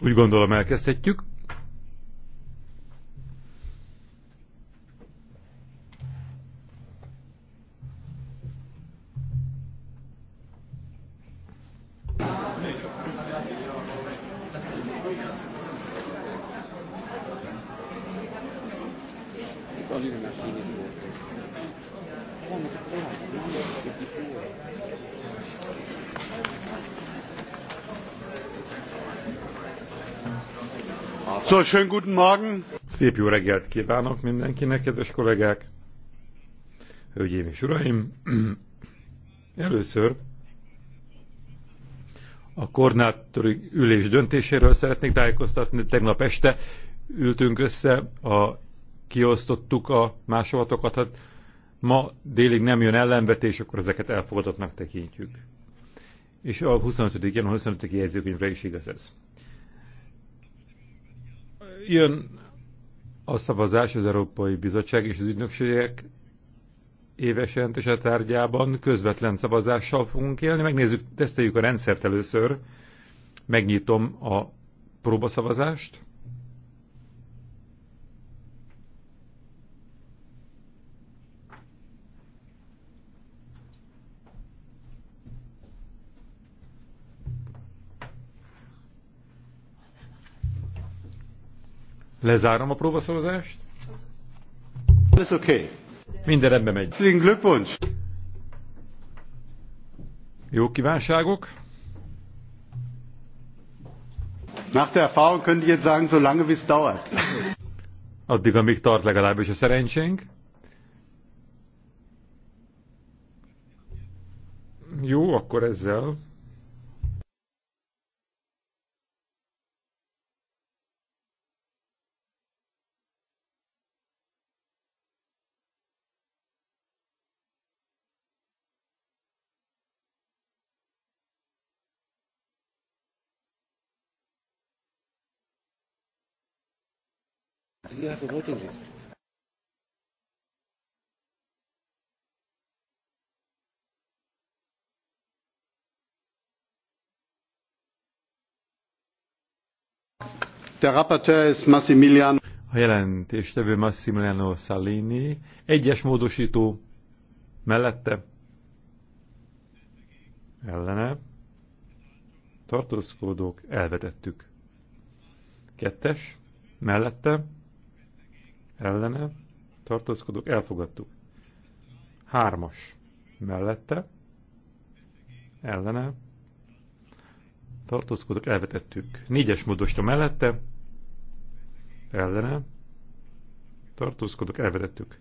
Úgy gondolom elkezdhetjük. So, schönen guten Morgen. Szép jó reggelt kívánok mindenkinek, kedves kollégák! Hölgyeim és uraim! Először a koordinátori ülés döntéséről szeretnék tájékoztatni. Tegnap este ültünk össze, a, kiosztottuk a másolatokat. Hát ma délig nem jön ellenvetés, akkor ezeket elfogadottnak tekintjük. És a 25. január 25. jegyzőkönyvre is igaz ez. Jön a szavazás az Európai Bizottság és az ügynökségek éves jelentése tárgyában közvetlen szavazással fogunk élni. Megnézzük, teszteljük a rendszert először. Megnyitom a próbaszavazást. Lezárom a próbaszavazást. Ez oké. okay. Minden rendben megy. Glückwunsch. Jó kívánságok. Nach der Erfahrung können die jetzt sagen, so lange wie es dauert. Addig, amíg tart legalábbis a szerencsénk. Jó, akkor ezzel You have a voting list. Der Rapporteur ist Massimiliano. A jelentéstevő Massimiliano Salini. Egyes módosító mellette. Ellene. Tartózkodók elvetettük. Kettes mellette ellene tartózkodók elfogadtuk. Hármas mellette ellene tartózkodók elvetettük. Négyes módosra mellette ellene tartózkodók elvetettük.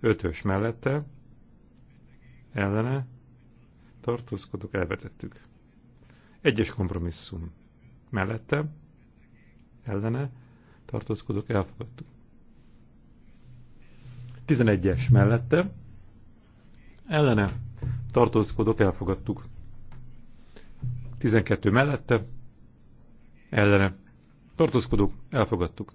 Ötös mellette ellene tartózkodók elvetettük. Egyes kompromisszum mellette ellene tartózkodók elfogadtuk. 11-es mellette, ellene tartózkodok, elfogadtuk. 12 mellette, ellene tartózkodok, elfogadtuk.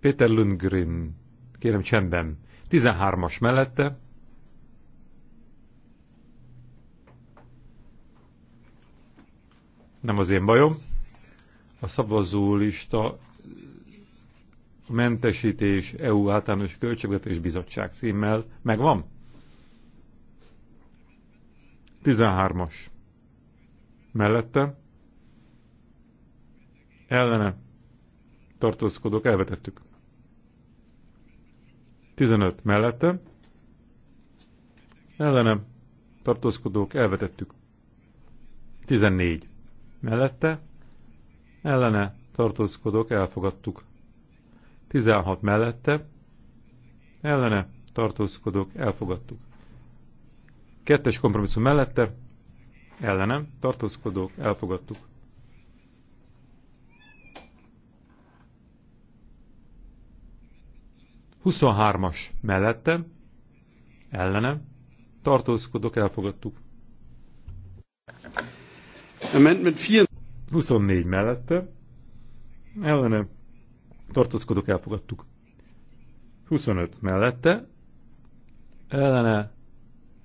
Péter Lundgren, kérem csendben, 13-as mellette, nem az én bajom, a szavazólista mentesítés EU általános költségvetés bizottság címmel megvan? 13-as. Mellette? Ellene? Tartózkodok, elvetettük. 15 mellette? Ellene? Tartózkodók, elvetettük. 14 mellette? Ellene? Tartózkodók, elfogadtuk. 16 mellette, ellene tartózkodók elfogadtuk. Kettes kompromisszum mellette, ellene tartózkodók elfogadtuk. Huszonhármas mellette, ellene tartózkodók elfogadtuk. Amendment 24 mellette, ellene tartózkodók elfogadtuk. 25 mellette, ellene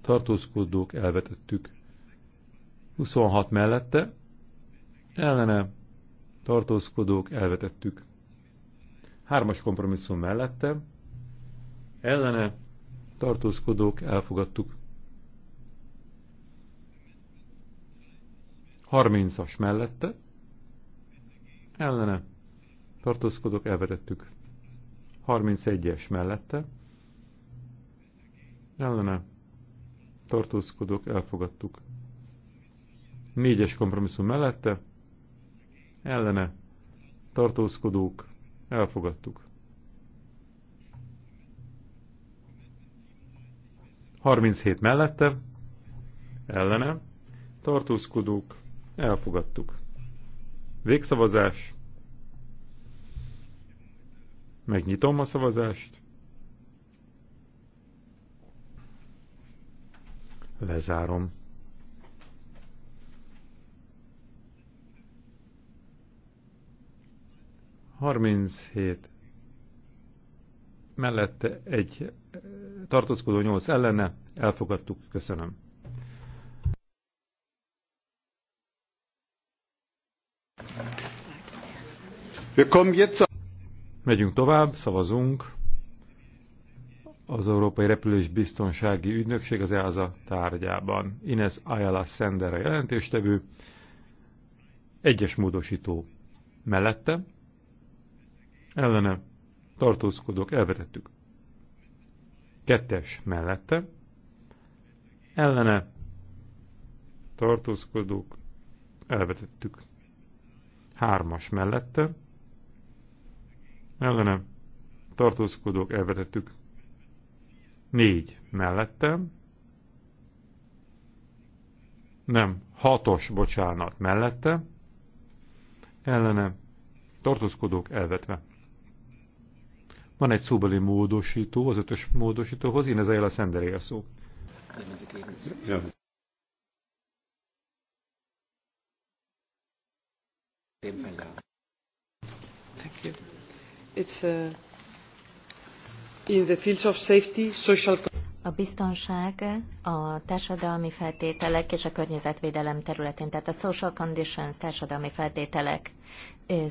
tartózkodók elvetettük. 26 mellette, ellene tartózkodók elvetettük. Hármas kompromisszum mellette, ellene tartózkodók elfogadtuk. 30-as mellette, ellene tartózkodok elvetettük. 31-es mellette, ellene tartózkodok elfogadtuk. 4-es kompromisszum mellette, ellene tartózkodók elfogadtuk. 37 mellette, ellene tartózkodók elfogadtuk. Végszavazás Megnyitom a szavazást. Lezárom. Harminchét mellette egy tartózkodó nyolc ellene elfogadtuk. Köszönöm. Wir kommen jetzt Megyünk tovább, szavazunk. Az Európai Repülés Biztonsági Ügynökség az EASA tárgyában. Ines Ayala Sender a jelentéstevő. Egyes módosító mellette. Ellene tartózkodók elvetettük. Kettes mellette. Ellene tartózkodók elvetettük. Hármas mellette ellenem tartózkodók elvetettük. Négy mellettem, nem, hatos bocsánat, mellette, Ellenem tartózkodók elvetve. Van egy szóbeli módosító, az ötös módosítóhoz, én ez a szenderé a szó. Ja. Thank you. Uh, a, biztonság, a társadalmi feltételek és a környezetvédelem területén, tehát a social conditions, társadalmi feltételek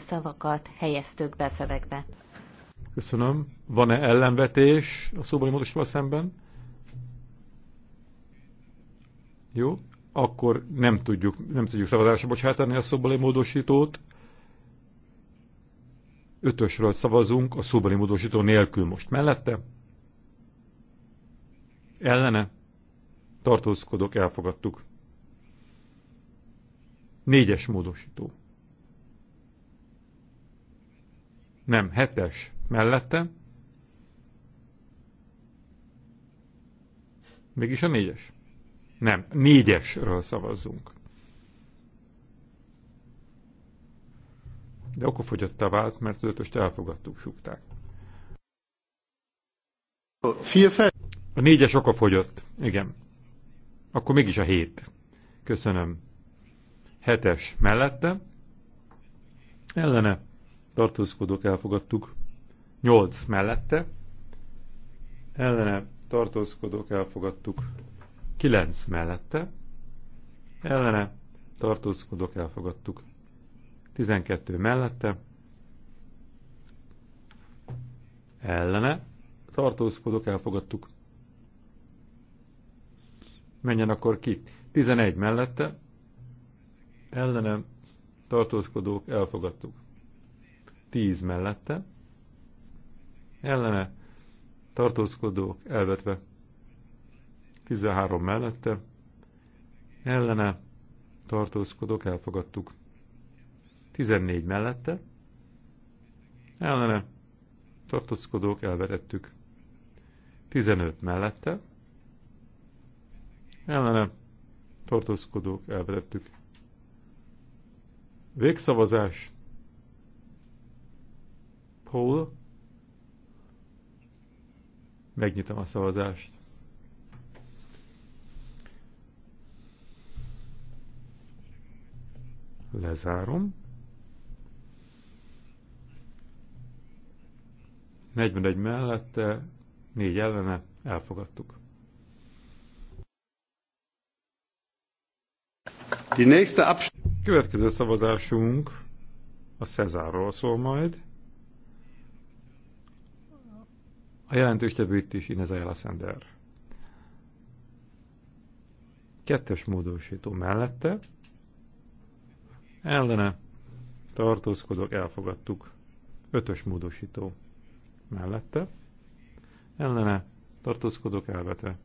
szavakat helyeztük be a szövegbe. Köszönöm. Van-e ellenvetés a szóbeli módosítóval szemben? Jó, akkor nem tudjuk, nem tudjuk szavazásra bocsátani a szóbeli módosítót. Ötösről szavazunk, a szóbeli módosító nélkül most mellette. Ellene. Tartózkodok, elfogadtuk. Négyes módosító. Nem, hetes. Mellette. Mégis a négyes. Nem, négyesről szavazzunk. de okofogyottá vált, mert az ötöst elfogadtuk, súgták. A négyes fogyott, igen. Akkor mégis a hét. Köszönöm. Hetes mellette. Ellene. Tartózkodók elfogadtuk. Nyolc mellette. Ellene. Tartózkodók elfogadtuk. Kilenc mellette. Ellene. Tartózkodók elfogadtuk. 12 mellette, ellene, tartózkodok, elfogadtuk. Menjen akkor ki. 11 mellette, ellene, tartózkodók, elfogadtuk. 10 mellette, ellene, tartózkodók, elvetve. 13 mellette, ellene, tartózkodók, elfogadtuk. 14 mellette, ellene, tartózkodók elvetettük. 15 mellette, ellene, tartózkodók elvetettük. Végszavazás. Paul. Megnyitom a szavazást. Lezárom. 41 mellette, 4 ellene elfogadtuk. Következő szavazásunk a Cezárról szól majd. A jelentős itt is Inez Ayala Sender. Kettes módosító mellette. Ellene tartózkodok, elfogadtuk. Ötös módosító mellette, ellene tartózkodok elvete.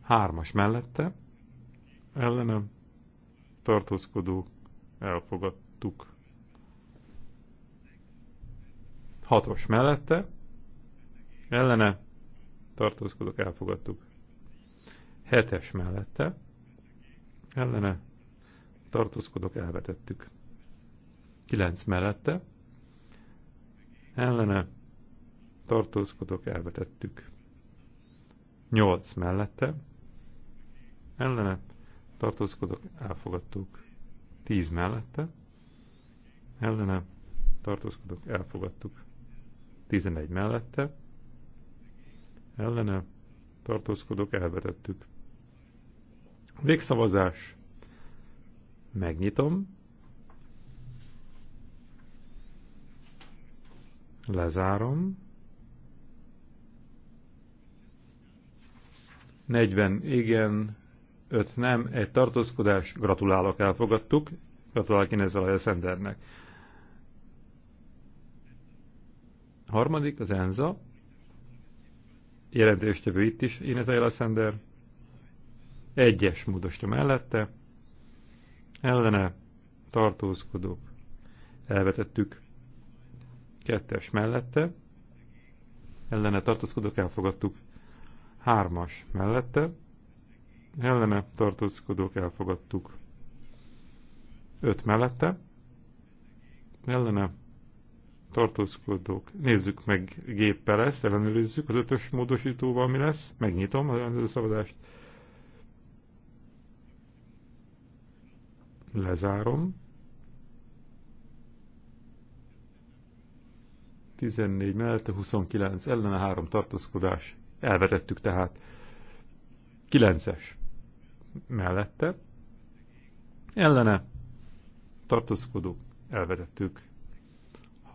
Hármas mellette, ellene tartózkodó elfogadtuk. Hatos mellette, ellene tartózkodok elfogadtuk. Hetes mellette, ellene tartózkodok elvetettük. Kilenc mellette, ellene tartózkodok, elvetettük. 8 mellette, ellene tartózkodok, elfogadtuk. 10 mellette, ellene tartózkodok, elfogadtuk. 11 mellette, ellene tartózkodok, elvetettük. Végszavazás. Megnyitom. Lezárom. 40 igen, 5 nem, egy tartózkodás, gratulálok, elfogadtuk, gratulálok én ezzel a Szendernek. Harmadik, az Enza, jelentéstevő itt is, én ez a Sender, egyes módosítom mellette, ellene tartózkodók, elvetettük. Kettes mellette. Ellene tartózkodók elfogadtuk. Hármas mellette. Ellene tartózkodók elfogadtuk. Öt mellette. Ellene tartózkodók. Nézzük meg géppel ezt, ellenőrizzük az ötös módosítóval mi lesz. Megnyitom az szabadást, Lezárom. 14 mellette, 29 ellene, 3 tartózkodás. Elvetettük tehát. 9-es mellette, ellene, tartózkodók, elvetettük.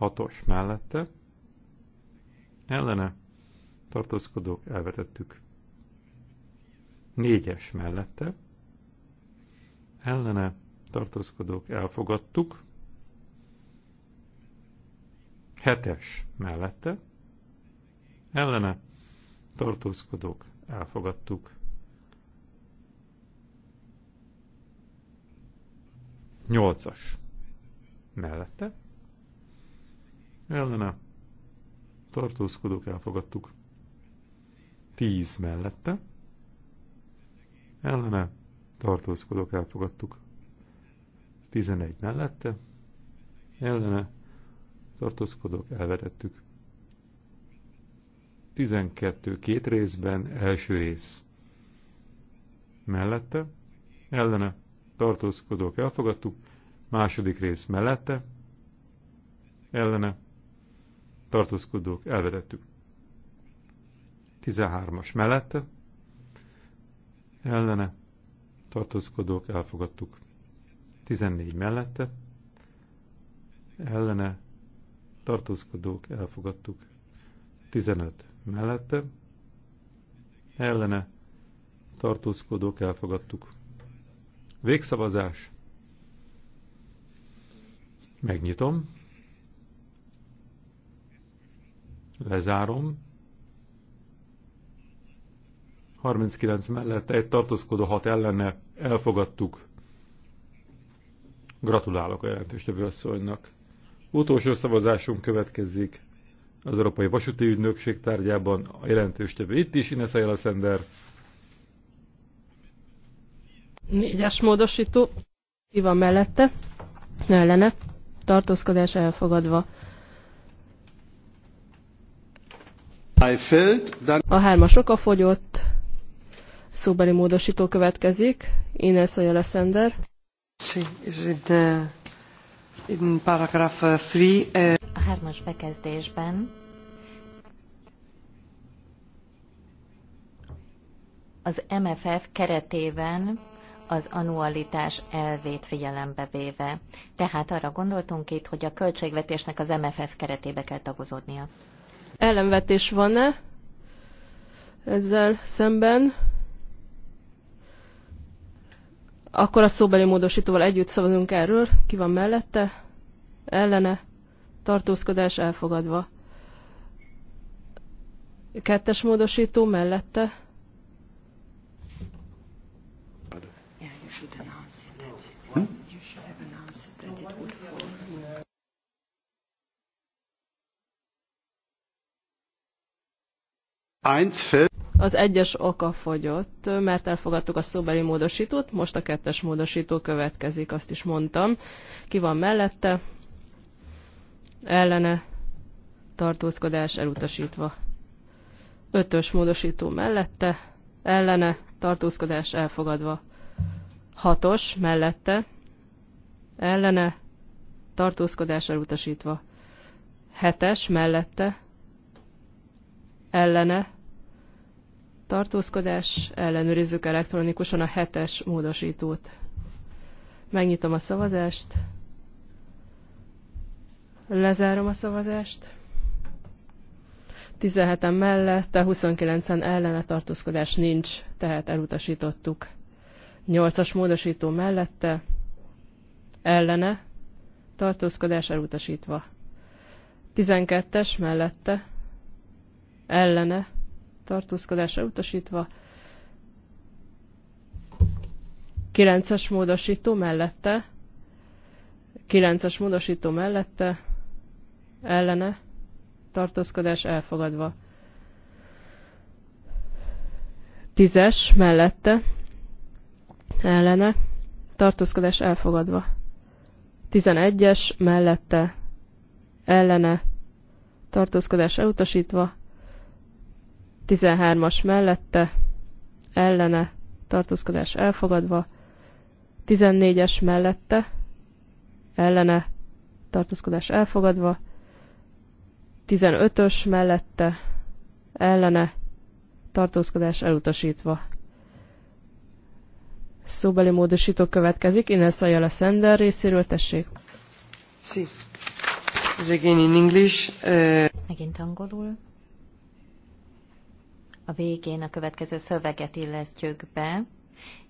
6-os mellette, ellene, tartózkodók, elvetettük. 4-es mellette, ellene, tartózkodók, elfogadtuk. Hetes mellette. Ellene tartózkodók elfogadtuk. Nyolcas mellette. Ellene tartózkodók elfogadtuk. Tíz mellette. Ellene tartózkodók elfogadtuk. Tizenegy mellette. Ellene tartózkodok, elvetettük. 12 két részben, első rész. Mellette, ellene, tartózkodók, elfogadtuk. Második rész mellette, ellene, tartózkodók, elvetettük. 13-as mellette, ellene, tartózkodók, elfogadtuk. 14 mellette, ellene tartózkodók elfogadtuk. 15 mellette, ellene tartózkodók elfogadtuk. Végszavazás. Megnyitom. Lezárom. 39 mellett egy tartózkodó hat ellene elfogadtuk. Gratulálok a jelentéstevő asszonynak. Utolsó szavazásunk következik az Európai Vasúti Ügynökség tárgyában a jelentős tevő itt is, Ines Ayala Szender. Négyes módosító, ki van mellette, ellene, tartózkodás elfogadva. A hármas oka fogyott, szóbeli módosító következik, Ines Ayala Szender. Sí, is it, uh... Uh, uh, a hármas bekezdésben az MFF keretében az annualitás elvét figyelembe véve. Tehát arra gondoltunk itt, hogy a költségvetésnek az MFF keretébe kell tagozódnia. Ellenvetés van-e ezzel szemben? Akkor a szóbeli módosítóval együtt szavazunk erről. Ki van mellette? Ellene? Tartózkodás elfogadva. Kettes módosító mellette? Az egyes oka fogyott, mert elfogadtuk a szóbeli módosítót, most a kettes módosító következik, azt is mondtam. Ki van mellette? Ellene tartózkodás elutasítva. Ötös módosító mellette, ellene tartózkodás elfogadva. Hatos mellette, ellene tartózkodás elutasítva. Hetes mellette, ellene tartózkodás, ellenőrizzük elektronikusan a hetes módosítót. Megnyitom a szavazást, lezárom a szavazást, 17-en mellette, 29-en ellene tartózkodás nincs, tehát elutasítottuk. 8-as módosító mellette, ellene, tartózkodás elutasítva. 12-es mellette, ellene tartózkodásra utasítva, 9-es módosító mellette, 9-es módosító mellette, ellene tartózkodás elfogadva. 10-es mellette, ellene tartózkodás elfogadva. 11-es mellette, ellene tartózkodás elutasítva, 13-as mellette ellene tartózkodás elfogadva, 14-es mellette ellene tartózkodás elfogadva, 15-ös mellette ellene tartózkodás elutasítva. Szóbeli módosító következik, Ines a Sender részéről, tessék. Sí. Again in English. Uh... Megint angolul a végén a következő szöveget illesztjük be.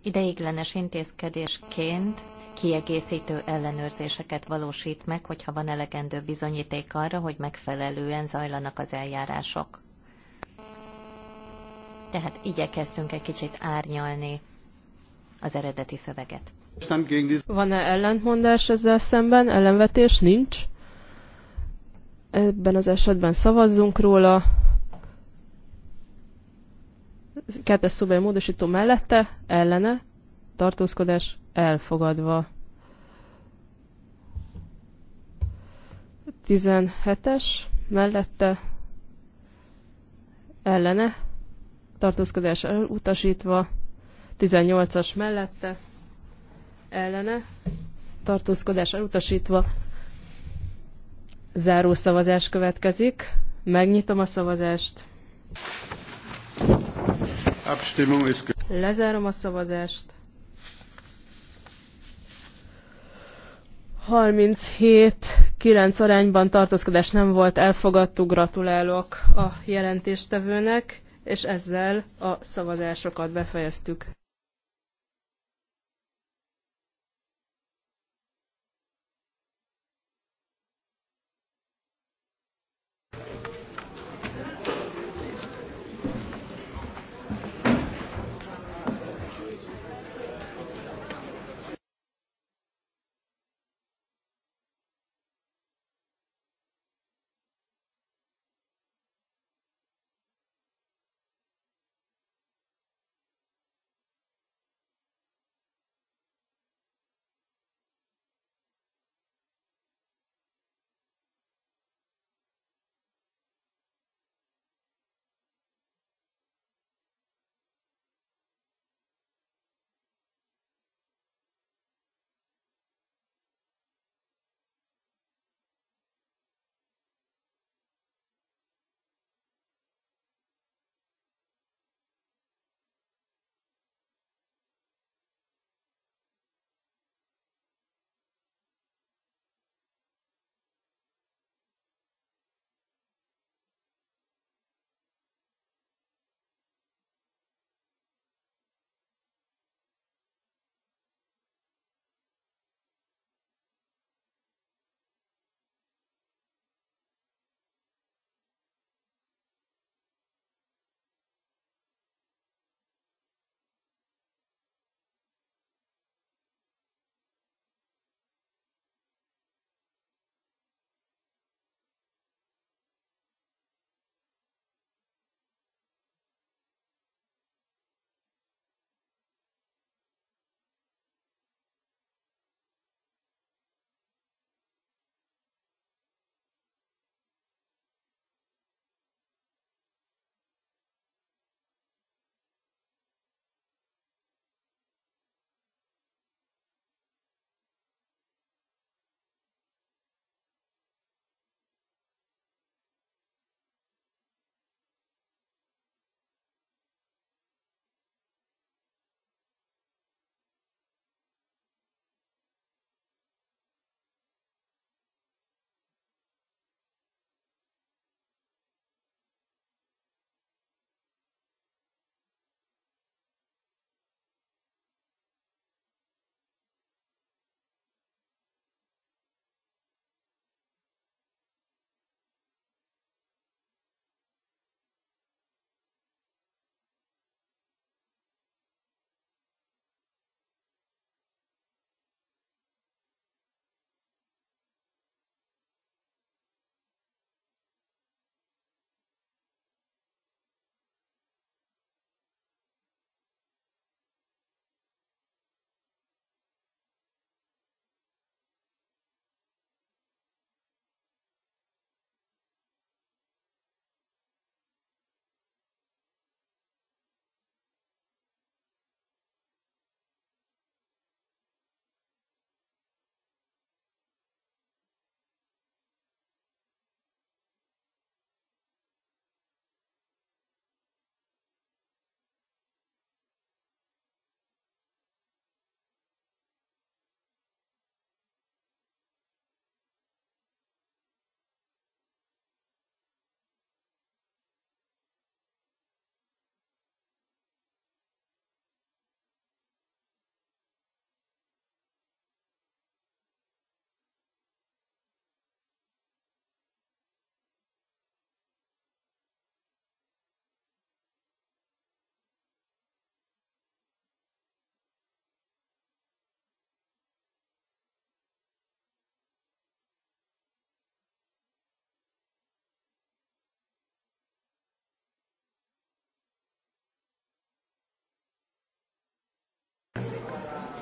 Ideiglenes intézkedésként kiegészítő ellenőrzéseket valósít meg, hogyha van elegendő bizonyíték arra, hogy megfelelően zajlanak az eljárások. Tehát igyekeztünk egy kicsit árnyalni az eredeti szöveget. Van-e ellentmondás ezzel szemben? Ellenvetés nincs? Ebben az esetben szavazzunk róla kettes szobai módosító mellette, ellene, tartózkodás elfogadva. 17-es mellette, ellene, tartózkodás elutasítva, 18-as mellette, ellene, tartózkodás elutasítva, záró szavazás következik. Megnyitom a szavazást. Lezárom a szavazást. 37-9 arányban tartózkodás nem volt, elfogadtuk, gratulálok a jelentéstevőnek, és ezzel a szavazásokat befejeztük.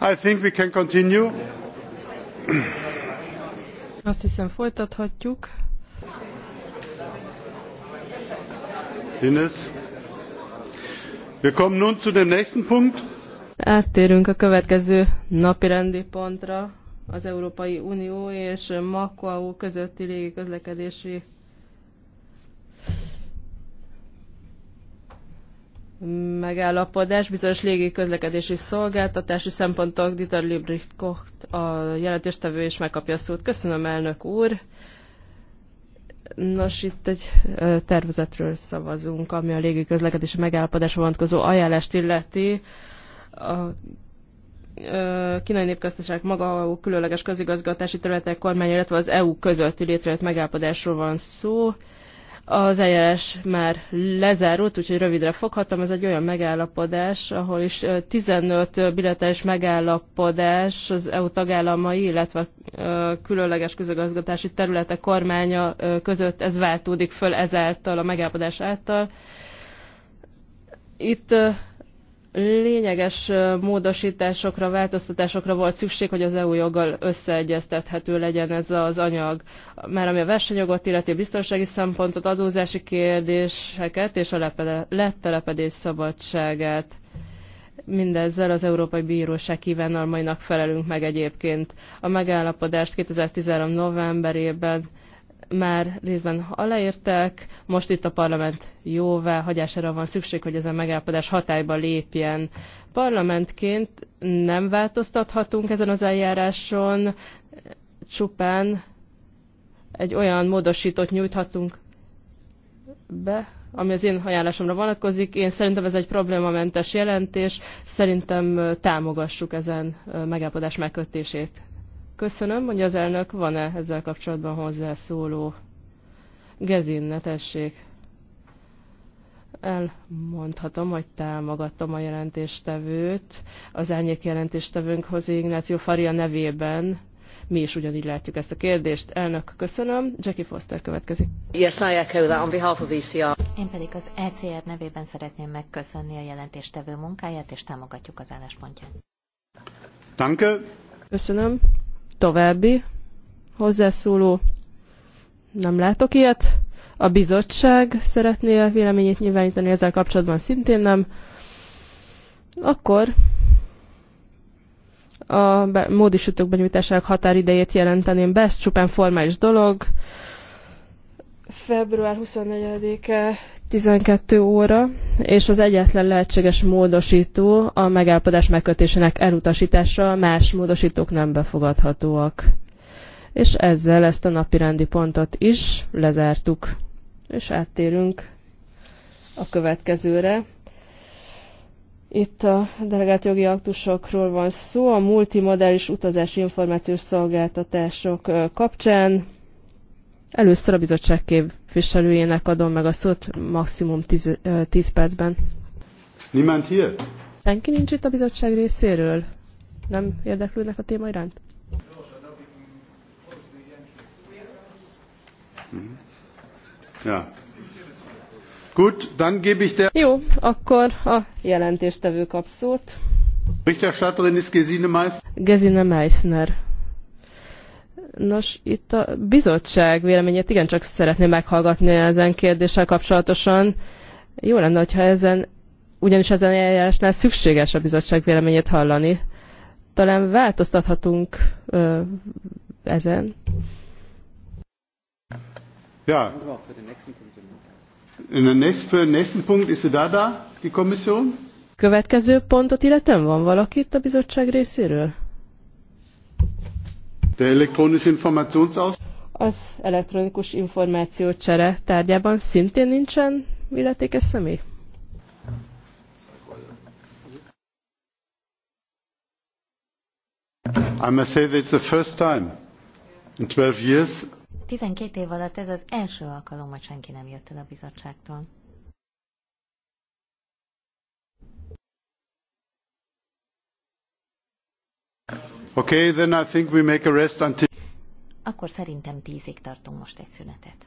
I think we can continue. Azt hiszem folytathatjuk. Ines. Wir kommen nun zu dem nächsten Punkt. Áttérünk a következő napi rendi pontra, az Európai Unió és Makuau közötti légi közlekedési megállapodás, bizonyos légi közlekedési szolgáltatási szempontok, Dieter Liebricht Koch, a jelentéstevő is megkapja a szót. Köszönöm, elnök úr! Nos, itt egy tervezetről szavazunk, ami a légi közlekedési megállapodásra vonatkozó ajánlást illeti. A kínai népköztesek maga a különleges közigazgatási területek kormány, illetve az EU közötti létrejött megállapodásról van szó. Az eljárás már lezárult, úgyhogy rövidre foghatom. Ez egy olyan megállapodás, ahol is 15 bilaterális megállapodás az EU tagállamai, illetve különleges közigazgatási területek kormánya között ez váltódik föl ezáltal, a megállapodás által. Itt lényeges módosításokra, változtatásokra volt szükség, hogy az EU joggal összeegyeztethető legyen ez az anyag. Már ami a versenyjogot illeti, biztonsági szempontot, adózási kérdéseket és a lettelepedés szabadságát. Mindezzel az Európai Bíróság kívánalmainak felelünk meg egyébként. A megállapodást 2013. novemberében már részben aláírták, most itt a parlament jóvá hagyására van szükség, hogy ez a megállapodás hatályba lépjen. Parlamentként nem változtathatunk ezen az eljáráson, csupán egy olyan módosítót nyújthatunk be, ami az én ajánlásomra vonatkozik. Én szerintem ez egy problémamentes jelentés, szerintem támogassuk ezen megállapodás megkötését. Köszönöm, hogy az elnök van-e ezzel kapcsolatban hozzászóló. ne tessék. Elmondhatom, hogy támogatom a jelentéstevőt. Az elnyék jelentéstevőnk Hozé Ignáció Faria nevében mi is ugyanígy látjuk ezt a kérdést. Elnök, köszönöm. Jackie Foster következik. Yes, I echo that on behalf of ECR. Én pedig az ECR nevében szeretném megköszönni a jelentéstevő munkáját, és támogatjuk az álláspontját. Danke. Köszönöm. További hozzászóló. Nem látok ilyet. A bizottság szeretné a véleményét nyilvánítani ezzel kapcsolatban szintén nem. Akkor a módisítók benyújtásának határidejét jelenteném be, ez csupán formális dolog. Február 24-e 12 óra, és az egyetlen lehetséges módosító a megállapodás megkötésének elutasítása, más módosítók nem befogadhatóak. És ezzel ezt a napirendi pontot is lezártuk, és áttérünk a következőre. Itt a delegált jogi aktusokról van szó, a multimodális utazási információs szolgáltatások kapcsán. Először a bizottság képviselőjének adom meg a szót maximum 10, percben. Niemand hier? Senki nincs itt a bizottság részéről? Nem érdeklődnek a téma iránt? Mhm. Ja. Gut, dann gebe ich der... Jó, akkor a jelentéstevő kap szót. Berichterstatterin ist Gesine Meissner. Gesine Meissner. Nos, itt a bizottság véleményét igencsak szeretné meghallgatni ezen kérdéssel kapcsolatosan. Jó lenne, hogyha ezen, ugyanis ezen eljárásnál szükséges a bizottság véleményét hallani. Talán változtathatunk ö, ezen. Ja. In the next, für den nächsten da da, die Kommission? Következő pontot illetően van valaki itt a bizottság részéről? Az elektronikus információcsere tárgyában szintén nincsen illetékes személy? I must say that it's the first time in 12 years. 12 év alatt ez az első alkalom, hogy senki nem jött el a bizottságtól. Okay, then I think we make a rest until... Akkor szerintem tízig tartunk most egy szünetet.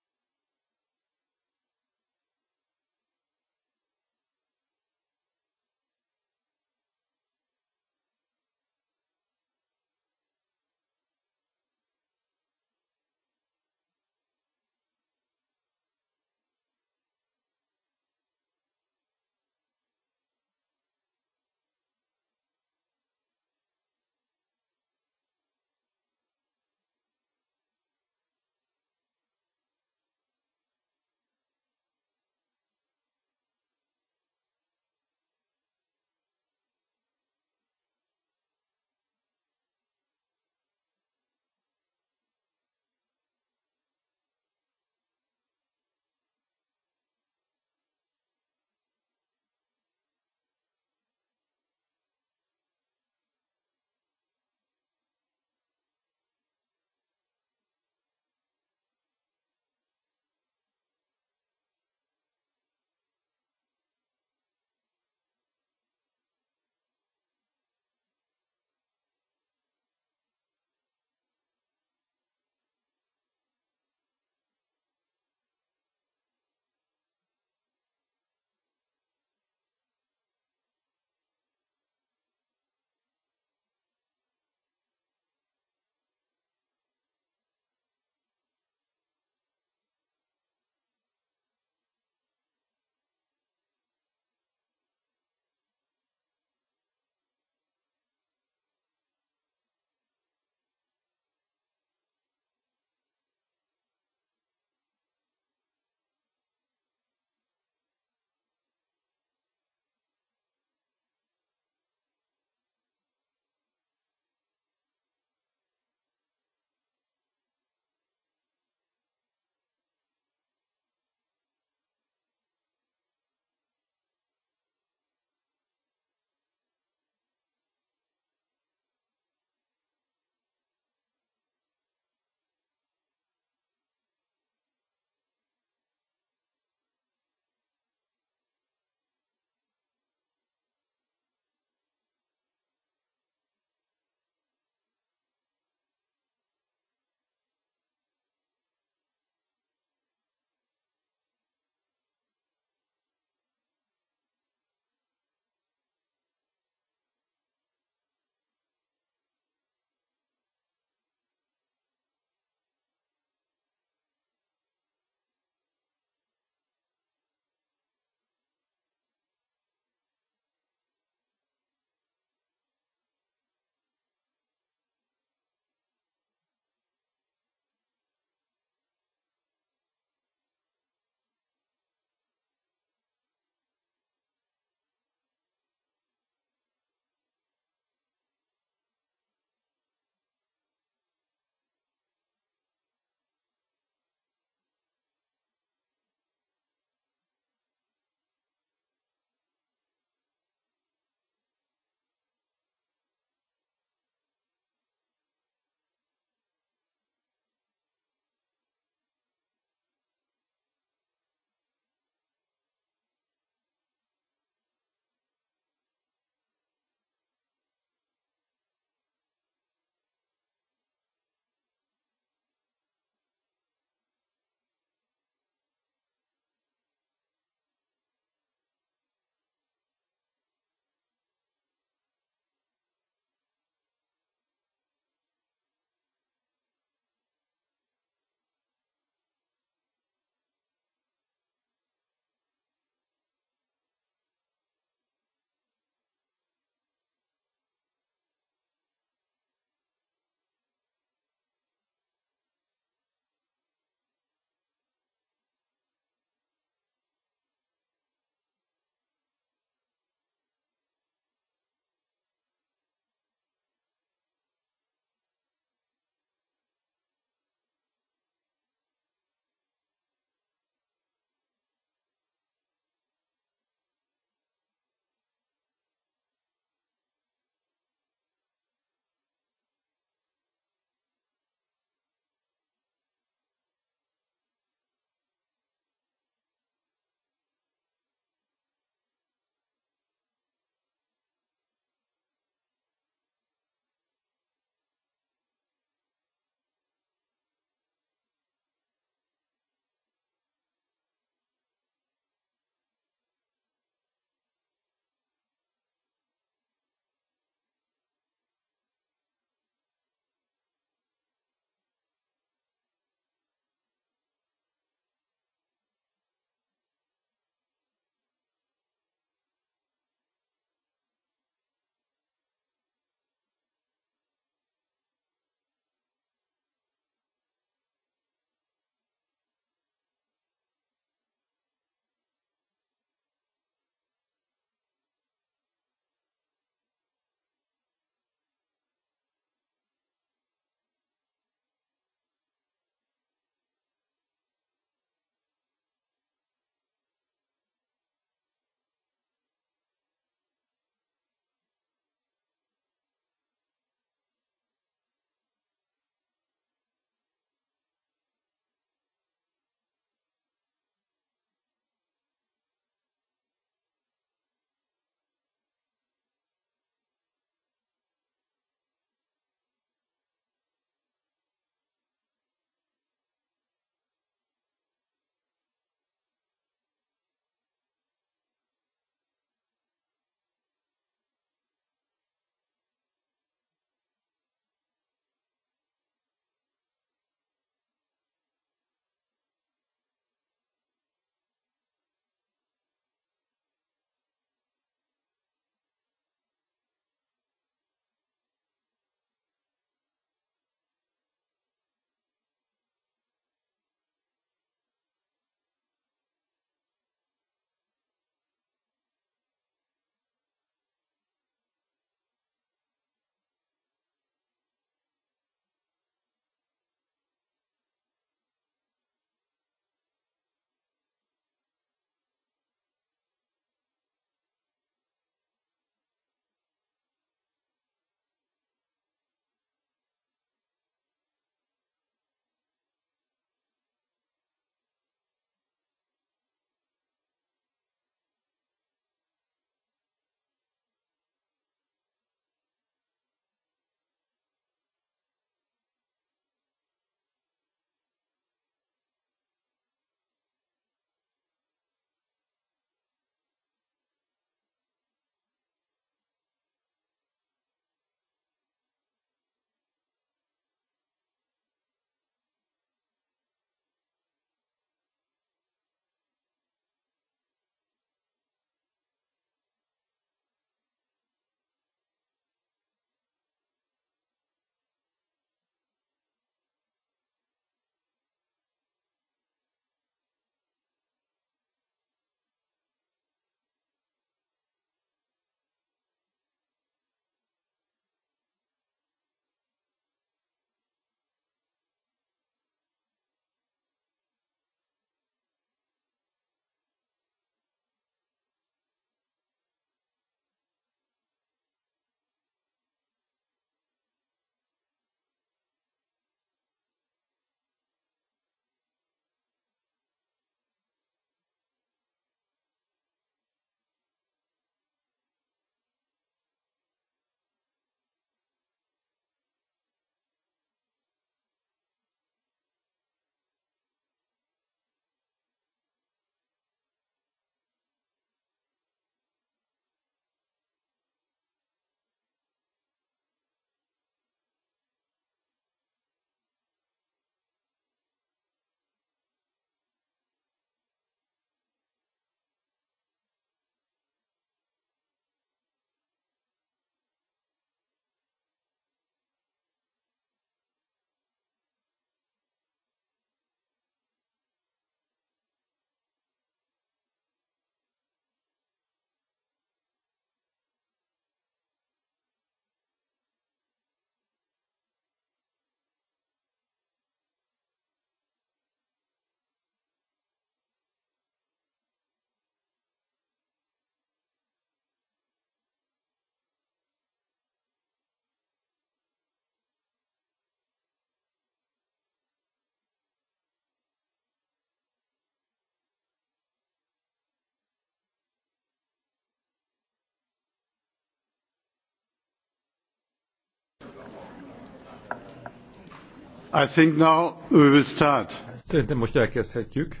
I think now we will start. Szerintem most elkezdhetjük,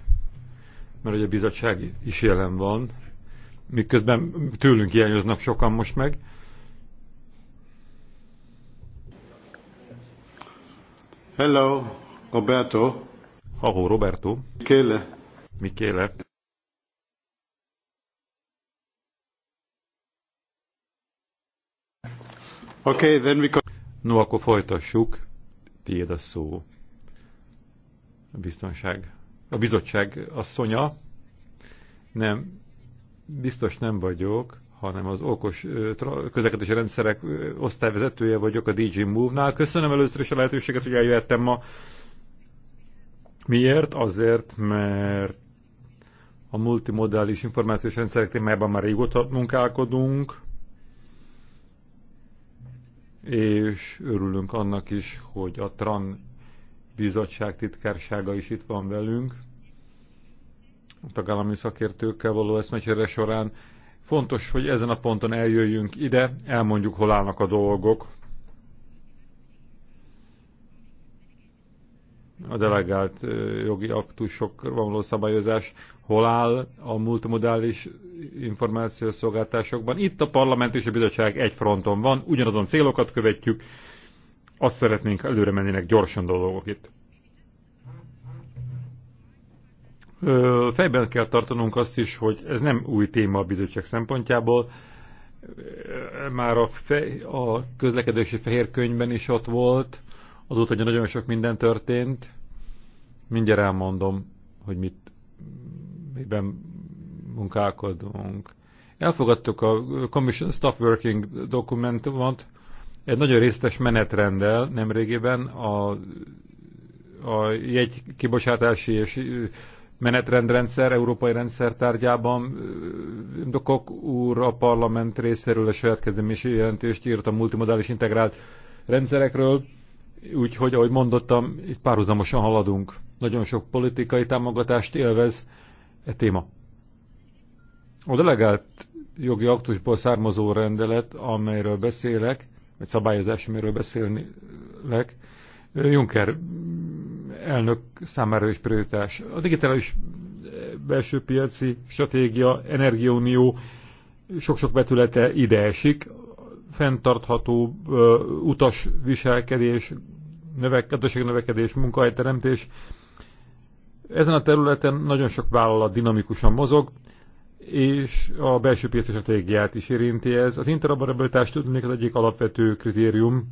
mert ugye a bizottság is jelen van, miközben tőlünk hiányoznak sokan most meg. Hello, Roberto. Ahó, Roberto. Michele. Michele. Okay, then we... No, akkor folytassuk tiéd a szó. A biztonság. A bizottság asszonya. Nem, biztos nem vagyok, hanem az okos közlekedési rendszerek osztályvezetője vagyok a DJ Move-nál. Köszönöm először is a lehetőséget, hogy eljöhettem ma. Miért? Azért, mert a multimodális információs rendszerek témájában már régóta munkálkodunk, és örülünk annak is, hogy a TRAN bizottság titkársága is itt van velünk, a tagállami szakértőkkel való eszmecsere során. Fontos, hogy ezen a ponton eljöjjünk ide, elmondjuk, hol állnak a dolgok, a delegált jogi aktusokra való szabályozás hol áll a multimodális információszolgáltásokban. Itt a parlament és a bizottság egy fronton van, ugyanazon célokat követjük, azt szeretnénk előre mennének gyorsan dolgok itt. Fejben kell tartanunk azt is, hogy ez nem új téma a bizottság szempontjából. Már a, fej, a közlekedési fehér könyvben is ott volt, Azóta hogy nagyon sok minden történt. Mindjárt elmondom, hogy mit, miben munkálkodunk. Elfogadtuk a Commission Staff Working dokumentumot, egy nagyon részletes menetrendel nemrégében a, a jegy kibocsátási és menetrendrendszer, európai rendszer tárgyában Dokok úr a parlament részéről a saját kezdeményezési jelentést írt a multimodális integrált rendszerekről. Úgyhogy, ahogy mondottam, itt párhuzamosan haladunk. Nagyon sok politikai támogatást élvez e téma. A delegált jogi aktusból származó rendelet, amelyről beszélek, vagy szabályozás, amiről beszélek, Juncker elnök számára is prioritás. A digitális eh, belső piaci stratégia, energiaunió sok-sok betülete ide esik, fenntartható utas viselkedés, növekedés, növekedés, munkahelyteremtés. Ezen a területen nagyon sok vállalat dinamikusan mozog, és a belső piaci stratégiát is érinti ez. Az interoperabilitás tudnék az egyik alapvető kritérium,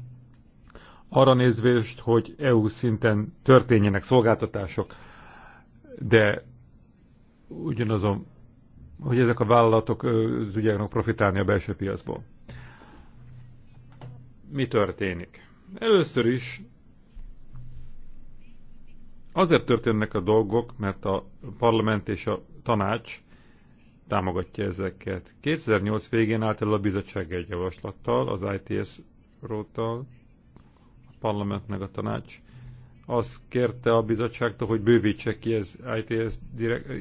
arra nézvést, hogy EU szinten történjenek szolgáltatások, de ugyanazon, hogy ezek a vállalatok tudjanak profitálni a belső piacból mi történik. Először is azért történnek a dolgok, mert a parlament és a tanács támogatja ezeket. 2008 végén állt el a bizottság egy javaslattal, az ITS róttal, a parlament meg a tanács. Azt kérte a bizottságtól, hogy bővítse ki az ITS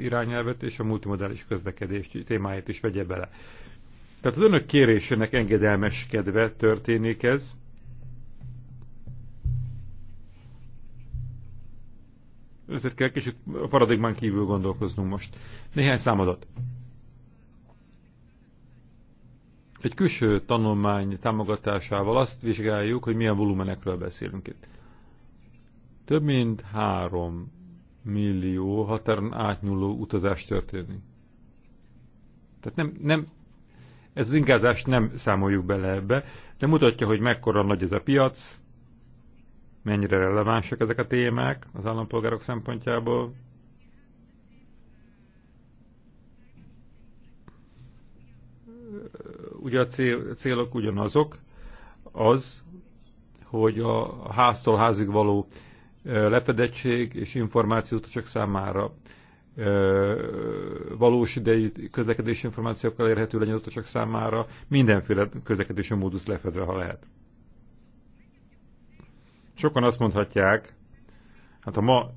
irányelvet és a multimodális közlekedés témáját is vegye bele. Tehát az önök kérésének engedelmeskedve történik ez. Ezért kell kicsit a paradigmán kívül gondolkoznunk most. Néhány számadat. Egy külső tanulmány támogatásával azt vizsgáljuk, hogy milyen volumenekről beszélünk itt. Több mint három millió határon átnyúló utazás történik. Tehát nem, nem ez az ingázást nem számoljuk bele ebbe, de mutatja, hogy mekkora nagy ez a piac, mennyire relevánsak ezek a témák az állampolgárok szempontjából. Ugye a cél, célok ugyanazok, az, hogy a háztól házig való lefedettség és információt csak számára valós idei közlekedési információkkal elérhető legyen ott csak számára, mindenféle közlekedési módusz lefedve, ha lehet. Sokan azt mondhatják, hát ha ma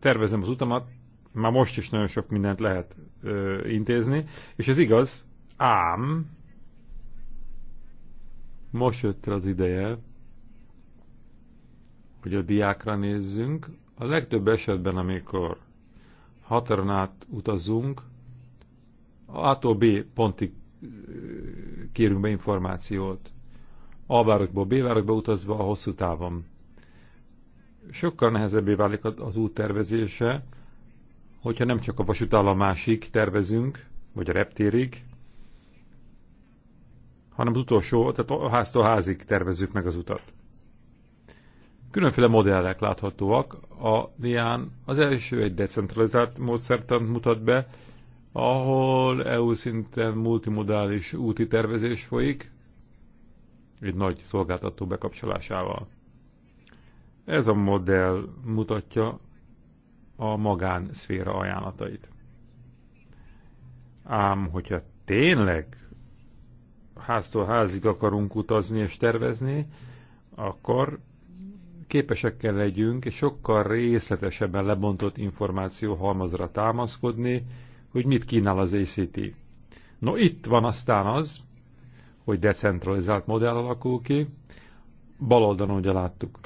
tervezem az utamat, már most is nagyon sok mindent lehet ö, intézni, és ez igaz, ám most jött el az ideje, hogy a diákra nézzünk. A legtöbb esetben, amikor határon át utazzunk, A-tól B pontig eh, kérünk be információt. A városból B városba utazva a hosszú távon. Sokkal nehezebbé válik az út tervezése, hogyha nem csak a vasútállomásig tervezünk, vagy a reptérig, hanem az utolsó, tehát a háztól házig tervezzük meg az utat. Különféle modellek láthatóak. A dián az első egy decentralizált módszertant mutat be, ahol EU szinten multimodális úti tervezés folyik, egy nagy szolgáltató bekapcsolásával. Ez a modell mutatja a magán szféra ajánlatait. Ám, hogyha tényleg háztól házig akarunk utazni és tervezni, akkor képesek kell legyünk és sokkal részletesebben lebontott információ halmazra támaszkodni, hogy mit kínál az ACT. No itt van aztán az, hogy decentralizált modell alakul ki, baloldalon ugye láttuk,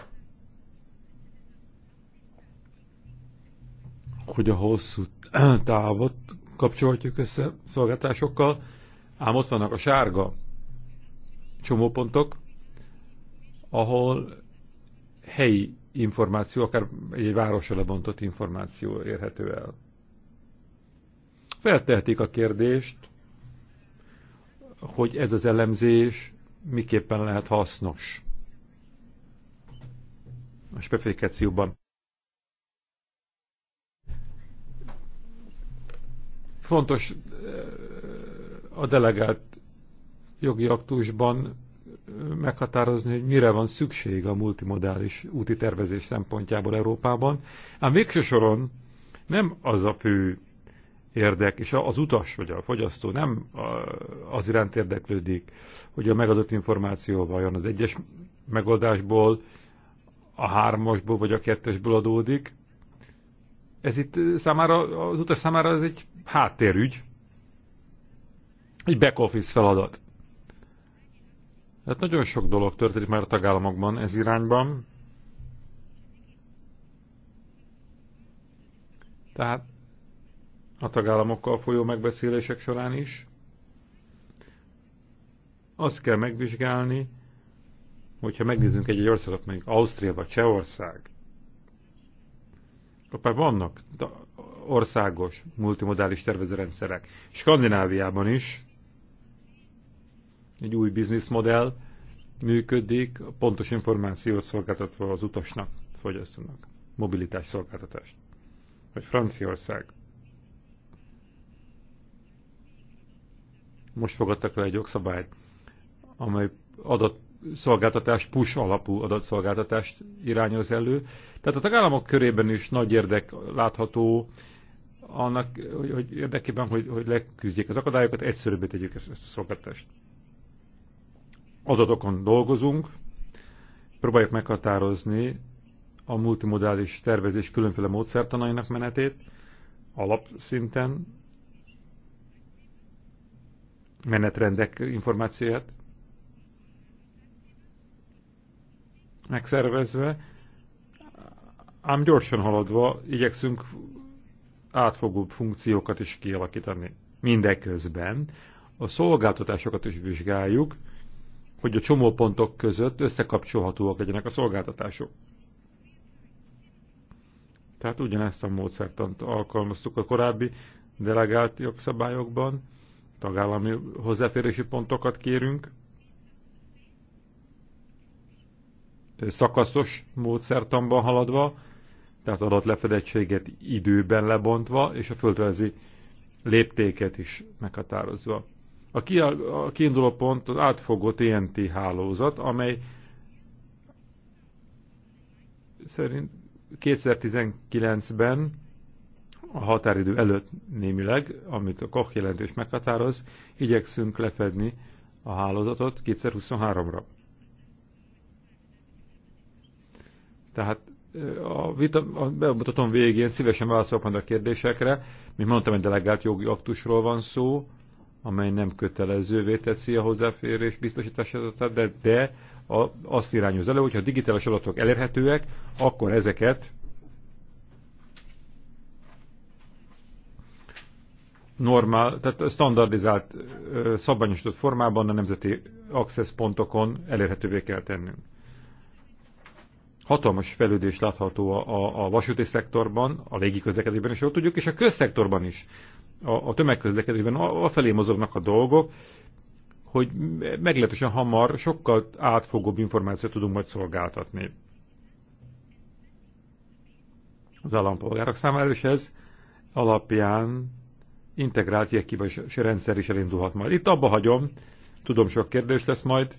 hogy a hosszú távot kapcsolhatjuk össze szolgáltásokkal, ám ott vannak a sárga csomópontok, ahol helyi információ, akár egy városra lebontott információ érhető el. Feltehetik a kérdést, hogy ez az elemzés miképpen lehet hasznos a specifikációban. Fontos eh, a delegált jogi aktusban meghatározni, hogy mire van szükség a multimodális úti tervezés szempontjából Európában. Ám végső soron nem az a fő érdek, és az utas vagy a fogyasztó nem az iránt érdeklődik, hogy a megadott információ vajon az egyes megoldásból, a hármasból vagy a kettesből adódik. Ez itt számára, az utas számára ez egy háttérügy, egy back-office feladat. Hát nagyon sok dolog történik már a tagállamokban ez irányban. Tehát a tagállamokkal folyó megbeszélések során is azt kell megvizsgálni, hogyha megnézzünk egy-egy országot, mondjuk Ausztria vagy Csehország, akkor vannak országos multimodális tervezőrendszerek. Skandináviában is egy új bizniszmodell működik, pontos információt szolgáltatva az utasnak, fogyasztónak, mobilitás szolgáltatást. Vagy Franciaország. Most fogadtak le egy jogszabályt, amely adat szolgáltatás, push alapú adatszolgáltatást irányoz elő. Tehát a tagállamok körében is nagy érdek látható, annak hogy, hogy érdekében, hogy, hogy leküzdjék az akadályokat, egyszerűbbé tegyük ezt, ezt a szolgáltatást adatokon dolgozunk, próbáljuk meghatározni a multimodális tervezés különféle módszertanainak menetét alapszinten, menetrendek információját megszervezve, ám gyorsan haladva igyekszünk átfogóbb funkciókat is kialakítani. Mindeközben a szolgáltatásokat is vizsgáljuk, hogy a csomópontok között összekapcsolhatóak legyenek a szolgáltatások. Tehát ugyanezt a módszertant alkalmaztuk a korábbi delegált jogszabályokban, tagállami hozzáférési pontokat kérünk, szakaszos módszertanban haladva, tehát adott lefedettséget időben lebontva, és a földrajzi léptéket is meghatározva. A, a kiinduló pont az átfogó TNT hálózat, amely szerint 2019-ben a határidő előtt némileg, amit a Koch jelentés meghatároz, igyekszünk lefedni a hálózatot 2023-ra. Tehát a, vita, a bemutatom végén szívesen válaszolok majd a kérdésekre. Mint mondtam, egy delegált jogi aktusról van szó, amely nem kötelezővé teszi a hozzáférés biztosítását, de, de a, azt irányoz elő, hogyha a digitális adatok elérhetőek, akkor ezeket normál, tehát standardizált, szabványosított formában a nemzeti access pontokon elérhetővé kell tennünk. Hatalmas fejlődés látható a, a, a vasúti szektorban, a légiközlekedésben is, ott tudjuk, és a közszektorban is a, a tömegközlekedésben afelé mozognak a dolgok, hogy meglehetősen hamar, sokkal átfogóbb információt tudunk majd szolgáltatni az állampolgárok számára, is ez alapján integrált jegykívás rendszer is elindulhat majd. Itt abba hagyom, tudom sok kérdés lesz majd,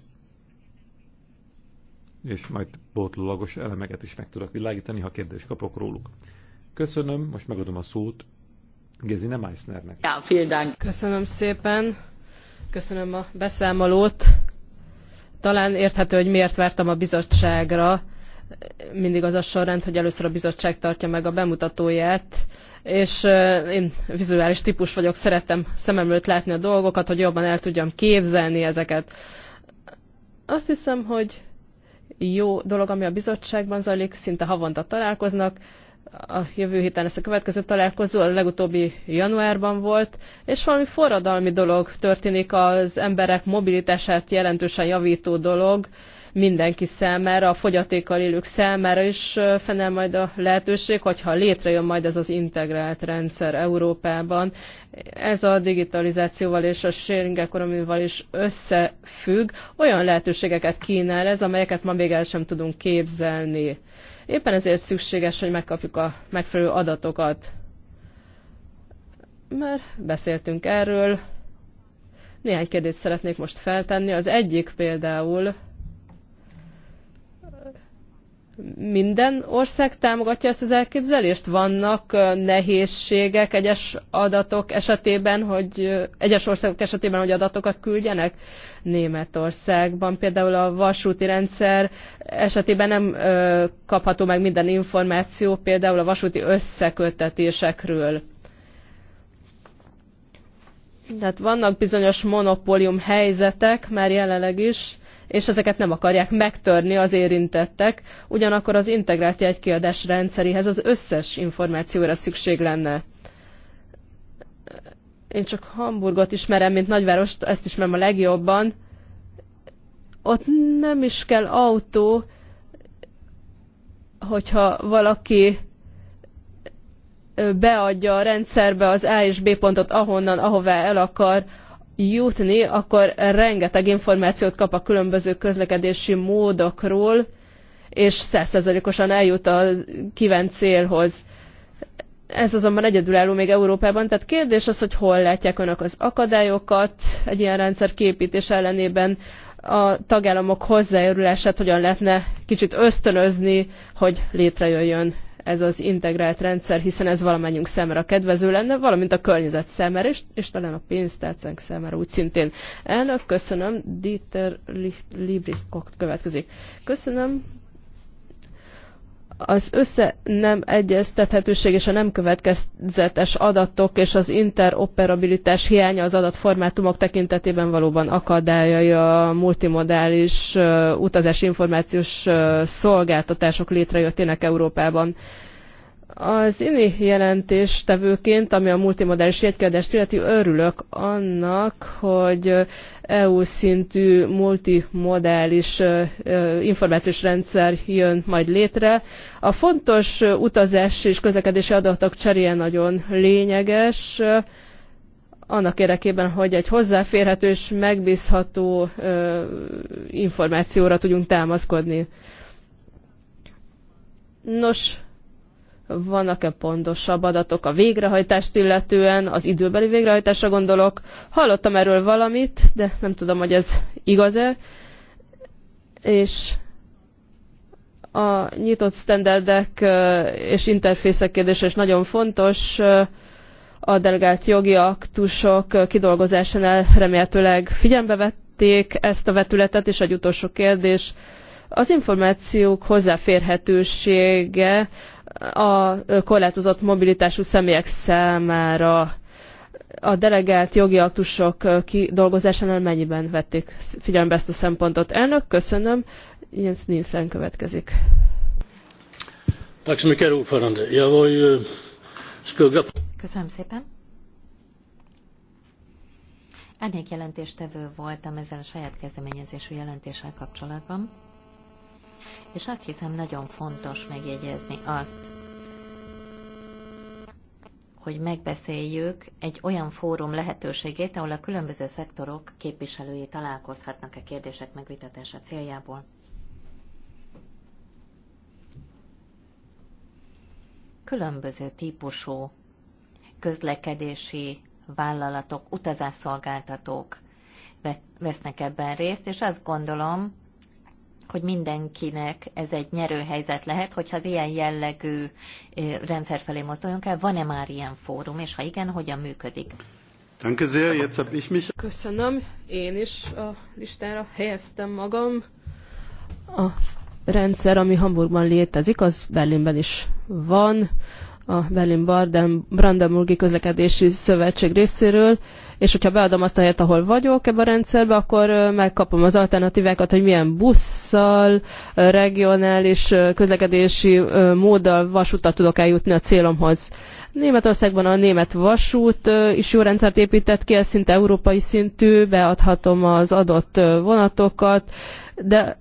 és majd bótlólagos elemeket is meg tudok világítani, ha kérdést kapok róluk. Köszönöm, most megadom a szót Gesine Meissnernek. Ja, vielen Dank. Köszönöm szépen. Köszönöm a beszámolót. Talán érthető, hogy miért vártam a bizottságra. Mindig az a sorrend, hogy először a bizottság tartja meg a bemutatóját, és én vizuális típus vagyok, szeretem szemem előtt látni a dolgokat, hogy jobban el tudjam képzelni ezeket. Azt hiszem, hogy jó dolog, ami a bizottságban zajlik, szinte havonta találkoznak, a jövő héten lesz a következő találkozó, a legutóbbi januárban volt, és valami forradalmi dolog történik, az emberek mobilitását jelentősen javító dolog mindenki számára, a fogyatékkal élők számára is fennáll majd a lehetőség, hogyha létrejön majd ez az integrált rendszer Európában. Ez a digitalizációval és a sharing ekonomival is összefügg, olyan lehetőségeket kínál ez, amelyeket ma még el sem tudunk képzelni. Éppen ezért szükséges, hogy megkapjuk a megfelelő adatokat. Már beszéltünk erről. Néhány kérdést szeretnék most feltenni. Az egyik például, minden ország támogatja ezt az elképzelést? Vannak nehézségek egyes adatok esetében, hogy egyes országok esetében, hogy adatokat küldjenek? Németországban például a vasúti rendszer esetében nem kapható meg minden információ, például a vasúti összekötetésekről. Tehát vannak bizonyos monopólium helyzetek már jelenleg is, és ezeket nem akarják megtörni az érintettek, ugyanakkor az integrált jegykiadás rendszeréhez az összes információra szükség lenne. Én csak Hamburgot ismerem, mint nagyvárost, ezt ismerem a legjobban. Ott nem is kell autó, hogyha valaki beadja a rendszerbe az A és B pontot ahonnan, ahová el akar, jutni, akkor rengeteg információt kap a különböző közlekedési módokról, és százszerzalékosan eljut a kívánt célhoz. Ez azonban egyedülálló még Európában, tehát kérdés az, hogy hol látják önök az akadályokat egy ilyen rendszer képítés ellenében, a tagállamok hozzájárulását hogyan lehetne kicsit ösztönözni, hogy létrejöjjön ez az integrált rendszer, hiszen ez valamennyünk számára kedvező lenne, valamint a környezet számára, és, és talán a pénztárcánk számára úgy szintén. Elnök, köszönöm, Dieter Libriskokt következik. Köszönöm, az össze nem egyeztethetőség és a nem következetes adatok és az interoperabilitás hiánya az adatformátumok tekintetében valóban akadályai a multimodális utazási információs szolgáltatások létrejöttének Európában. Az INI tevőként, ami a multimodális jegykedést illeti, örülök annak, hogy EU szintű multimodális információs rendszer jön majd létre. A fontos utazás és közlekedési adatok cseréje nagyon lényeges, annak érdekében, hogy egy hozzáférhető és megbízható információra tudjunk támaszkodni. Nos, vannak-e pontosabb adatok a végrehajtást illetően, az időbeli végrehajtásra gondolok. Hallottam erről valamit, de nem tudom, hogy ez igaz-e. És a nyitott standardek és interfészek kérdése is nagyon fontos. A delegált jogi aktusok kidolgozásánál remélhetőleg figyelembe vették ezt a vetületet, és egy utolsó kérdés. Az információk hozzáférhetősége a korlátozott mobilitású személyek számára a delegált jogi aktusok kidolgozásánál mennyiben vették figyelembe ezt a szempontot? Elnök, köszönöm. Jens Nielsen következik. Köszönöm szépen. Árnyék jelentéstevő voltam ezzel a saját kezdeményezésű jelentéssel kapcsolatban és azt hiszem nagyon fontos megjegyezni azt, hogy megbeszéljük egy olyan fórum lehetőségét, ahol a különböző szektorok képviselői találkozhatnak a e kérdések megvitatása céljából. Különböző típusú közlekedési vállalatok, utazásszolgáltatók vesznek ebben részt, és azt gondolom, hogy mindenkinek ez egy nyerő helyzet lehet, hogyha az ilyen jellegű rendszer felé mozduljunk el. Van-e már ilyen fórum, és ha igen, hogyan működik? Köszönöm, én is a listára helyeztem magam. A rendszer, ami Hamburgban létezik, az Berlinben is van a Berlin-Brandenburgi Közlekedési Szövetség részéről, és hogyha beadom azt a helyet, ahol vagyok ebbe a rendszerbe, akkor megkapom az alternatívákat, hogy milyen busszal, regionális közlekedési móddal, vasúttal tudok eljutni a célomhoz. Németországban a német vasút is jó rendszert épített ki, ez szinte európai szintű, beadhatom az adott vonatokat, de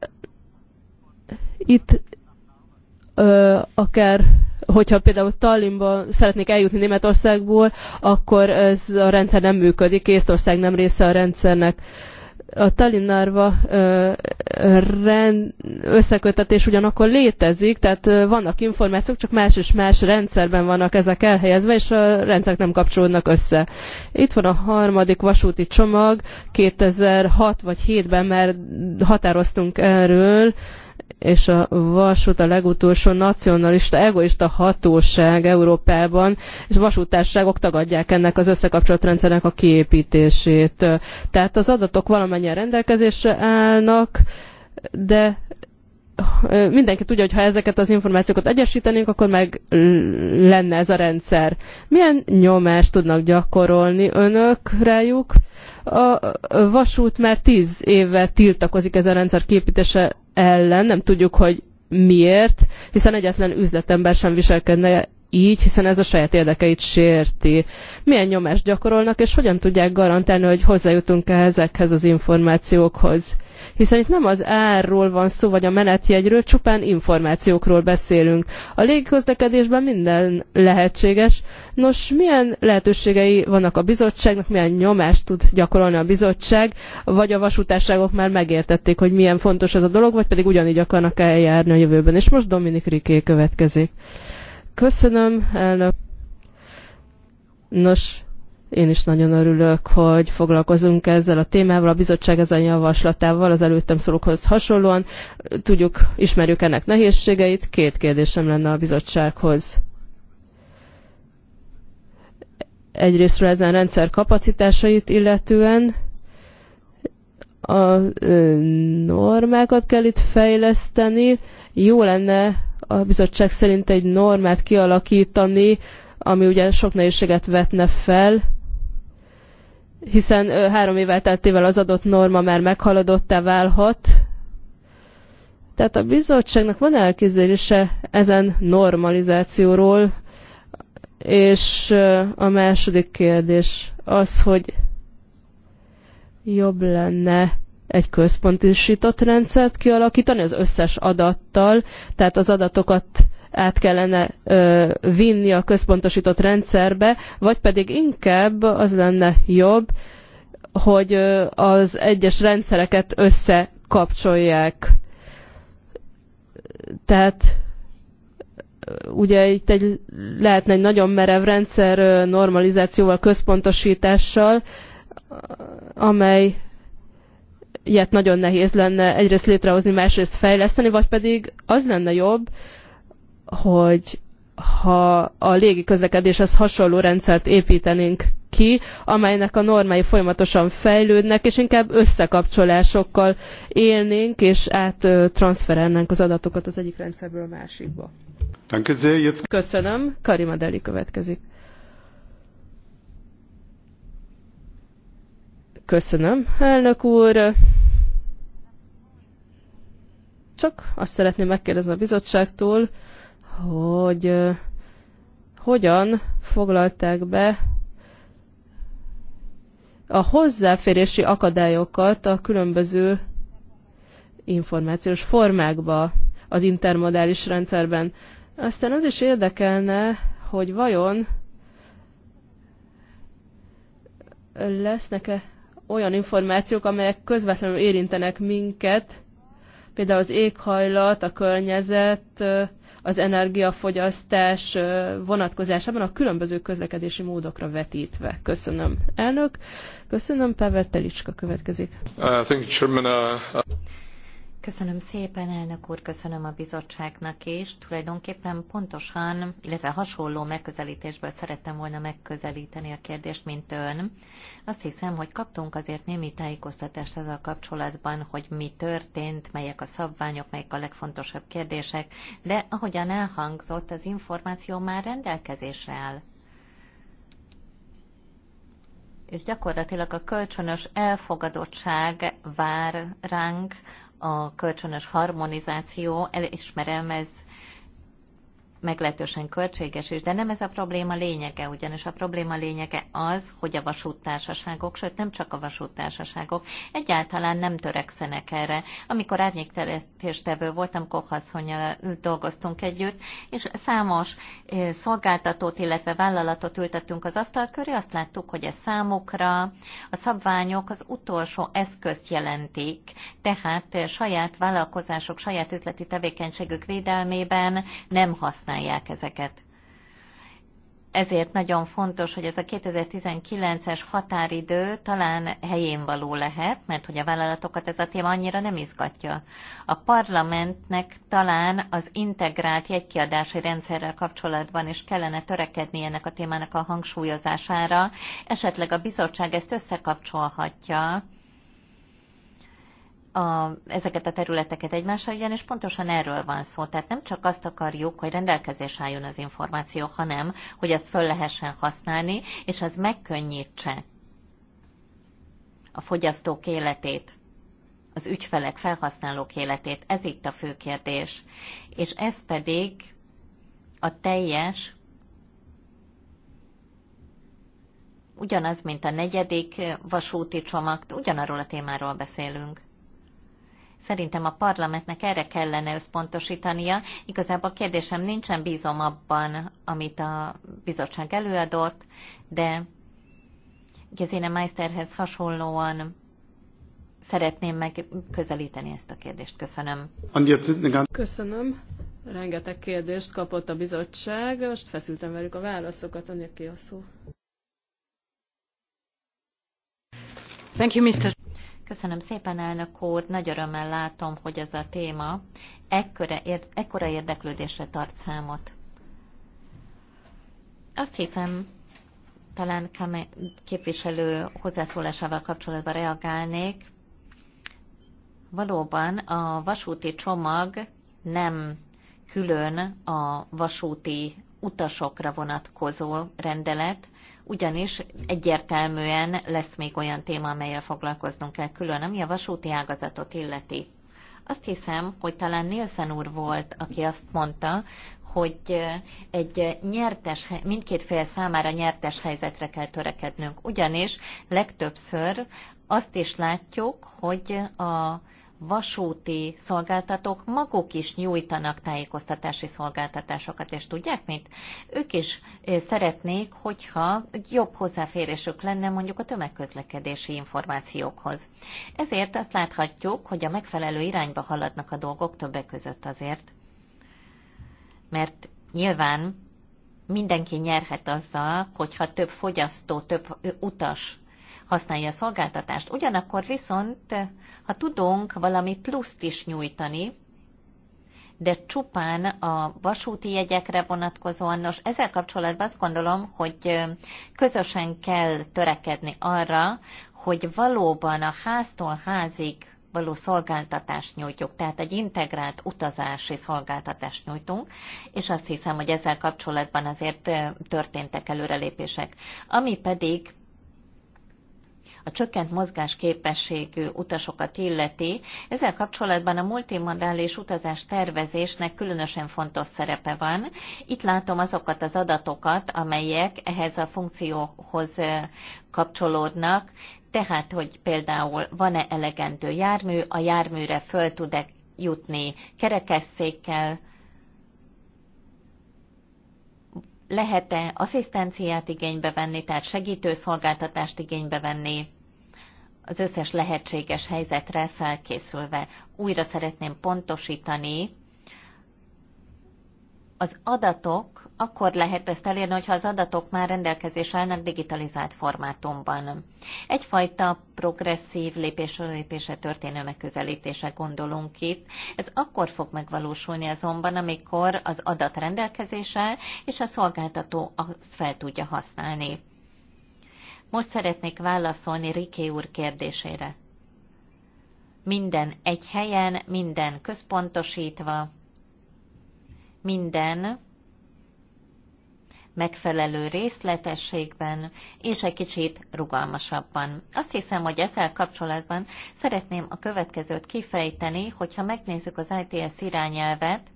itt akár hogyha például Tallinnba szeretnék eljutni Németországból, akkor ez a rendszer nem működik, Észtország nem része a rendszernek. A Tallinn-Narva összekötetés ugyanakkor létezik, tehát vannak információk, csak más és más rendszerben vannak ezek elhelyezve, és a rendszerek nem kapcsolódnak össze. Itt van a harmadik vasúti csomag, 2006 vagy 2007 ben már határoztunk erről, és a vasút a legutolsó nacionalista, egoista hatóság Európában, és vasútárságok tagadják ennek az összekapcsolatrendszernek a kiépítését. Tehát az adatok valamennyien rendelkezésre állnak, de mindenki tudja, hogy ha ezeket az információkat egyesítenénk, akkor meg lenne ez a rendszer. Milyen nyomást tudnak gyakorolni önök rájuk? A vasút már tíz éve tiltakozik ezen rendszer képítése ellen, nem tudjuk, hogy miért, hiszen egyetlen üzletember sem viselkedne így, hiszen ez a saját érdekeit sérti. Milyen nyomást gyakorolnak, és hogyan tudják garantálni, hogy hozzájutunk -e ezekhez az információkhoz? Hiszen itt nem az árról van szó, vagy a menetjegyről, csupán információkról beszélünk. A légiközlekedésben minden lehetséges. Nos, milyen lehetőségei vannak a bizottságnak, milyen nyomást tud gyakorolni a bizottság, vagy a vasútárságok már megértették, hogy milyen fontos ez a dolog, vagy pedig ugyanígy akarnak eljárni a jövőben. És most Dominik Riké következik. Köszönöm, elnök. Nos, én is nagyon örülök, hogy foglalkozunk ezzel a témával, a bizottság ezen javaslatával, az előttem szólókhoz hasonlóan. Tudjuk, ismerjük ennek nehézségeit. Két kérdésem lenne a bizottsághoz. Egyrésztről ezen rendszer kapacitásait illetően a normákat kell itt fejleszteni. Jó lenne, a bizottság szerint egy normát kialakítani, ami ugye sok nehézséget vetne fel, hiszen három év elteltével az adott norma már meghaladottá válhat. Tehát a bizottságnak van elképzelése ezen normalizációról, és a második kérdés az, hogy jobb lenne egy központosított rendszert kialakítani az összes adattal, tehát az adatokat át kellene ö, vinni a központosított rendszerbe, vagy pedig inkább az lenne jobb, hogy ö, az egyes rendszereket összekapcsolják. Tehát ugye itt egy, lehetne egy nagyon merev rendszer normalizációval, központosítással, amely ilyet nagyon nehéz lenne egyrészt létrehozni, másrészt fejleszteni, vagy pedig az lenne jobb, hogy ha a légi közlekedéshez hasonló rendszert építenénk ki, amelynek a normái folyamatosan fejlődnek, és inkább összekapcsolásokkal élnénk, és áttranszferelnénk az adatokat az egyik rendszerből a másikba. Köszönöm. Karima Deli következik. Köszönöm, elnök úr. Csak azt szeretném megkérdezni a bizottságtól, hogy hogyan foglalták be a hozzáférési akadályokat a különböző információs formákba az intermodális rendszerben. Aztán az is érdekelne, hogy vajon lesznek-e olyan információk, amelyek közvetlenül érintenek minket, például az éghajlat, a környezet, az energiafogyasztás vonatkozásában a különböző közlekedési módokra vetítve. Köszönöm, elnök. Köszönöm, Pavel Telicska következik. Uh, thank you, Chairman. Uh, uh... Köszönöm szépen, elnök úr, köszönöm a bizottságnak is. Tulajdonképpen pontosan, illetve hasonló megközelítésből szerettem volna megközelíteni a kérdést, mint ön. Azt hiszem, hogy kaptunk azért némi tájékoztatást ezzel kapcsolatban, hogy mi történt, melyek a szabványok, melyek a legfontosabb kérdések, de ahogyan elhangzott, az információ már rendelkezésre áll és gyakorlatilag a kölcsönös elfogadottság vár ránk a kölcsönös harmonizáció, elismerem, ez meglehetősen költséges is, de nem ez a probléma lényege, ugyanis a probléma lényege az, hogy a vasúttársaságok, sőt nem csak a vasúttársaságok, egyáltalán nem törekszenek erre. Amikor árnyékterjesztéstevő voltam, Kohaszonyjal dolgoztunk együtt, és számos eh, szolgáltatót, illetve vállalatot ültettünk az asztal köré, azt láttuk, hogy ez számukra a szabványok az utolsó eszközt jelentik, tehát eh, saját vállalkozások, saját üzleti tevékenységük védelmében nem használják használják ezeket. Ezért nagyon fontos, hogy ez a 2019-es határidő talán helyén való lehet, mert hogy a vállalatokat ez a téma annyira nem izgatja. A parlamentnek talán az integrált jegykiadási rendszerrel kapcsolatban is kellene törekedni ennek a témának a hangsúlyozására, esetleg a bizottság ezt összekapcsolhatja a, ezeket a területeket egymással, ugyanis pontosan erről van szó. Tehát nem csak azt akarjuk, hogy rendelkezés álljon az információ, hanem hogy azt föl lehessen használni, és az megkönnyítse a fogyasztók életét az ügyfelek, felhasználók életét. Ez itt a fő kérdés. És ez pedig a teljes, ugyanaz, mint a negyedik vasúti csomag, ugyanarról a témáról beszélünk. Szerintem a parlamentnek erre kellene összpontosítania. Igazából a kérdésem nincsen bízom abban, amit a bizottság előadott, de Gezine Meisterhez hasonlóan szeretném megközelíteni ezt a kérdést. Köszönöm. Köszönöm. Rengeteg kérdést kapott a bizottság, most feszültem velük a válaszokat, ki a szó. Thank you, Mr. Köszönöm szépen, elnök úr. Nagy örömmel látom, hogy ez a téma ekkora, ekkora érdeklődésre tart számot. Azt hiszem, talán képviselő hozzászólásával kapcsolatban reagálnék. Valóban a vasúti csomag nem külön a vasúti utasokra vonatkozó rendelet, ugyanis egyértelműen lesz még olyan téma, amelyel foglalkoznunk kell külön, ami a vasúti ágazatot illeti. Azt hiszem, hogy talán Nielsen úr volt, aki azt mondta, hogy egy nyertes, mindkét fél számára nyertes helyzetre kell törekednünk. Ugyanis legtöbbször azt is látjuk, hogy a vasúti szolgáltatók maguk is nyújtanak tájékoztatási szolgáltatásokat, és tudják mit? Ők is szeretnék, hogyha jobb hozzáférésük lenne mondjuk a tömegközlekedési információkhoz. Ezért azt láthatjuk, hogy a megfelelő irányba haladnak a dolgok többek között azért, mert nyilván mindenki nyerhet azzal, hogyha több fogyasztó, több utas használja a szolgáltatást. Ugyanakkor viszont, ha tudunk valami pluszt is nyújtani, de csupán a vasúti jegyekre vonatkozóan. Nos, ezzel kapcsolatban azt gondolom, hogy közösen kell törekedni arra, hogy valóban a háztól házig való szolgáltatást nyújtjuk, tehát egy integrált utazási szolgáltatást nyújtunk, és azt hiszem, hogy ezzel kapcsolatban azért történtek előrelépések. Ami pedig a csökkent mozgásképességű utasokat illeti, ezzel kapcsolatban a multimodális utazás tervezésnek különösen fontos szerepe van. Itt látom azokat az adatokat, amelyek ehhez a funkcióhoz kapcsolódnak, tehát, hogy például van-e elegendő jármű, a járműre föl tud-e jutni kerekesszékkel, lehet-e asszisztenciát igénybe venni, tehát segítőszolgáltatást igénybe venni, az összes lehetséges helyzetre felkészülve. Újra szeretném pontosítani, az adatok, akkor lehet ezt elérni, hogyha az adatok már rendelkezésre állnak digitalizált formátumban. Egyfajta progresszív lépésről lépésre történő megközelítése gondolunk itt. Ez akkor fog megvalósulni azonban, amikor az adat rendelkezésre és a szolgáltató azt fel tudja használni. Most szeretnék válaszolni Riké úr kérdésére. Minden egy helyen, minden központosítva, minden megfelelő részletességben és egy kicsit rugalmasabban. Azt hiszem, hogy ezzel kapcsolatban szeretném a következőt kifejteni, hogyha megnézzük az ITS irányelvet,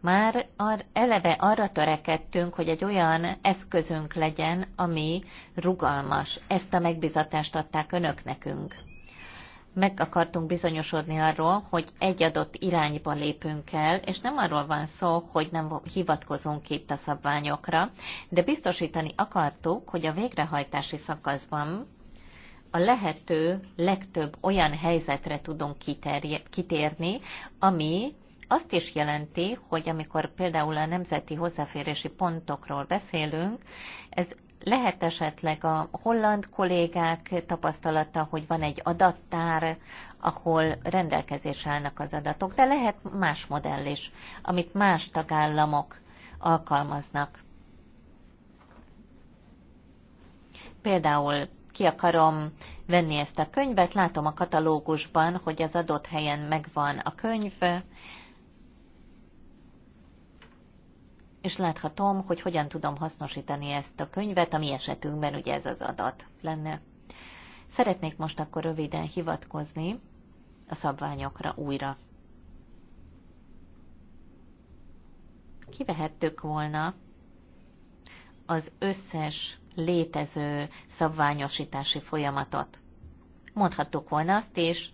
már eleve arra törekedtünk, hogy egy olyan eszközünk legyen, ami rugalmas. Ezt a megbizatást adták önök nekünk meg akartunk bizonyosodni arról, hogy egy adott irányba lépünk el, és nem arról van szó, hogy nem hivatkozunk itt a szabványokra, de biztosítani akartuk, hogy a végrehajtási szakaszban a lehető legtöbb olyan helyzetre tudunk kitérni, ami azt is jelenti, hogy amikor például a nemzeti hozzáférési pontokról beszélünk, ez lehet esetleg a holland kollégák tapasztalata, hogy van egy adattár, ahol rendelkezésre állnak az adatok, de lehet más modell is, amit más tagállamok alkalmaznak. Például ki akarom venni ezt a könyvet, látom a katalógusban, hogy az adott helyen megvan a könyv, és láthatom, hogy hogyan tudom hasznosítani ezt a könyvet, a mi esetünkben ugye ez az adat lenne. Szeretnék most akkor röviden hivatkozni a szabványokra újra. Kivehettük volna az összes létező szabványosítási folyamatot. Mondhattuk volna azt is,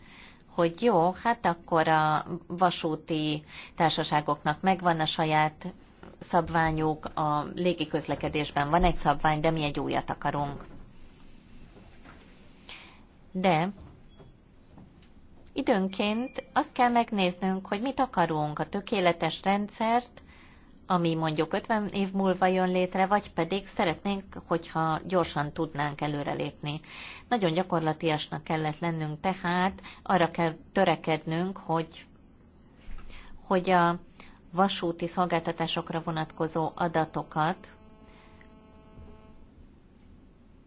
hogy jó, hát akkor a vasúti társaságoknak megvan a saját szabványok a légiközlekedésben. Van egy szabvány, de mi egy újat akarunk. De időnként azt kell megnéznünk, hogy mit akarunk, a tökéletes rendszert, ami mondjuk 50 év múlva jön létre, vagy pedig szeretnénk, hogyha gyorsan tudnánk előrelépni. Nagyon gyakorlatiasnak kellett lennünk, tehát arra kell törekednünk, hogy, hogy a vasúti szolgáltatásokra vonatkozó adatokat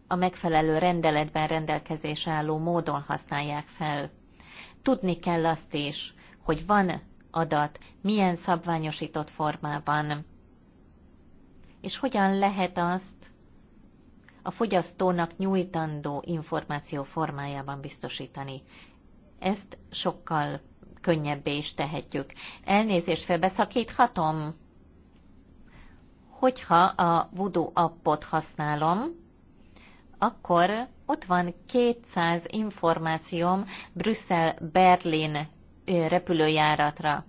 a megfelelő rendeletben rendelkezés álló módon használják fel. Tudni kell azt is, hogy van adat, milyen szabványosított formában, és hogyan lehet azt a fogyasztónak nyújtandó információ formájában biztosítani. Ezt sokkal könnyebbé is tehetjük. Elnézést felbeszakíthatom? Hogyha a Voodoo appot használom, akkor ott van 200 információm Brüsszel-Berlin repülőjáratra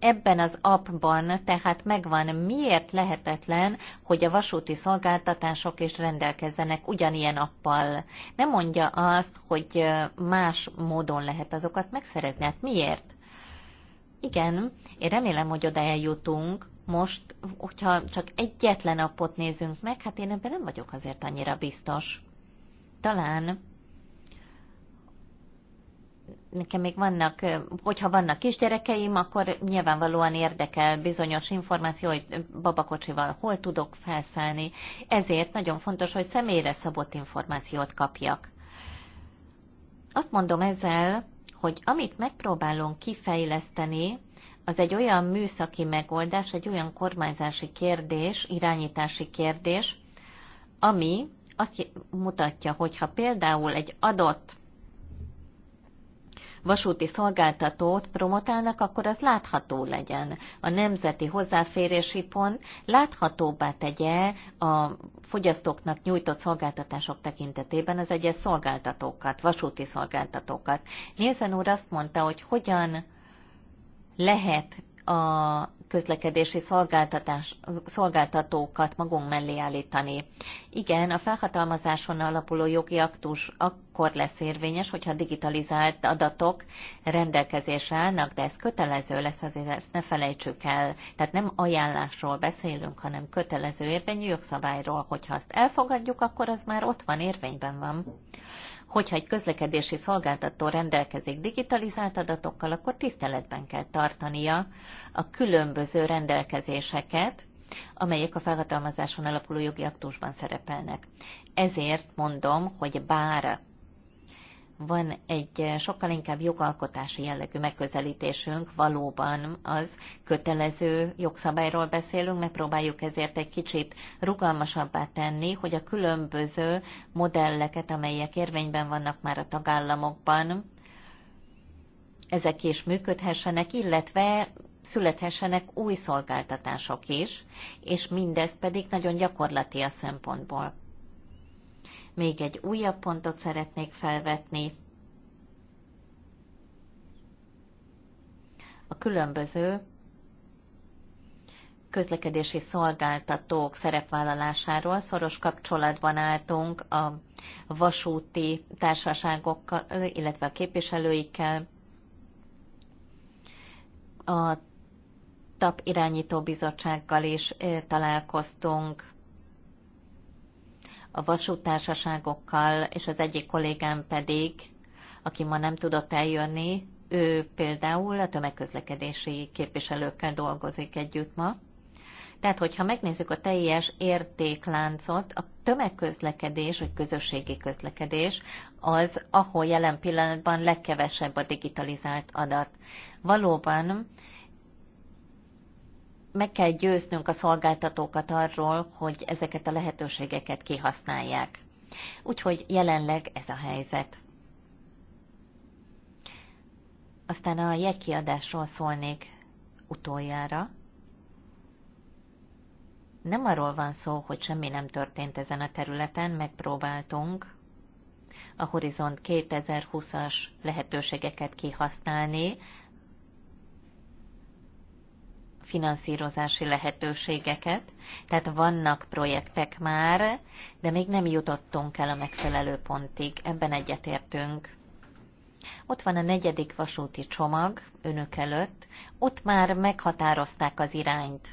ebben az appban tehát megvan, miért lehetetlen, hogy a vasúti szolgáltatások is rendelkezzenek ugyanilyen appal. Nem mondja azt, hogy más módon lehet azokat megszerezni. Hát miért? Igen, én remélem, hogy oda eljutunk. Most, hogyha csak egyetlen appot nézünk meg, hát én ebben nem vagyok azért annyira biztos. Talán nekem még vannak, hogyha vannak kisgyerekeim, akkor nyilvánvalóan érdekel bizonyos információ, hogy babakocsival hol tudok felszállni. Ezért nagyon fontos, hogy személyre szabott információt kapjak. Azt mondom ezzel, hogy amit megpróbálunk kifejleszteni, az egy olyan műszaki megoldás, egy olyan kormányzási kérdés, irányítási kérdés, ami azt mutatja, hogyha például egy adott vasúti szolgáltatót promotálnak, akkor az látható legyen. A nemzeti hozzáférési pont láthatóbbá tegye a fogyasztóknak nyújtott szolgáltatások tekintetében az egyes szolgáltatókat, vasúti szolgáltatókat. Nézen úr azt mondta, hogy hogyan lehet a közlekedési szolgáltatás, szolgáltatókat magunk mellé állítani. Igen, a felhatalmazáson alapuló jogi aktus akkor lesz érvényes, hogyha digitalizált adatok rendelkezésre állnak, de ez kötelező lesz, azért ezt ne felejtsük el. Tehát nem ajánlásról beszélünk, hanem kötelező érvényű jogszabályról. Hogyha azt elfogadjuk, akkor az már ott van, érvényben van hogyha egy közlekedési szolgáltató rendelkezik digitalizált adatokkal, akkor tiszteletben kell tartania a különböző rendelkezéseket, amelyek a felhatalmazáson alapuló jogi aktusban szerepelnek. Ezért mondom, hogy bár van egy eh, sokkal inkább jogalkotási jellegű megközelítésünk, valóban az kötelező jogszabályról beszélünk, megpróbáljuk ezért egy kicsit rugalmasabbá tenni, hogy a különböző modelleket, amelyek érvényben vannak már a tagállamokban, ezek is működhessenek, illetve születhessenek új szolgáltatások is, és mindez pedig nagyon gyakorlati a szempontból. Még egy újabb pontot szeretnék felvetni. A különböző közlekedési szolgáltatók szerepvállalásáról szoros kapcsolatban álltunk a vasúti társaságokkal, illetve a képviselőikkel. A TAP irányító bizottsággal is eh, találkoztunk a vasútársaságokkal, és az egyik kollégám pedig, aki ma nem tudott eljönni, ő például a tömegközlekedési képviselőkkel dolgozik együtt ma. Tehát, hogyha megnézzük a teljes értékláncot, a tömegközlekedés, vagy közösségi közlekedés az, ahol jelen pillanatban legkevesebb a digitalizált adat. Valóban meg kell győznünk a szolgáltatókat arról, hogy ezeket a lehetőségeket kihasználják. Úgyhogy jelenleg ez a helyzet. Aztán a jegykiadásról szólnék utoljára. Nem arról van szó, hogy semmi nem történt ezen a területen, megpróbáltunk a Horizont 2020-as lehetőségeket kihasználni, finanszírozási lehetőségeket, tehát vannak projektek már, de még nem jutottunk el a megfelelő pontig, ebben egyetértünk. Ott van a negyedik vasúti csomag önök előtt, ott már meghatározták az irányt.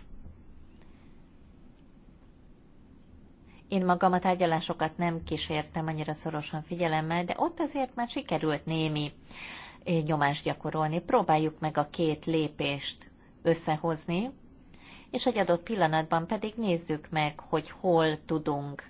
Én magam a tárgyalásokat nem kísértem annyira szorosan figyelemmel, de ott azért már sikerült némi eh, nyomást gyakorolni. Próbáljuk meg a két lépést összehozni, és egy adott pillanatban pedig nézzük meg, hogy hol tudunk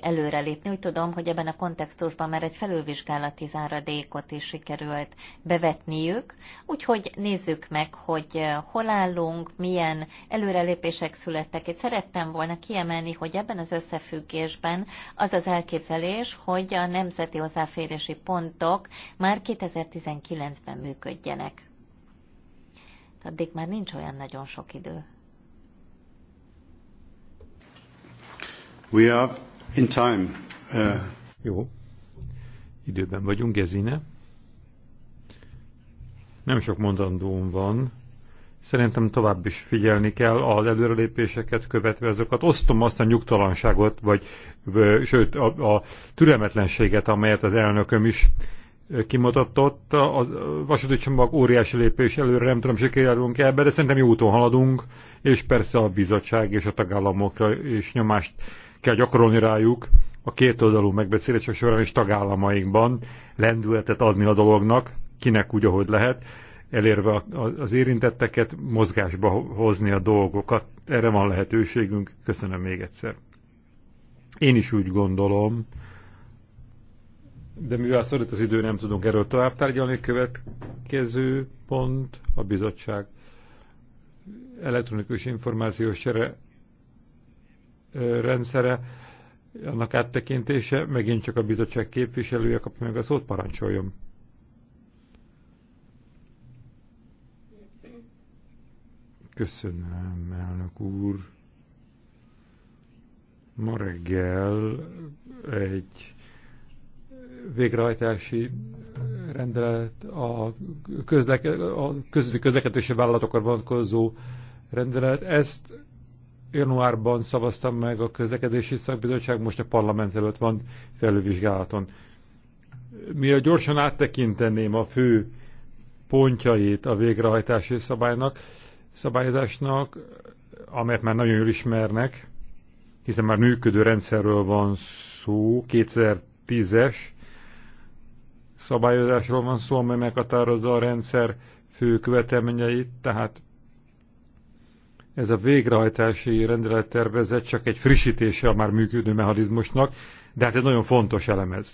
előrelépni. Úgy tudom, hogy ebben a kontextusban már egy felülvizsgálati záradékot is sikerült bevetniük, úgyhogy nézzük meg, hogy hol állunk, milyen előrelépések születtek. Én szerettem volna kiemelni, hogy ebben az összefüggésben az az elképzelés, hogy a nemzeti hozzáférési pontok már 2019-ben működjenek addig már nincs olyan nagyon sok idő. We are in time. Uh... Jó. Időben vagyunk, Gezine. Nem sok mondandóm van. Szerintem tovább is figyelni kell az előrelépéseket követve azokat. Osztom azt a nyugtalanságot, vagy sőt a, a türelmetlenséget, amelyet az elnököm is kimutatott. A vasúti csomag óriási lépés előre, nem tudom, sikerülünk ebbe, de szerintem jó úton haladunk, és persze a bizottság és a tagállamokra is nyomást kell gyakorolni rájuk a két oldalú megbeszélések során és tagállamainkban lendületet adni a dolognak, kinek úgy, ahogy lehet, elérve az érintetteket, mozgásba hozni a dolgokat. Erre van lehetőségünk. Köszönöm még egyszer. Én is úgy gondolom, de mivel szorít az idő, nem tudunk erről tovább tárgyalni. Következő pont a bizottság elektronikus információs csere rendszere, annak áttekintése, megint csak a bizottság képviselője kapja meg a szót, parancsoljon. Köszönöm, elnök úr. Ma reggel egy végrehajtási rendelet, a, közleke, a közötti közlekedési vállalatokat vonatkozó rendelet. Ezt januárban szavaztam meg a közlekedési szakbizottság, most a parlament előtt van felülvizsgálaton. a gyorsan áttekinteném a fő pontjait a végrehajtási szabálynak, szabályozásnak, amelyet már nagyon jól ismernek, hiszen már működő rendszerről van szó, 2010-es szabályozásról van szó, amely meghatározza a rendszer fő követelményeit, tehát ez a végrehajtási rendelettervezet csak egy frissítése a már működő mechanizmusnak, de hát egy nagyon fontos elem ez.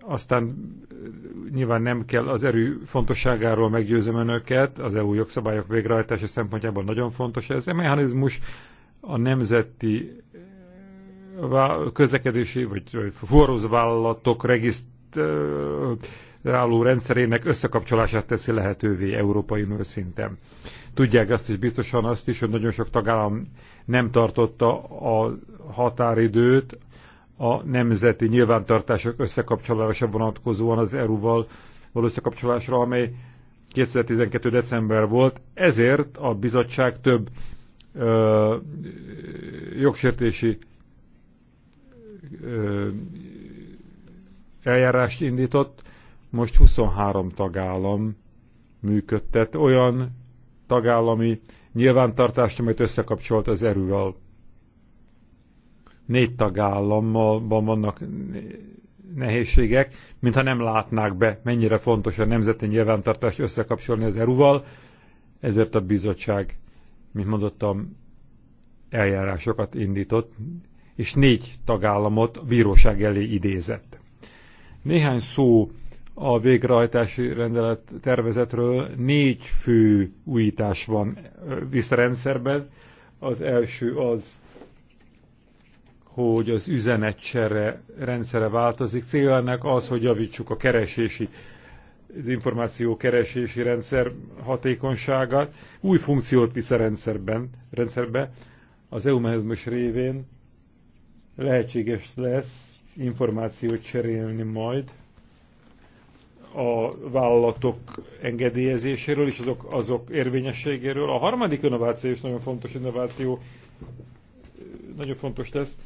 Aztán eh, nyilván nem kell az erő fontosságáról meggyőzem önöket, az EU jogszabályok végrehajtása szempontjából nagyon fontos ez. A e mechanizmus a nemzeti közlekedési vagy forrózvállalatok regisztráló rendszerének összekapcsolását teszi lehetővé európai szinten. Tudják azt is biztosan azt is, hogy nagyon sok tagállam nem tartotta a határidőt a nemzeti nyilvántartások összekapcsolása vonatkozóan az EU-val való összekapcsolásra, amely 2012. december volt, ezért a bizottság több ö, jogsértési eljárást indított, most 23 tagállam működtet olyan tagállami nyilvántartást, amit összekapcsolt az erővel. Négy tagállamban vannak nehézségek, mintha nem látnák be, mennyire fontos a nemzeti nyilvántartást összekapcsolni az erőval, ezért a bizottság, mint mondottam, eljárásokat indított és négy tagállamot bíróság elé idézett. Néhány szó a végrehajtási rendelet tervezetről. Négy fő újítás van visszarendszerben. Az első az, hogy az üzenetcsere rendszere változik. Célja ennek az, hogy javítsuk a keresési az információ keresési rendszer hatékonyságát. Új funkciót visz a rendszerben, rendszerbe az EU mechanizmus révén lehetséges lesz információt cserélni majd a vállalatok engedélyezéséről és azok, azok érvényességéről. A harmadik innováció is nagyon fontos innováció, nagyon fontos lesz,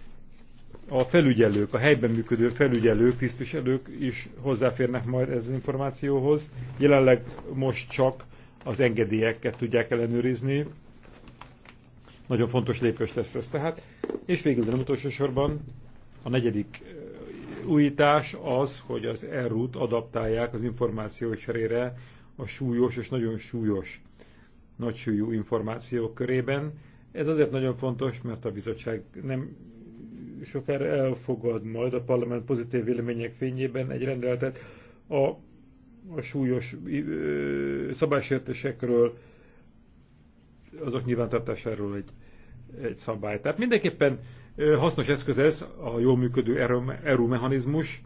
a felügyelők, a helyben működő felügyelők, tisztviselők is hozzáférnek majd ez az információhoz. Jelenleg most csak az engedélyeket tudják ellenőrizni, nagyon fontos lépés lesz ez tehát. És végül, de nem utolsó sorban, a negyedik újítás az, hogy az erút adaptálják az információ cserére a súlyos és nagyon súlyos nagysúlyú információk körében. Ez azért nagyon fontos, mert a bizottság nem sokára elfogad majd a parlament pozitív vélemények fényében egy rendeletet a, a súlyos ö, azok nyilvántartásáról egy egy szabály. Tehát mindenképpen hasznos eszköz ez a jól működő erő mechanizmus,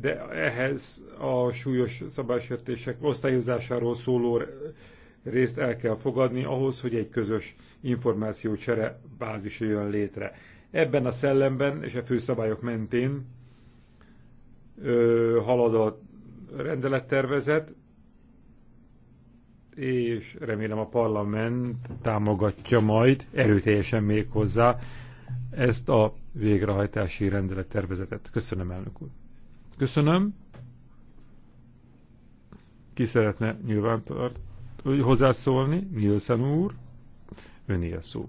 de ehhez a súlyos szabálysértések osztályozásáról szóló részt el kell fogadni ahhoz, hogy egy közös információcsere bázis jön létre. Ebben a szellemben és a főszabályok mentén ö, halad a rendelettervezet, és remélem a parlament támogatja majd, erőteljesen még hozzá, ezt a végrehajtási rendelet tervezetet. Köszönöm, elnök úr. Köszönöm. Ki szeretne nyilván tart, hozzászólni? Nielsen úr. Öné a szó.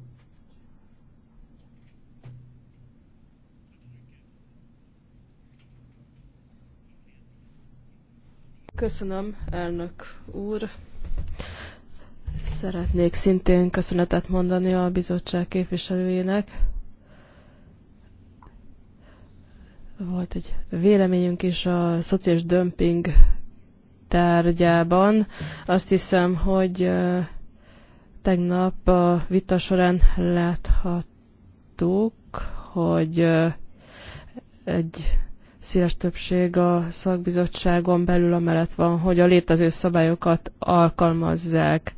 Köszönöm, elnök úr. Szeretnék szintén köszönetet mondani a bizottság képviselőjének. Volt egy véleményünk is a szociális dömping tárgyában. Azt hiszem, hogy tegnap a vita során láthattuk, hogy egy széles többség a szakbizottságon belül amellett van, hogy a létező szabályokat alkalmazzák,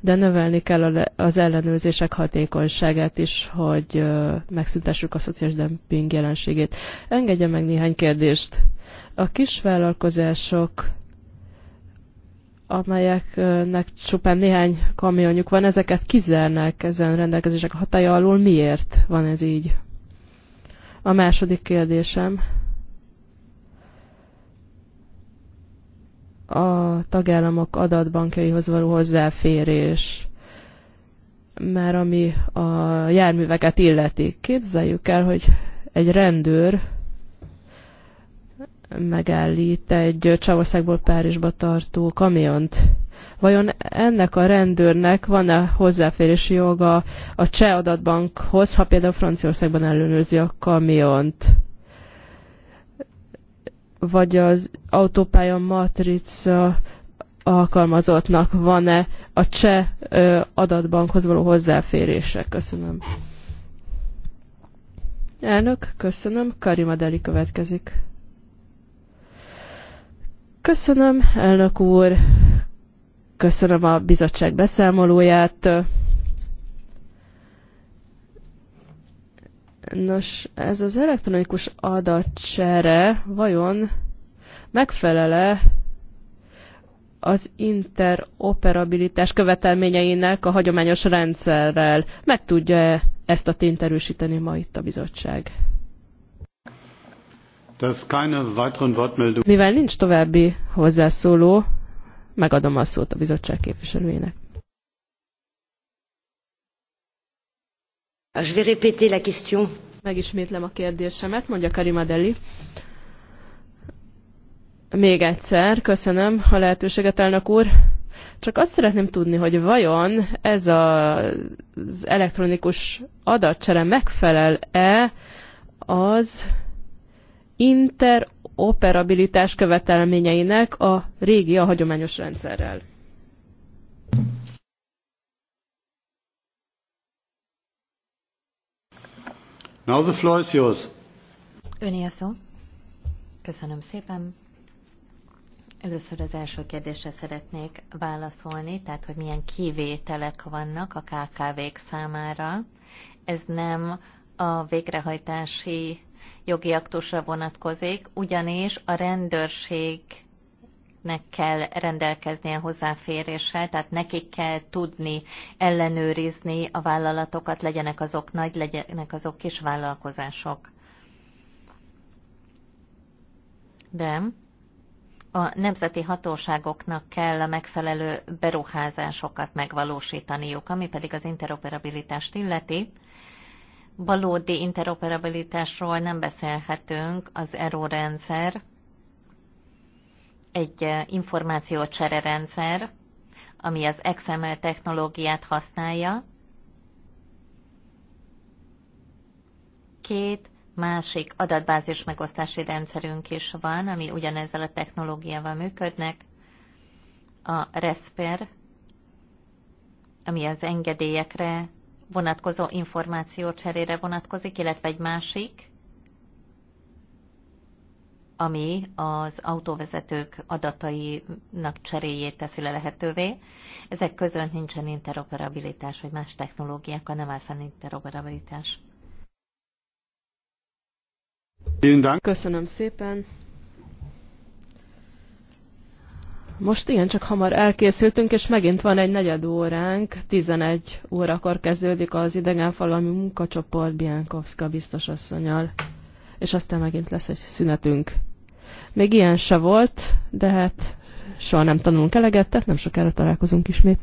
de növelni kell az ellenőrzések hatékonyságát is, hogy megszüntessük a szociális dumping jelenségét. Engedje meg néhány kérdést. A kisvállalkozások amelyeknek csupán néhány kamionjuk van, ezeket kizárnák ezen rendelkezések hatája alól. Miért van ez így? A második kérdésem a tagállamok adatbankjaihoz való hozzáférés, mert ami a járműveket illeti. Képzeljük el, hogy egy rendőr megállít egy Csavországból Párizsba tartó kamiont. Vajon ennek a rendőrnek van-e hozzáférési joga a cseh adatbankhoz, ha például Franciaországban ellenőrzi a kamiont? vagy az autópálya matrica alkalmazottnak van-e a cseh adatbankhoz való hozzáférésre. Köszönöm. Elnök, köszönöm. Karima Deli következik. Köszönöm, elnök úr. Köszönöm a bizottság beszámolóját. Nos, ez az elektronikus adatcsere vajon megfelele az interoperabilitás követelményeinek a hagyományos rendszerrel? Meg tudja -e ezt a tényt erősíteni ma itt a bizottság? Mivel nincs további hozzászóló, megadom a szót a bizottság képviselőjének. Je vais répéter la question. Megismétlem a kérdésemet, mondja Karima Deli. Még egyszer, köszönöm a lehetőséget, elnök úr. Csak azt szeretném tudni, hogy vajon ez a, az elektronikus adatcsere megfelel-e az interoperabilitás követelményeinek a régi, a hagyományos rendszerrel. Now the floor is yours. Öné a szó. Köszönöm szépen. Először az első kérdésre szeretnék válaszolni, tehát hogy milyen kivételek vannak a KKV-k számára. Ez nem a végrehajtási jogi aktusra vonatkozik, ugyanis a rendőrség nek kell rendelkeznie hozzáféréssel, tehát nekik kell tudni ellenőrizni a vállalatokat, legyenek azok nagy, legyenek azok kis vállalkozások. De a nemzeti hatóságoknak kell a megfelelő beruházásokat megvalósítaniuk, ami pedig az interoperabilitást illeti. Valódi interoperabilitásról nem beszélhetünk, az ERO rendszer egy információcsere rendszer, ami az XML technológiát használja, két másik adatbázis megosztási rendszerünk is van, ami ugyanezzel a technológiával működnek. A RESPER, ami az engedélyekre vonatkozó információcserére vonatkozik, illetve egy másik, ami az autóvezetők adatainak cseréjét teszi le lehetővé. Ezek között nincsen interoperabilitás, vagy más technológiákkal nem áll fenn interoperabilitás. Köszönöm szépen. Most igen, csak hamar elkészültünk, és megint van egy negyed óránk, 11 órakor kezdődik az idegenfalami munkacsoport Biankovska biztosasszonyal, és aztán megint lesz egy szünetünk. Még ilyen se volt, de hát soha nem tanulunk eleget, tehát nem sokára találkozunk ismét.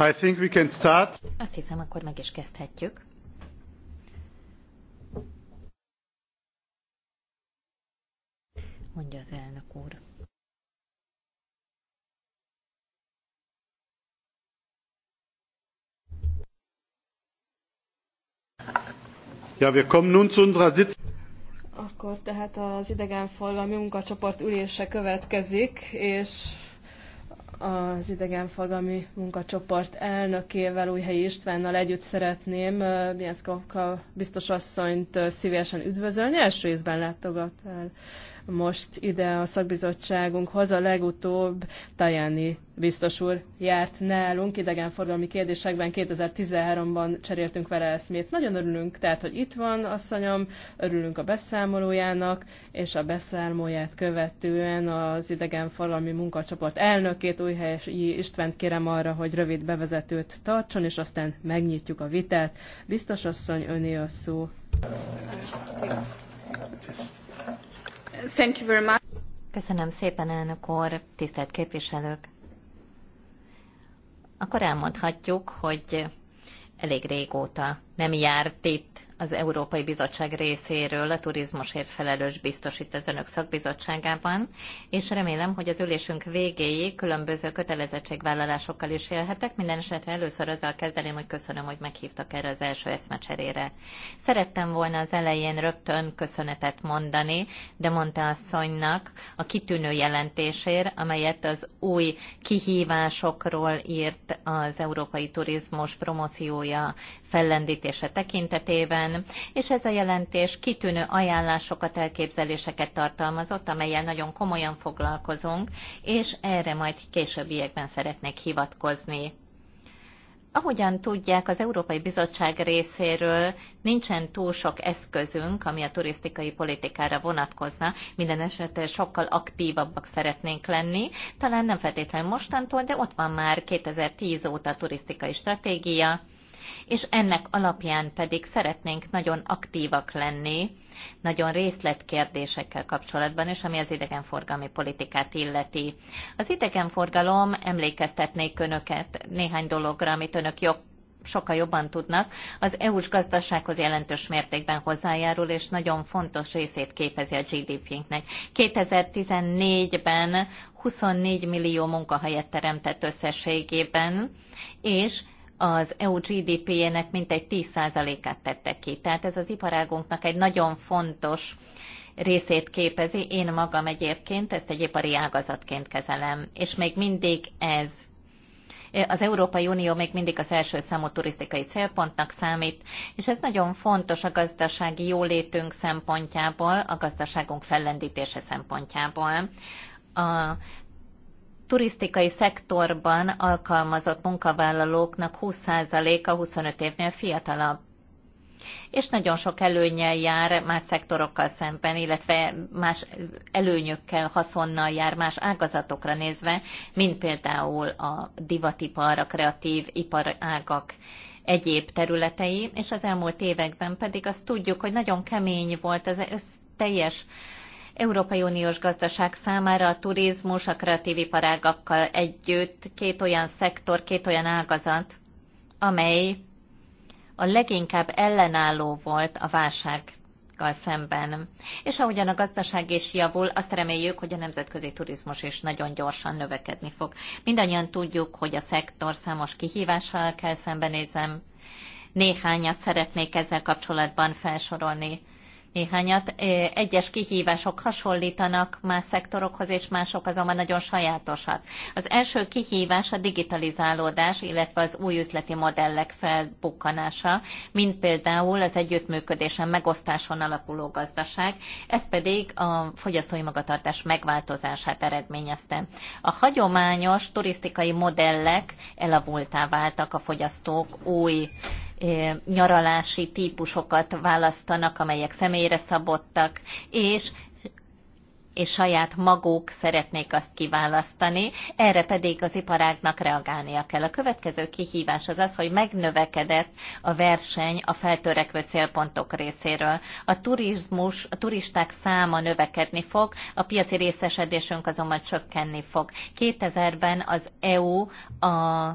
I think we can start. Azt hiszem, akkor meg is kezdhetjük. Mondja az elnök úr. Ja, wir kommen nun zu unserer Sitz Akkor tehát az idegenforgalmi munkacsoport ülése következik, és az idegenforgalmi munkacsoport elnökével, Újhelyi Istvánnal együtt szeretném Bianszkovka biztos asszonyt szívesen üdvözölni. Első részben látogat el most ide a szakbizottságunkhoz. A legutóbb Tajani biztos úr járt nálunk idegenforgalmi kérdésekben, 2013-ban cseréltünk vele eszmét. Nagyon örülünk, tehát, hogy itt van asszonyom, örülünk a beszámolójának, és a beszámolóját követően az idegenforgalmi munkacsoport elnökét, Újhelyi Istvánt kérem arra, hogy rövid bevezetőt tartson, és aztán megnyitjuk a vitát. Biztos asszony, öné a szó. Köszönöm. Köszönöm szépen, elnök úr, tisztelt képviselők. Akkor elmondhatjuk, hogy elég régóta nem járt itt az Európai Bizottság részéről a turizmusért felelős biztosít az önök szakbizottságában, és remélem, hogy az ülésünk végéig különböző kötelezettségvállalásokkal is élhetek. Minden esetre először azzal kezdeném, hogy köszönöm, hogy meghívtak erre az első eszmecserére. Szerettem volna az elején rögtön köszönetet mondani, de mondta asszonynak a kitűnő jelentésért, amelyet az új kihívásokról írt az európai turizmus promóciója fellendítése tekintetében, és ez a jelentés kitűnő ajánlásokat, elképzeléseket tartalmazott, amelyel nagyon komolyan foglalkozunk, és erre majd későbbiekben szeretnék hivatkozni. Ahogyan tudják, az Európai Bizottság részéről nincsen túl sok eszközünk, ami a turisztikai politikára vonatkozna, minden esetre sokkal aktívabbak szeretnénk lenni, talán nem feltétlenül mostantól, de ott van már 2010 óta a turisztikai stratégia, és ennek alapján pedig szeretnénk nagyon aktívak lenni, nagyon részletkérdésekkel kapcsolatban, és ami az idegenforgalmi politikát illeti. Az idegenforgalom, emlékeztetnék önöket néhány dologra, amit önök jobb sokkal jobban tudnak, az EU-s gazdasághoz jelentős mértékben hozzájárul, és nagyon fontos részét képezi a GDP-nknek. 2014-ben 24 millió munkahelyet teremtett összességében, és az EU GDP-jének mintegy 10%-át tette ki. Tehát ez az iparágunknak egy nagyon fontos részét képezi. Én magam egyébként ezt egy ipari ágazatként kezelem, és még mindig ez az Európai Unió még mindig az első számú turisztikai célpontnak számít, és ez nagyon fontos a gazdasági jólétünk szempontjából, a gazdaságunk fellendítése szempontjából. A turisztikai szektorban alkalmazott munkavállalóknak 20%-a 25 évnél fiatalabb és nagyon sok előnyel jár más szektorokkal szemben, illetve más előnyökkel, haszonnal jár más ágazatokra nézve, mint például a divatipar, a kreatív iparágak egyéb területei, és az elmúlt években pedig azt tudjuk, hogy nagyon kemény volt az teljes Európai Uniós gazdaság számára a turizmus a kreatív iparágakkal együtt két olyan szektor, két olyan ágazat, amely a leginkább ellenálló volt a válsággal szemben. És ahogyan a gazdaság is javul, azt reméljük, hogy a nemzetközi turizmus is nagyon gyorsan növekedni fog. Mindannyian tudjuk, hogy a szektor számos kihívással kell szembenézem. Néhányat szeretnék ezzel kapcsolatban felsorolni néhányat. Egyes kihívások hasonlítanak más szektorokhoz, és mások azonban nagyon sajátosak. Az első kihívás a digitalizálódás, illetve az új üzleti modellek felbukkanása, mint például az együttműködésen, megosztáson alapuló gazdaság, ez pedig a fogyasztói magatartás megváltozását eredményezte. A hagyományos turisztikai modellek elavultá váltak a fogyasztók új nyaralási típusokat választanak, amelyek személyre szabottak, és és saját maguk szeretnék azt kiválasztani, erre pedig az iparágnak reagálnia kell. A következő kihívás az az, hogy megnövekedett a verseny a feltörekvő célpontok részéről. A turizmus, a turisták száma növekedni fog, a piaci részesedésünk azonban csökkenni fog. 2000-ben az EU a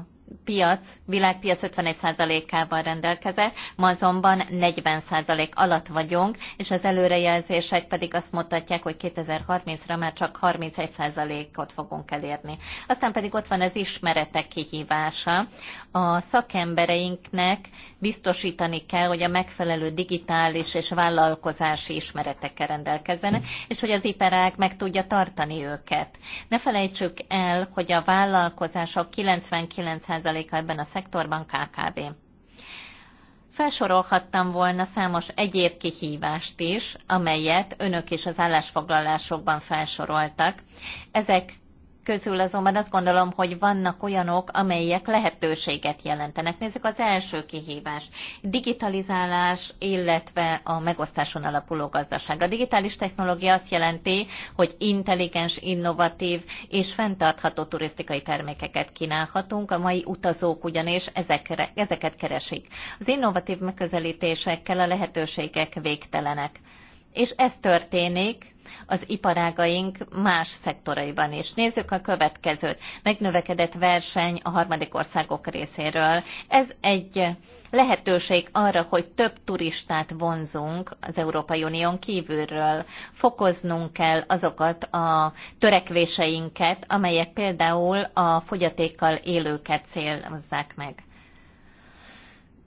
piac, világpiac 51%-ával rendelkezett, ma azonban 40% alatt vagyunk, és az előrejelzések pedig azt mutatják, hogy 2030-ra már csak 31%-ot fogunk elérni. Aztán pedig ott van az ismeretek kihívása. A szakembereinknek biztosítani kell, hogy a megfelelő digitális és vállalkozási ismeretekkel rendelkezzenek, és hogy az iparág meg tudja tartani őket. Ne felejtsük el, hogy a vállalkozások 99 40%-a ebben a szektorban KKB. Felsorolhattam volna számos egyéb kihívást is, amelyet önök is az állásfoglalásokban felsoroltak. Ezek közül azonban azt gondolom, hogy vannak olyanok, amelyek lehetőséget jelentenek. Nézzük az első kihívás. Digitalizálás, illetve a megosztáson alapuló gazdaság. A digitális technológia azt jelenti, hogy intelligens, innovatív és fenntartható turisztikai termékeket kínálhatunk. A mai utazók ugyanis ezekre, ezeket keresik. Az innovatív megközelítésekkel a lehetőségek végtelenek és ez történik az iparágaink más szektoraiban is. Nézzük a következőt. Megnövekedett verseny a harmadik országok részéről. Ez egy lehetőség arra, hogy több turistát vonzunk az Európai Unión kívülről. Fokoznunk kell azokat a törekvéseinket, amelyek például a fogyatékkal élőket célozzák meg.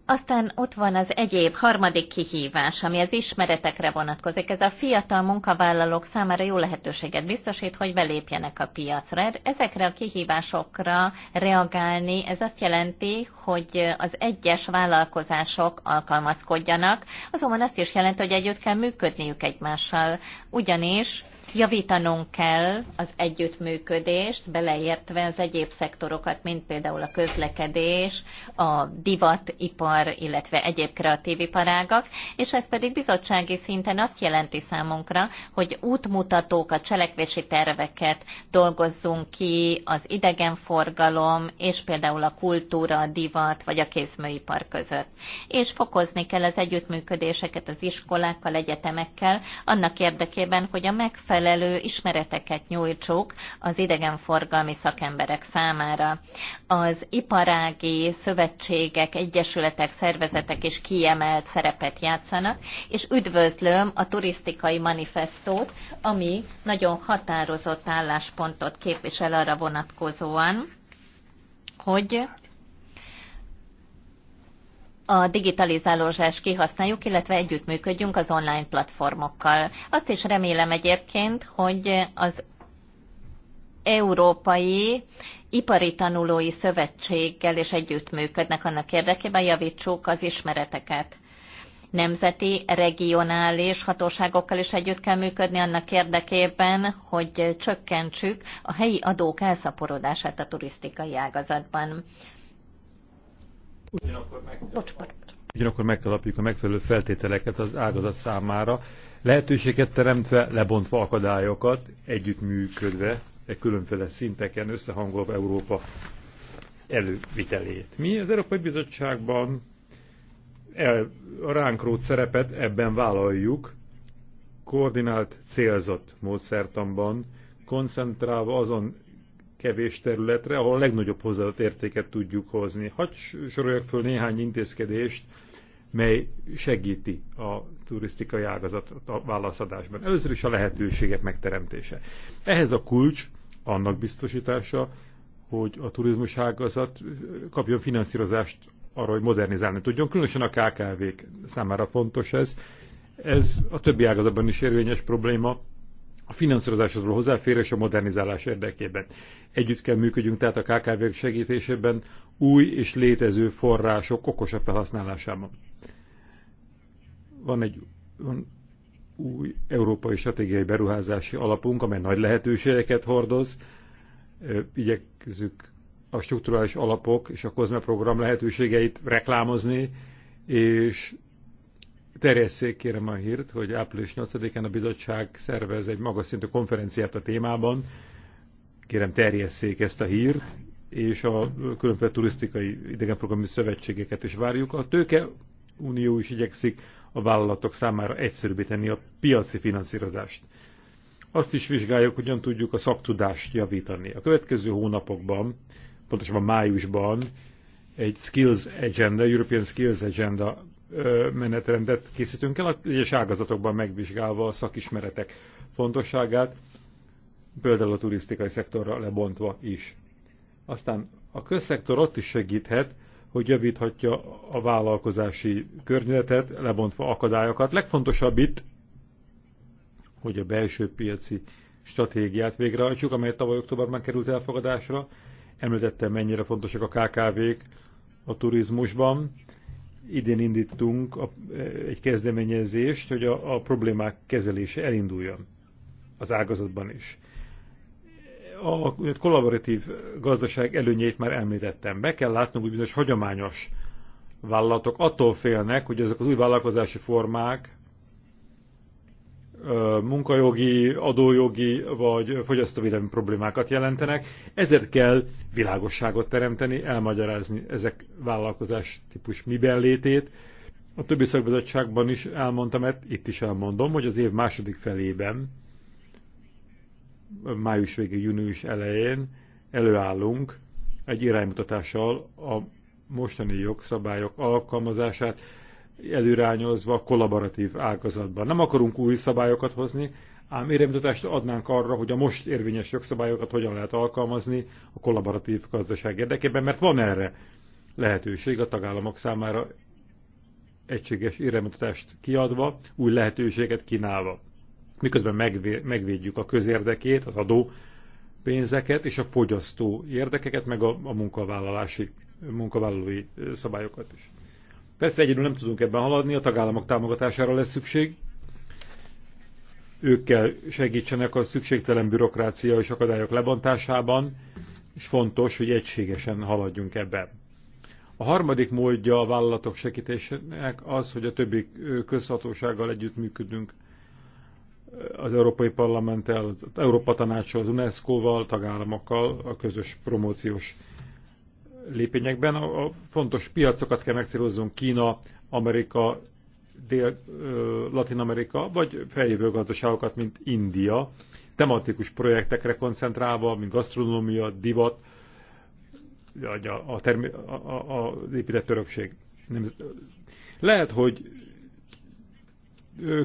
Aztán ott van az egyéb harmadik kihívás, ami az ismeretekre vonatkozik. Ez a fiatal munkavállalók számára jó lehetőséget biztosít, hogy belépjenek a piacra. Ezekre a kihívásokra reagálni, ez azt jelenti, hogy az egyes vállalkozások alkalmazkodjanak, azonban azt is jelenti, hogy együtt kell működniük egymással. Ugyanis Javítanunk kell az együttműködést, beleértve az egyéb szektorokat, mint például a közlekedés, a divatipar, illetve egyéb kreatív iparágak, és ez pedig bizottsági szinten azt jelenti számunkra, hogy útmutatókat, cselekvési terveket dolgozzunk ki az idegenforgalom és például a kultúra, a divat vagy a kézműipar között. És fokozni kell az együttműködéseket az iskolákkal, egyetemekkel, annak érdekében, hogy a megfelelő megfelelő ismereteket nyújtsuk az idegenforgalmi szakemberek számára. Az iparági szövetségek, egyesületek, szervezetek is kiemelt szerepet játszanak, és üdvözlöm a turisztikai manifestót, ami nagyon határozott álláspontot képvisel arra vonatkozóan, hogy a digitalizálózást kihasználjuk, illetve együttműködjünk az online platformokkal. Azt is remélem egyébként, hogy az Európai Ipari Tanulói Szövetséggel is együttműködnek annak érdekében, javítsuk az ismereteket nemzeti, regionális hatóságokkal is együtt kell működni annak érdekében, hogy csökkentsük a helyi adók elszaporodását a turisztikai ágazatban. Ugyanakkor meg, Ugyanakkor meg kell a megfelelő feltételeket az ágazat számára, lehetőséget teremtve, lebontva akadályokat, együttműködve, e különféle szinteken összehangolva Európa elővitelét. Mi az Európai Bizottságban el, a ránk rót szerepet ebben vállaljuk, koordinált, célzott módszertamban, koncentrálva azon kevés területre, ahol a legnagyobb hozzáadott értéket tudjuk hozni. Hadd soroljak föl néhány intézkedést, mely segíti a turisztikai ágazat a válaszadásban. Először is a lehetőségek megteremtése. Ehhez a kulcs annak biztosítása, hogy a turizmus ágazat kapjon finanszírozást arra, hogy modernizálni tudjon. Különösen a KKV-k számára fontos ez. Ez a többi ágazatban is érvényes probléma, a finanszírozáshoz való hozzáférés a modernizálás érdekében. Együtt kell működjünk tehát a KKV-k segítésében új és létező források okosabb felhasználásában. Van egy van új európai stratégiai beruházási alapunk, amely nagy lehetőségeket hordoz. Igyekezzük a strukturális alapok és a COSME program lehetőségeit reklámozni, és terjesszék kérem a hírt, hogy április 8-án a bizottság szervez egy magas szintű konferenciát a témában. Kérem terjesszék ezt a hírt, és a különböző turisztikai idegenforgalmi szövetségeket is várjuk. A tőke unió is igyekszik a vállalatok számára egyszerűbbé tenni a piaci finanszírozást. Azt is vizsgáljuk, hogyan tudjuk a szaktudást javítani. A következő hónapokban, pontosabban májusban egy Skills Agenda, European Skills Agenda menetrendet készítünk el, egyes ágazatokban megvizsgálva a szakismeretek fontosságát, például a turisztikai szektorra lebontva is. Aztán a közszektor ott is segíthet, hogy javíthatja a vállalkozási környezetet, lebontva akadályokat. Legfontosabb itt, hogy a belső piaci stratégiát végrehajtsuk, amely tavaly októberben került elfogadásra. Említettem, mennyire fontosak a KKV-k a turizmusban, idén indítunk a, egy kezdeményezést, hogy a, a problémák kezelése elinduljon az ágazatban is. A a kollaboratív gazdaság előnyeit már említettem. Be kell látnunk, hogy bizonyos hagyományos vállalatok attól félnek, hogy ezek az új vállalkozási formák munkajogi, adójogi vagy fogyasztóvédelmi problémákat jelentenek. Ezért kell világosságot teremteni, elmagyarázni ezek vállalkozás típus miben létét. A többi szakbizottságban is elmondtam, mert itt is elmondom, hogy az év második felében, május végé, június elején előállunk egy iránymutatással a mostani jogszabályok alkalmazását előrányozva kollaboratív ágazatban. Nem akarunk új szabályokat hozni, ám éremutatást adnánk arra, hogy a most érvényes jogszabályokat hogyan lehet alkalmazni a kollaboratív gazdaság érdekében, mert van erre lehetőség a tagállamok számára egységes éremutatást kiadva, új lehetőséget kínálva. Miközben megvédjük a közérdekét, az adó pénzeket és a fogyasztó érdekeket, meg a, a munkavállalási, munkavállalói szabályokat is. Persze egyedül nem tudunk ebben haladni, a tagállamok támogatására lesz szükség. Ők kell segítsenek a szükségtelen bürokrácia és akadályok lebontásában, és fontos, hogy egységesen haladjunk ebben. A harmadik módja a vállalatok segítésének az, hogy a többi közhatósággal együttműködünk az Európai Parlamenttel, az Európa Tanácssal, az UNESCO-val, tagállamokkal a közös promóciós lépényekben. A, a fontos piacokat kell megcélozzunk Kína, Amerika, Dél-Latin-Amerika, vagy feljövő gazdaságokat, mint India, tematikus projektekre koncentrálva, mint gasztronómia, divat, a, a, a, a, a épített örökség. Nem, lehet, hogy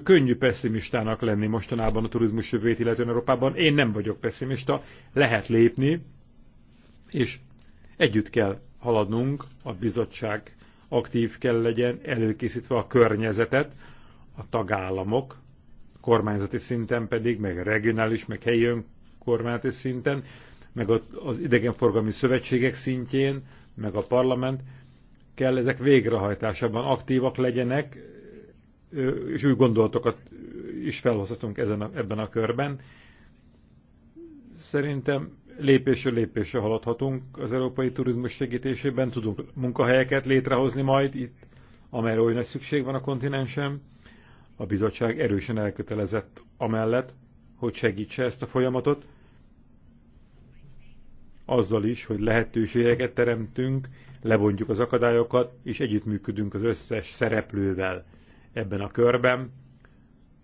könnyű pessimistának lenni mostanában a turizmus jövőjét, illetően Európában. Én nem vagyok pessimista, lehet lépni, és Együtt kell haladnunk, a bizottság aktív kell legyen, előkészítve a környezetet, a tagállamok, kormányzati szinten pedig, meg regionális, meg helyi önkormányzati szinten, meg az idegenforgalmi szövetségek szintjén, meg a parlament kell ezek végrehajtásában aktívak legyenek, és új gondolatokat is felhozhatunk ezen a, ebben a körben. Szerintem lépésről lépésre haladhatunk az európai turizmus segítésében, tudunk munkahelyeket létrehozni majd itt, amelyre olyan szükség van a kontinensen. A bizottság erősen elkötelezett amellett, hogy segítse ezt a folyamatot, azzal is, hogy lehetőségeket teremtünk, lebontjuk az akadályokat, és együttműködünk az összes szereplővel ebben a körben,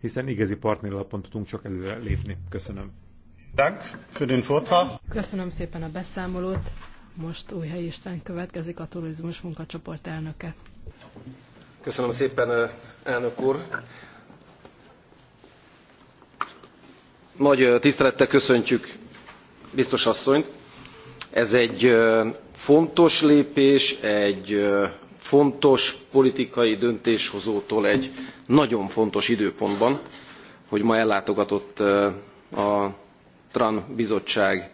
hiszen igazi partneralapon tudunk csak előre lépni. Köszönöm. Köszönöm szépen a beszámolót. Most Újhely István következik, a turizmus munkacsoport elnöke. Köszönöm szépen, elnök úr. Nagy tisztelettel köszöntjük biztos asszonyt. Ez egy fontos lépés, egy fontos politikai döntéshozótól egy nagyon fontos időpontban, hogy ma ellátogatott a TRAN bizottság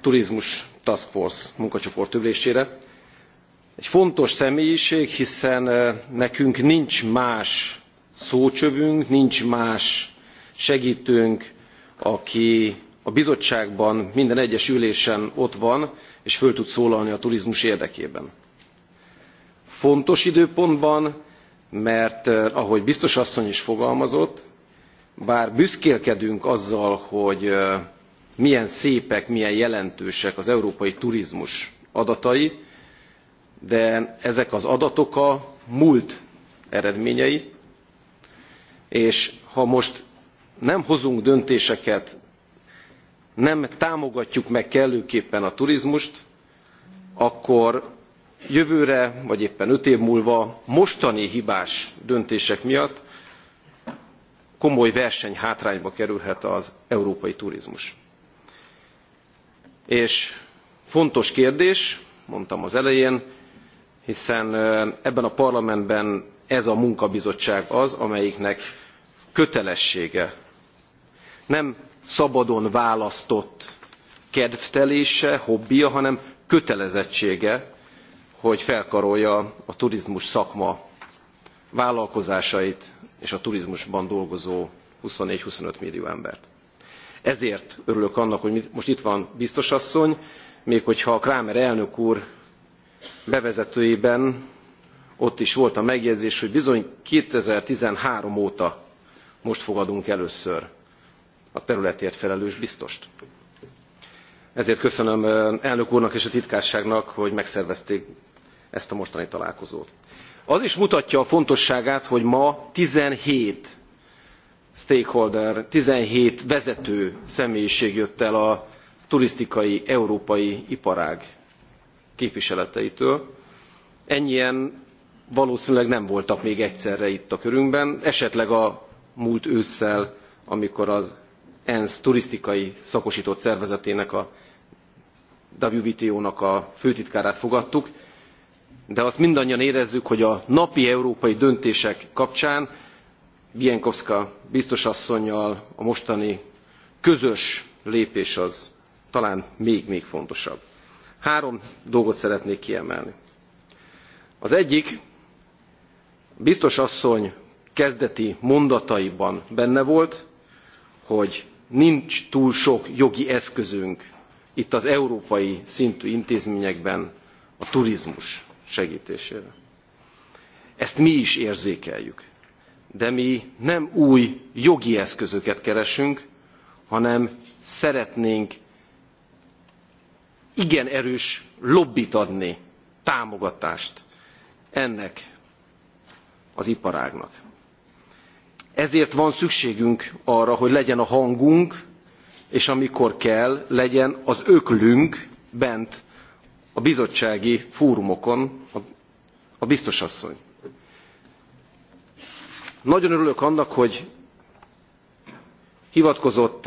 turizmus task force munkacsoport ülésére. Egy fontos személyiség, hiszen nekünk nincs más szócsövünk, nincs más segítőnk, aki a bizottságban minden egyes ülésen ott van, és föl tud szólalni a turizmus érdekében. Fontos időpontban, mert ahogy biztos asszony is fogalmazott, bár büszkélkedünk azzal, hogy milyen szépek, milyen jelentősek az európai turizmus adatai, de ezek az adatok a múlt eredményei, és ha most nem hozunk döntéseket, nem támogatjuk meg kellőképpen a turizmust, akkor jövőre, vagy éppen öt év múlva mostani hibás döntések miatt komoly versenyhátrányba kerülhet az európai turizmus. És fontos kérdés, mondtam az elején, hiszen ebben a parlamentben ez a munkabizottság az, amelyiknek kötelessége nem szabadon választott kedvtelése, hobbija, hanem kötelezettsége, hogy felkarolja a turizmus szakma vállalkozásait, és a turizmusban dolgozó 24-25 millió embert. Ezért örülök annak, hogy most itt van biztos asszony, még hogyha a Krámer elnök úr bevezetőjében ott is volt a megjegyzés, hogy bizony 2013 óta most fogadunk először a területért felelős biztost. Ezért köszönöm eh, elnök úrnak és a titkárságnak, hogy megszervezték ezt a mostani találkozót az is mutatja a fontosságát hogy ma seventeen stakeholder seventeen vezető személyiség jött el a turisztikai európai iparág képviseleteitől ennyien valószínűleg nem voltak még egyszerre itt a körünkben esetleg a múlt ősszel amikor az ensz turisztikai szakostott szervezetének a wto nak a főtitkárát fogadtuk de azt mindannyian érezzük hogy a napi európai döntések kapcsán biekowska biztos asszonnyal a mostani közös lépés az talán még még fontosabb. három dolgot szeretnék kiemelni. az egyik biztos asszony kezdeti mondataiban benne volt hogy nincs túl sok jogi eszközünk itt az európai szintű intézményekben a turizmus segítésére. Ezt mi is érzékeljük, de mi nem új jogi eszközöket keresünk, hanem szeretnénk igen erős lobbit adni, támogatást ennek az iparágnak. Ezért van szükségünk arra, hogy legyen a hangunk, és amikor kell, legyen az öklünk bent a bizottsági fórumokon a, biztos asszony. Nagyon örülök annak, hogy hivatkozott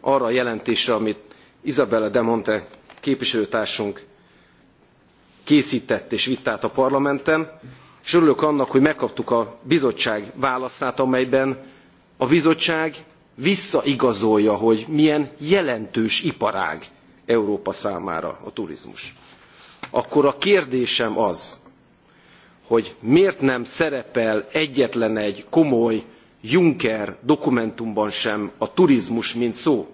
arra a jelentésre, amit Isabella de Monte képviselőtársunk készített és vitt át a parlamenten, és örülök annak, hogy megkaptuk a bizottság válaszát, amelyben a bizottság visszaigazolja, hogy milyen jelentős iparág Európa számára a turizmus akkor a kérdésem az, hogy miért nem szerepel egyetlen egy komoly Juncker dokumentumban sem a turizmus, mint szó?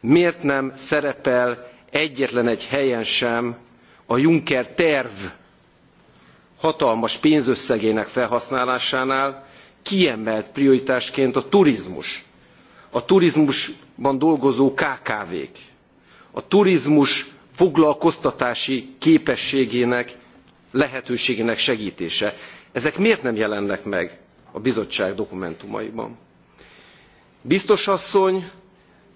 Miért nem szerepel egyetlen egy helyen sem a Juncker terv hatalmas pénzösszegének felhasználásánál kiemelt prioritásként a turizmus, a turizmusban dolgozó KKV-k, a turizmus foglalkoztatási képességének, lehetőségének segítése. Ezek miért nem jelennek meg a bizottság dokumentumaiban? Biztos asszony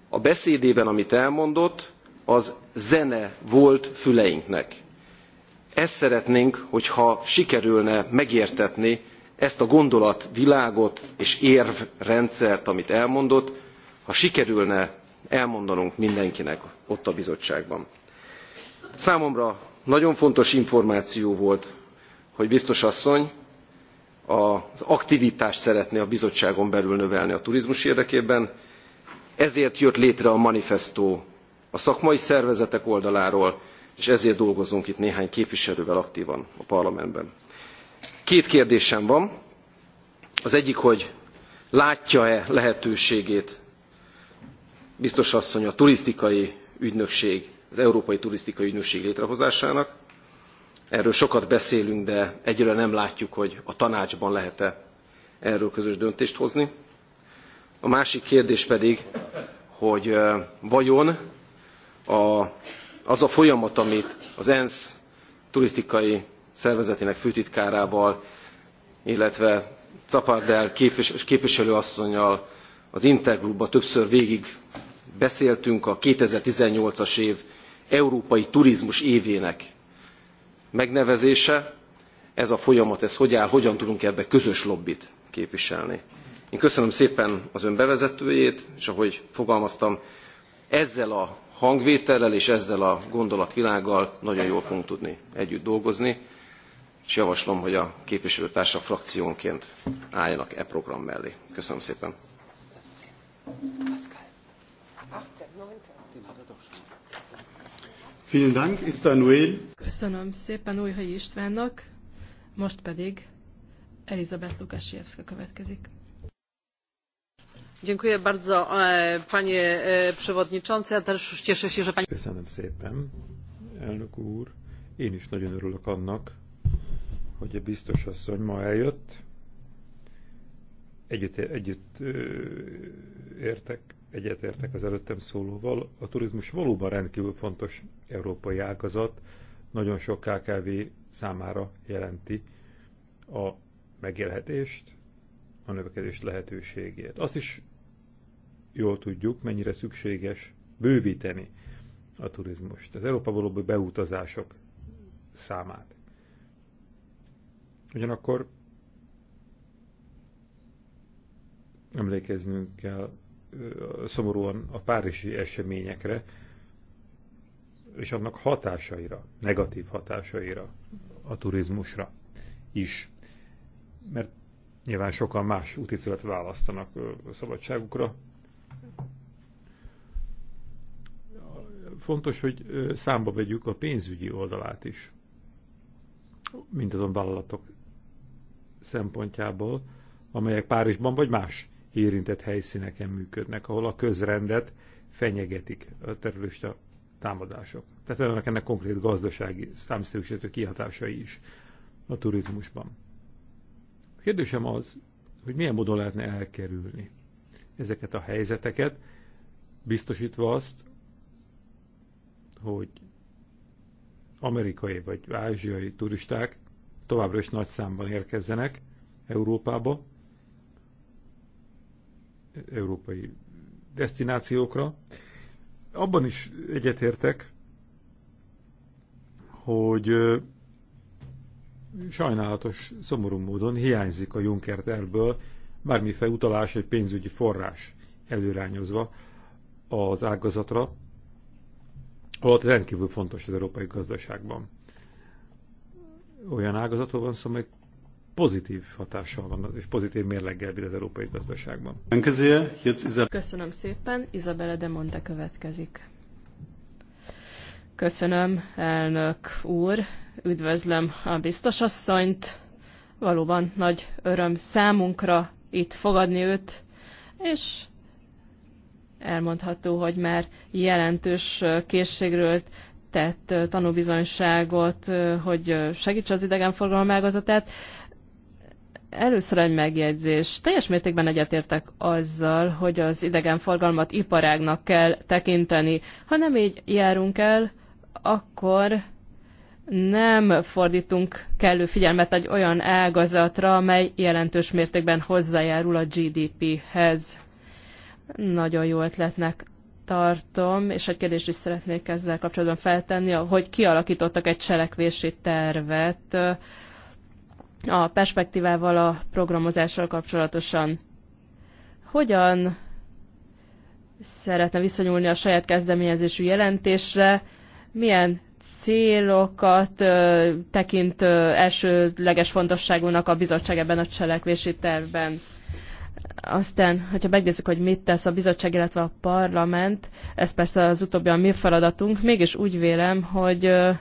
a beszédében, amit elmondott, az zene volt füleinknek. Ezt szeretnénk, hogyha sikerülne megértetni ezt a gondolatvilágot és érvrendszert, amit elmondott, ha sikerülne elmondanunk mindenkinek ott a bizottságban számomra nagyon fontos információ volt hogy biztos asszony az aktivitást szeretné a bizottságon belül növelni a turizmus érdekében ezért jött létre a manifestó a szakmai szervezetek oldaláról és ezért dolgozunk itt néhány képviselővel aktívan a parlamentben. Két kérdésem van. Az egyik, hogy látja-e lehetőségét biztos asszony a turisztikai ügynökség az Európai Turisztikai Ügynökség létrehozásának. Erről sokat beszélünk, de egyelőre nem látjuk, hogy a tanácsban lehet-e erről közös döntést hozni. A másik kérdés pedig, hogy vajon a, az a folyamat, amit az ENSZ turisztikai szervezetének főtitkárával, illetve Capardel képvis, képviselőasszonyjal az Intergroupba többször végig beszéltünk a 2018-as év európai turizmus évének megnevezése. Ez a folyamat, ez hogy áll, hogyan tudunk ebbe közös lobbit képviselni. Én köszönöm szépen az ön bevezetőjét, és ahogy fogalmaztam, ezzel a hangvétellel és ezzel a gondolatvilággal nagyon jól fogunk tudni együtt dolgozni, és javaslom, hogy a képviselőtársak frakciónként álljanak e program mellé. Köszönöm szépen. Vielen Dank, Istanbul. Köszönöm szépen Újhai Istvánnak, most pedig Elizabeth Lukasiewska következik. Dziękuję bardzo, e, panie e, przewodniczący. Ja też cieszę się, że pani... Köszönöm szépen, elnök úr. Én is nagyon örülök annak, hogy a biztos asszony ma eljött. Együtt, együtt értek egyetértek az előttem szólóval. A turizmus valóban rendkívül fontos európai ágazat, nagyon sok KKV számára jelenti a megélhetést, a növekedés lehetőségét. Azt is jól tudjuk, mennyire szükséges bővíteni a turizmust, az Európa valóban beutazások számát. Ugyanakkor emlékeznünk kell szomorúan a párizsi eseményekre, és annak hatásaira, negatív hatásaira a turizmusra is. Mert nyilván sokan más útiszövet választanak a szabadságukra. Fontos, hogy számba vegyük a pénzügyi oldalát is, mindazon vállalatok szempontjából, amelyek Párizsban vagy más érintett helyszíneken működnek, ahol a közrendet fenyegetik a terrorista támadások. Tehát vannak ennek konkrét gazdasági számszerűsítő kihatásai is a turizmusban. A kérdésem az, hogy milyen módon lehetne elkerülni ezeket a helyzeteket, biztosítva azt, hogy amerikai vagy ázsiai turisták továbbra is nagy számban érkezzenek Európába, európai destinációkra. Abban is egyetértek, hogy sajnálatos, szomorú módon hiányzik a Junkert tervből bármiféle utalás egy pénzügyi forrás előrányozva az ágazatra, holott rendkívül fontos az európai gazdaságban. Olyan ágazatról van szó, amely pozitív hatással van, és pozitív mérleggel bír az európai gazdaságban. Köszönöm szépen, Izabela de Monte következik. Köszönöm, elnök úr, üdvözlöm a biztosasszonyt, valóban nagy öröm számunkra itt fogadni őt, és elmondható, hogy már jelentős készségről tett tanúbizonyságot, hogy segítse az idegenforgalom ágazatát. Először egy megjegyzés. Teljes mértékben egyetértek azzal, hogy az idegenforgalmat iparágnak kell tekinteni. Ha nem így járunk el, akkor nem fordítunk kellő figyelmet egy olyan ágazatra, amely jelentős mértékben hozzájárul a GDP-hez. Nagyon jó ötletnek tartom, és egy kérdést is szeretnék ezzel kapcsolatban feltenni, hogy kialakítottak egy cselekvési tervet, a perspektívával, a programozással kapcsolatosan. Hogyan szeretne viszonyulni a saját kezdeményezésű jelentésre, milyen célokat ö, tekint ö, elsőleges fontosságúnak a bizottság ebben a cselekvési tervben. Aztán, hogyha megnézzük, hogy mit tesz a bizottság, illetve a parlament, ez persze az utóbbi a mi feladatunk, mégis úgy vélem, hogy ö,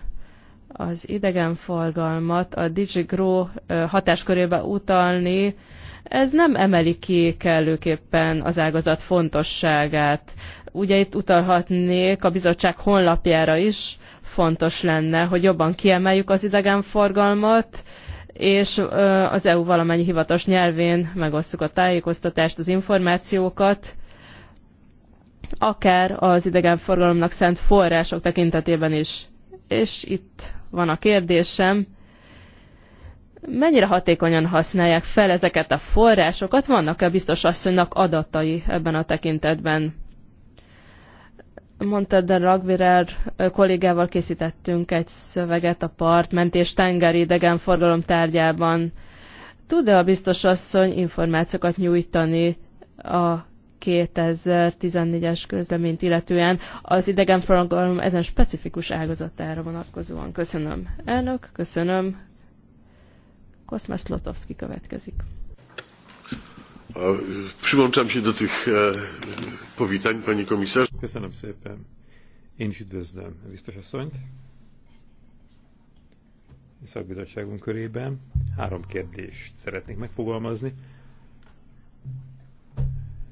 az idegenforgalmat a DigiGrow hatáskörébe utalni, ez nem emeli ki kellőképpen az ágazat fontosságát. Ugye itt utalhatnék a bizottság honlapjára is, fontos lenne, hogy jobban kiemeljük az idegenforgalmat, és az EU valamennyi hivatos nyelvén megosztjuk a tájékoztatást, az információkat, akár az idegenforgalomnak szent források tekintetében is. És itt van a kérdésem. Mennyire hatékonyan használják fel ezeket a forrásokat? Vannak-e biztos asszonynak adatai ebben a tekintetben? Mondta, de Ragvirer kollégával készítettünk egy szöveget a partmentés tengeri idegenforgalom tárgyában. Tud-e a biztos asszony információkat nyújtani a 2014-es közleményt illetően az idegenforgalom ezen specifikus ágazatára vonatkozóan. Köszönöm, elnök, köszönöm. Koszmász Lotowski következik. Przyłączam się do tych e, powitań, pani komisarz. Köszönöm szépen. Én is üdvözlöm a biztos asszonyt. A szakbizottságunk körében három kérdést szeretnék megfogalmazni.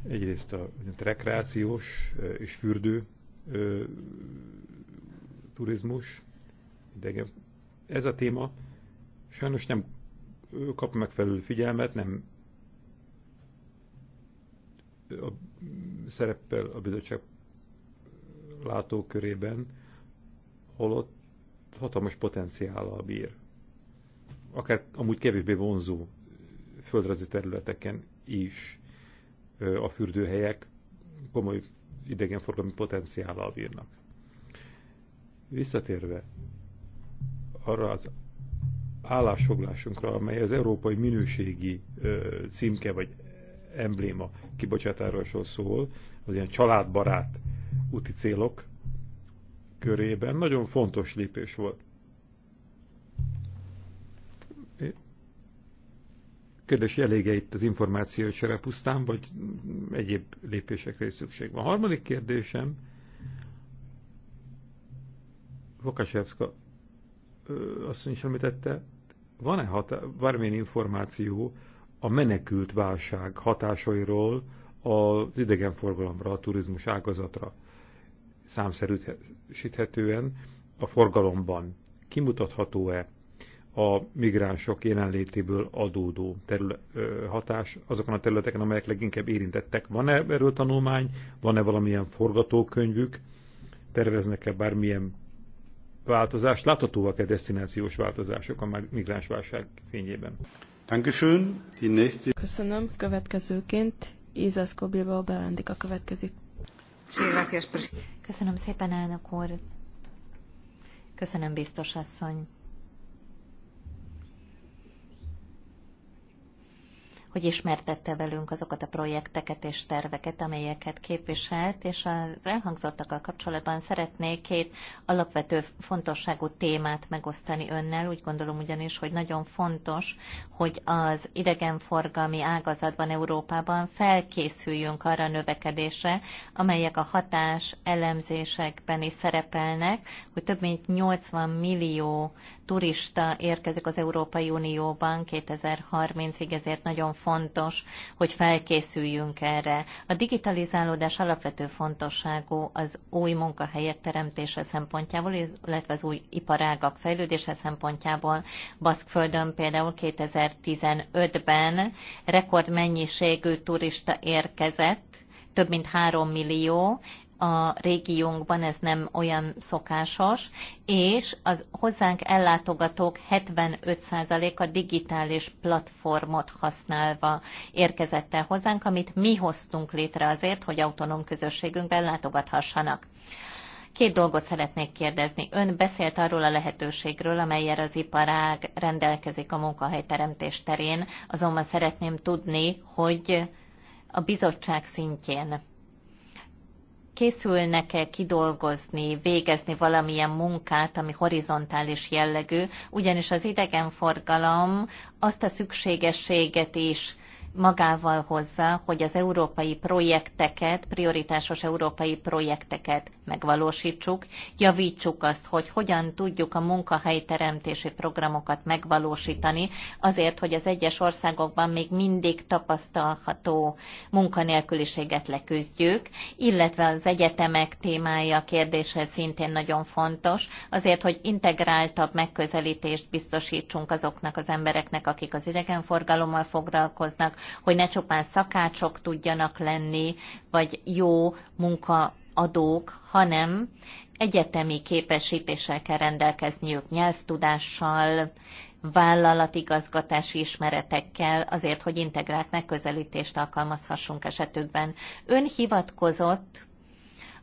Egyrészt a rekreációs és fürdő turizmus, igen, Ez a téma sajnos nem kap megfelelő figyelmet, nem a, szereppel a bizottság látókörében, holott hatalmas potenciállal bír. Akár amúgy kevésbé vonzó földrajzi területeken is a fürdőhelyek komoly idegenforgalmi potenciállal bírnak. Visszatérve arra az állásfoglásunkra, amely az európai minőségi ö, címke vagy embléma kibocsátárosról szól, az ilyen családbarát úti célok körében nagyon fontos lépés volt. Kérdés, hogy elége itt az információ csere pusztán, vagy egyéb lépésekre is szükség van. A harmadik kérdésem, Vokasevska azt is említette, van-e bármilyen információ a menekült válság hatásairól az idegenforgalomra, a turizmus ágazatra számszerűsíthetően a forgalomban? Kimutatható-e a migránsok jelenlétéből adódó terület, hatás azokon a területeken, amelyek leginkább érintettek. Van-e erről tanulmány? Van-e valamilyen forgatókönyvük? Terveznek-e bármilyen változást? Láthatóak-e destinációs változások a migránsválság fényében? Köszönöm. Következőként Izaskó a Berándika következik. Köszönöm szépen, elnök úr. Köszönöm, biztos asszony. hogy ismertette velünk azokat a projekteket és terveket, amelyeket képviselt, és az elhangzottakkal kapcsolatban szeretnék két alapvető fontosságú témát megosztani önnel. Úgy gondolom ugyanis, hogy nagyon fontos, hogy az idegenforgalmi ágazatban Európában felkészüljünk arra a növekedésre, amelyek a hatás elemzésekben is szerepelnek, hogy több mint 80 millió turista érkezik az Európai Unióban 2030-ig, ezért nagyon fontos fontos, hogy felkészüljünk erre. A digitalizálódás alapvető fontosságú az új munkahelyek teremtése szempontjából, illetve az új iparágak fejlődése szempontjából. Baszkföldön például 2015-ben rekordmennyiségű turista érkezett, több mint 3 millió, a régiónkban ez nem olyan szokásos, és az hozzánk ellátogatók 75%-a digitális platformot használva érkezett el hozzánk, amit mi hoztunk létre azért, hogy autonóm közösségünkben látogathassanak. Két dolgot szeretnék kérdezni. Ön beszélt arról a lehetőségről, amelyel az iparág rendelkezik a munkahelyteremtés terén, azonban szeretném tudni, hogy a bizottság szintjén készülnek-e kidolgozni, végezni valamilyen munkát, ami horizontális jellegű, ugyanis az idegenforgalom azt a szükségességet is magával hozza, hogy az európai projekteket, prioritásos európai projekteket megvalósítsuk, javítsuk azt, hogy hogyan tudjuk a munkahelyteremtési programokat megvalósítani, azért, hogy az egyes országokban még mindig tapasztalható munkanélküliséget leküzdjük, illetve az egyetemek témája kérdése szintén nagyon fontos, azért, hogy integráltabb megközelítést biztosítsunk azoknak az embereknek, akik az idegenforgalommal foglalkoznak, hogy ne csupán szakácsok tudjanak lenni, vagy jó munkaadók, hanem egyetemi képesítéssel kell rendelkezniük, nyelvtudással, vállalatigazgatási ismeretekkel, azért, hogy integrált megközelítést alkalmazhassunk esetükben. Ön hivatkozott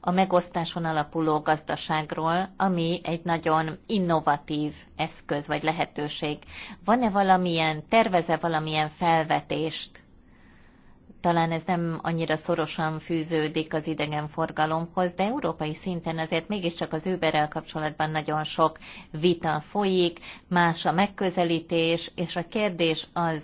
a megosztáson alapuló gazdaságról, ami egy nagyon innovatív eszköz vagy lehetőség. Van-e valamilyen, terveze valamilyen felvetést? Talán ez nem annyira szorosan fűződik az idegenforgalomhoz, de európai szinten azért mégiscsak az Uberrel kapcsolatban nagyon sok vita folyik, más a megközelítés, és a kérdés az,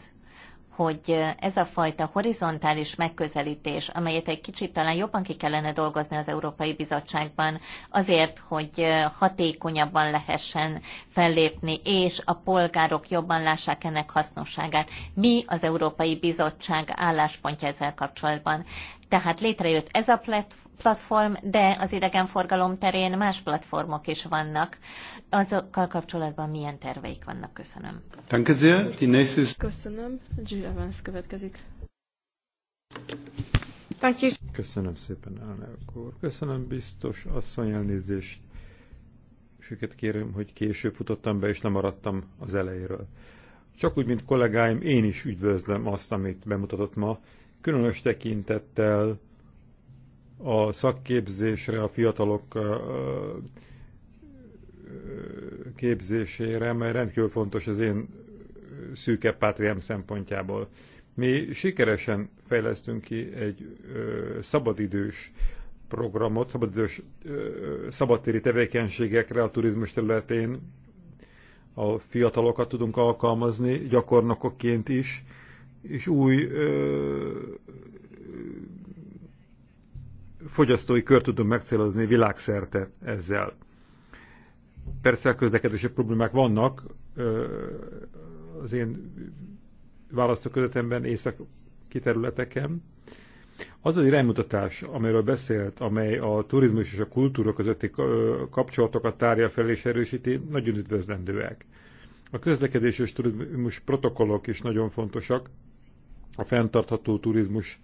hogy ez a fajta horizontális megközelítés, amelyet egy kicsit talán jobban ki kellene dolgozni az Európai Bizottságban, azért, hogy hatékonyabban lehessen fellépni, és a polgárok jobban lássák ennek hasznosságát. Mi az Európai Bizottság álláspontja ezzel kapcsolatban? Tehát létrejött ez a platform, de az idegenforgalom terén más platformok is vannak. Azokkal kapcsolatban milyen terveik vannak? Köszönöm. Köszönöm. Jill Evans következik. Köszönöm szépen, elnök úr. Köszönöm biztos asszony elnézést. És őket kérem, hogy később futottam be, és nem maradtam az elejéről. Csak úgy, mint kollégáim, én is üdvözlöm azt, amit bemutatott ma, különös tekintettel a szakképzésre, a fiatalok képzésére, mert rendkívül fontos az én szűke pátriám szempontjából. Mi sikeresen fejlesztünk ki egy szabadidős programot, szabadidős, szabadtéri tevékenységekre a turizmus területén. A fiatalokat tudunk alkalmazni gyakornokokként is, és új ö, fogyasztói kört tudunk megcélozni világszerte ezzel. Persze a közlekedési problémák vannak, ö, az én választókörzetemben, észak kiterületeken. Az az iránymutatás, amiről beszélt, amely a turizmus és a kultúra közötti kapcsolatokat tárja fel és erősíti, nagyon üdvözlendőek. A közlekedés és turizmus protokollok is nagyon fontosak, a fenntartható turizmus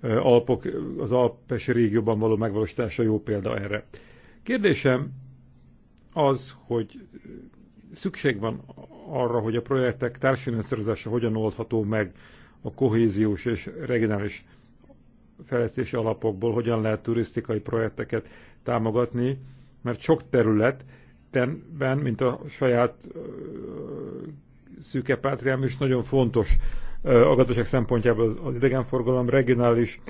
Alpok, az alpesi régióban való megvalósítása jó példa erre. Kérdésem az, hogy szükség van arra, hogy a projektek társfinanszírozása hogyan oldható meg a kohéziós és regionális fejlesztési alapokból, hogyan lehet turisztikai projekteket támogatni, mert sok területen, mint a saját szűke pátriám is nagyon fontos a gazdaság szempontjából az, idegenforgalom regionális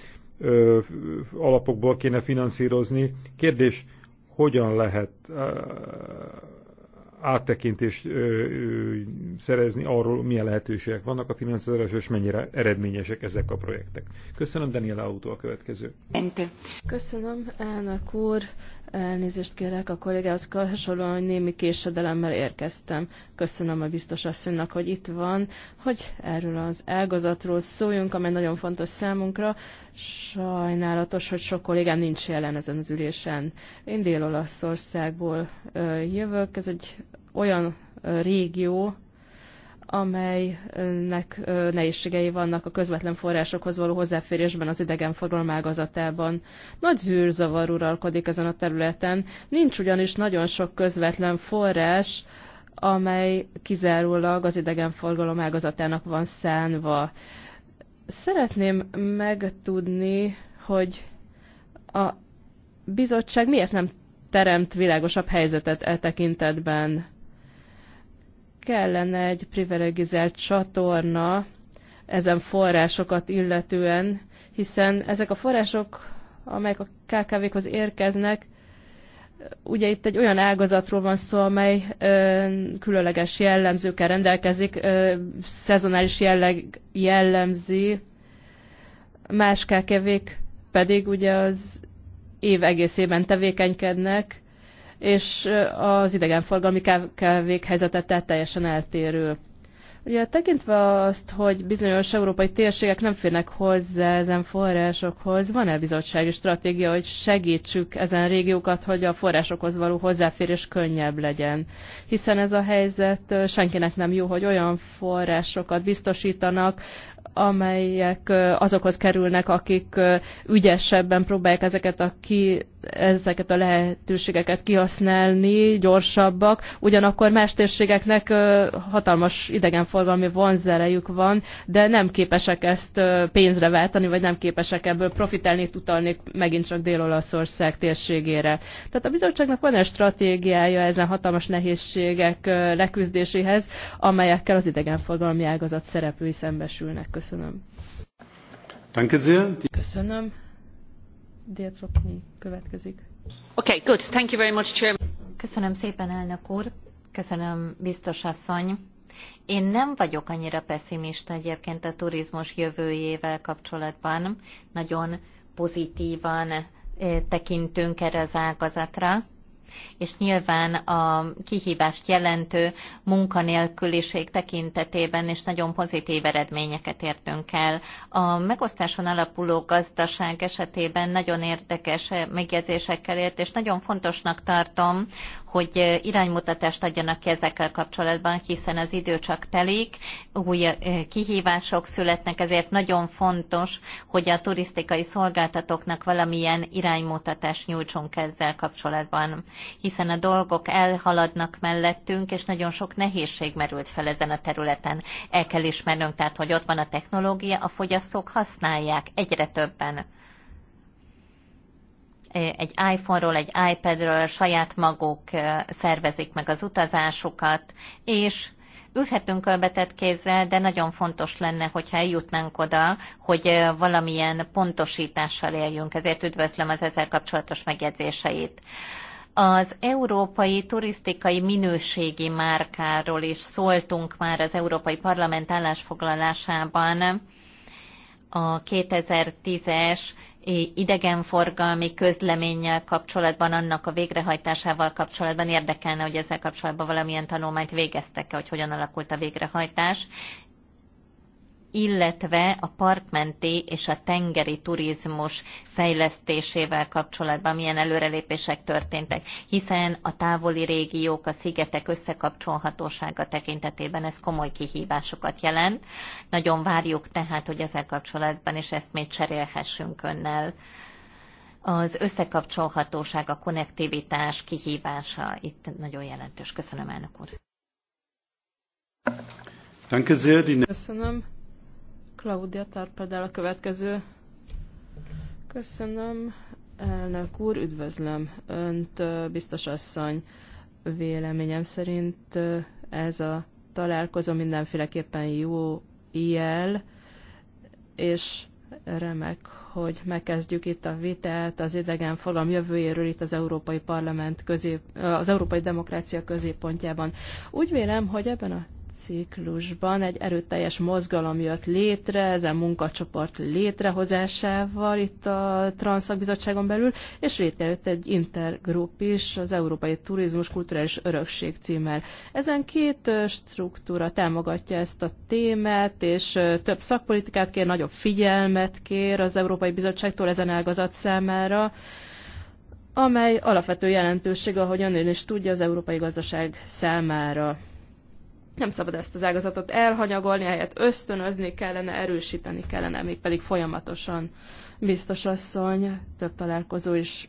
alapokból kéne finanszírozni. Kérdés, hogyan lehet áttekintést szerezni arról, milyen lehetőségek vannak a finanszírozás, és mennyire eredményesek ezek a projektek. Köszönöm, Daniel Autó a következő. Köszönöm, elnök úr. Elnézést kérek a kollégához hasonlóan, hogy némi késedelemmel érkeztem. Köszönöm a biztos asszonynak, hogy itt van, hogy erről az ágazatról szóljunk, amely nagyon fontos számunkra. Sajnálatos, hogy sok kollégám nincs jelen ezen az ülésen. Én Dél-Olaszországból jövök, ez egy olyan régió, amelynek nehézségei vannak a közvetlen forrásokhoz való hozzáférésben az idegenforgalom ágazatában. Nagy zűrzavar uralkodik ezen a területen, nincs ugyanis nagyon sok közvetlen forrás, amely kizárólag az idegenforgalom ágazatának van szánva. Szeretném megtudni, hogy a bizottság miért nem teremt világosabb helyzetet e tekintetben kellene egy privilegizált csatorna ezen forrásokat illetően, hiszen ezek a források, amelyek a KKV-khoz érkeznek, ugye itt egy olyan ágazatról van szó, amely ö, különleges jellemzőkkel rendelkezik, ö, szezonális jelleg jellemzi, más kkv pedig ugye az év egészében tevékenykednek, és az idegenforgalmi kávék helyzete tehát teljesen eltérő. Ugye tekintve azt, hogy bizonyos európai térségek nem férnek hozzá ezen forrásokhoz, van-e bizottsági stratégia, hogy segítsük ezen régiókat, hogy a forrásokhoz való hozzáférés könnyebb legyen? Hiszen ez a helyzet senkinek nem jó, hogy olyan forrásokat biztosítanak, amelyek azokhoz kerülnek, akik ügyesebben próbálják ezeket a ki ezeket a lehetőségeket kihasználni, gyorsabbak, ugyanakkor más térségeknek hatalmas idegenforgalmi vonzerejük van, de nem képesek ezt pénzre váltani, vagy nem képesek ebből profitálni, itt megint csak Dél-Olaszország térségére. Tehát a bizottságnak van egy stratégiája ezen hatalmas nehézségek leküzdéséhez, amelyekkel az idegenforgalmi ágazat szereplői szembesülnek? Köszönöm. Köszönöm. Dietropni következik. Okay, good. Thank you very much, Chair. Köszönöm szépen, elnök úr. Köszönöm, biztos asszony. Én nem vagyok annyira pessimista egyébként a turizmus jövőjével kapcsolatban. Nagyon pozitívan eh, tekintünk erre az ágazatra és nyilván a kihívást jelentő munkanélküliség tekintetében is nagyon pozitív eredményeket értünk el. A megosztáson alapuló gazdaság esetében nagyon érdekes megjegyzésekkel ért, és nagyon fontosnak tartom, hogy iránymutatást adjanak ki ezekkel kapcsolatban, hiszen az idő csak telik, új kihívások születnek, ezért nagyon fontos, hogy a turisztikai szolgáltatóknak valamilyen iránymutatást nyújtsunk ezzel kapcsolatban, hiszen a dolgok elhaladnak mellettünk, és nagyon sok nehézség merült fel ezen a területen. El kell ismernünk, tehát, hogy ott van a technológia, a fogyasztók használják egyre többen egy iPhone-ról, egy iPad-ről saját maguk szervezik meg az utazásukat, és ülhetünk ölbetett kézzel, de nagyon fontos lenne, hogyha eljutnánk oda, hogy valamilyen pontosítással éljünk, ezért üdvözlöm az ezzel kapcsolatos megjegyzéseit. Az európai turisztikai minőségi márkáról is szóltunk már az Európai Parlament állásfoglalásában a 2010-es idegenforgalmi közleménnyel kapcsolatban, annak a végrehajtásával kapcsolatban érdekelne, hogy ezzel kapcsolatban valamilyen tanulmányt végeztek-e, hogy hogyan alakult a végrehajtás, illetve a partmenti és a tengeri turizmus fejlesztésével kapcsolatban milyen előrelépések történtek, hiszen a távoli régiók, a szigetek összekapcsolhatósága tekintetében ez komoly kihívásokat jelent. Nagyon várjuk tehát, hogy ezzel kapcsolatban is ezt még cserélhessünk önnel az összekapcsolhatóság, a konnektivitás kihívása itt nagyon jelentős. Köszönöm, elnök úr. Köszönöm. Claudia Tarpadel a következő. Köszönöm, elnök úr, üdvözlöm önt, biztos asszony. Véleményem szerint eh, ez a találkozó mindenféleképpen jó jel, és remek, hogy megkezdjük itt a vitát az fogalom jövőjéről itt az Európai Parlament közép, eh, az Európai Demokrácia középpontjában. Úgy vélem, hogy ebben a ciklusban egy erőteljes mozgalom jött létre, ezen munkacsoport létrehozásával itt a Transzakbizottságon belül, és létrejött egy intergrup is az Európai Turizmus Kulturális Örökség címmel. Ezen két struktúra támogatja ezt a témát, és több szakpolitikát kér, nagyobb figyelmet kér az Európai Bizottságtól ezen ágazat számára amely alapvető jelentőség, ahogy ön is tudja, az európai gazdaság számára. Nem szabad ezt az ágazatot elhanyagolni, helyett ösztönözni kellene, erősíteni kellene, még pedig folyamatosan. Biztos asszony, több találkozó is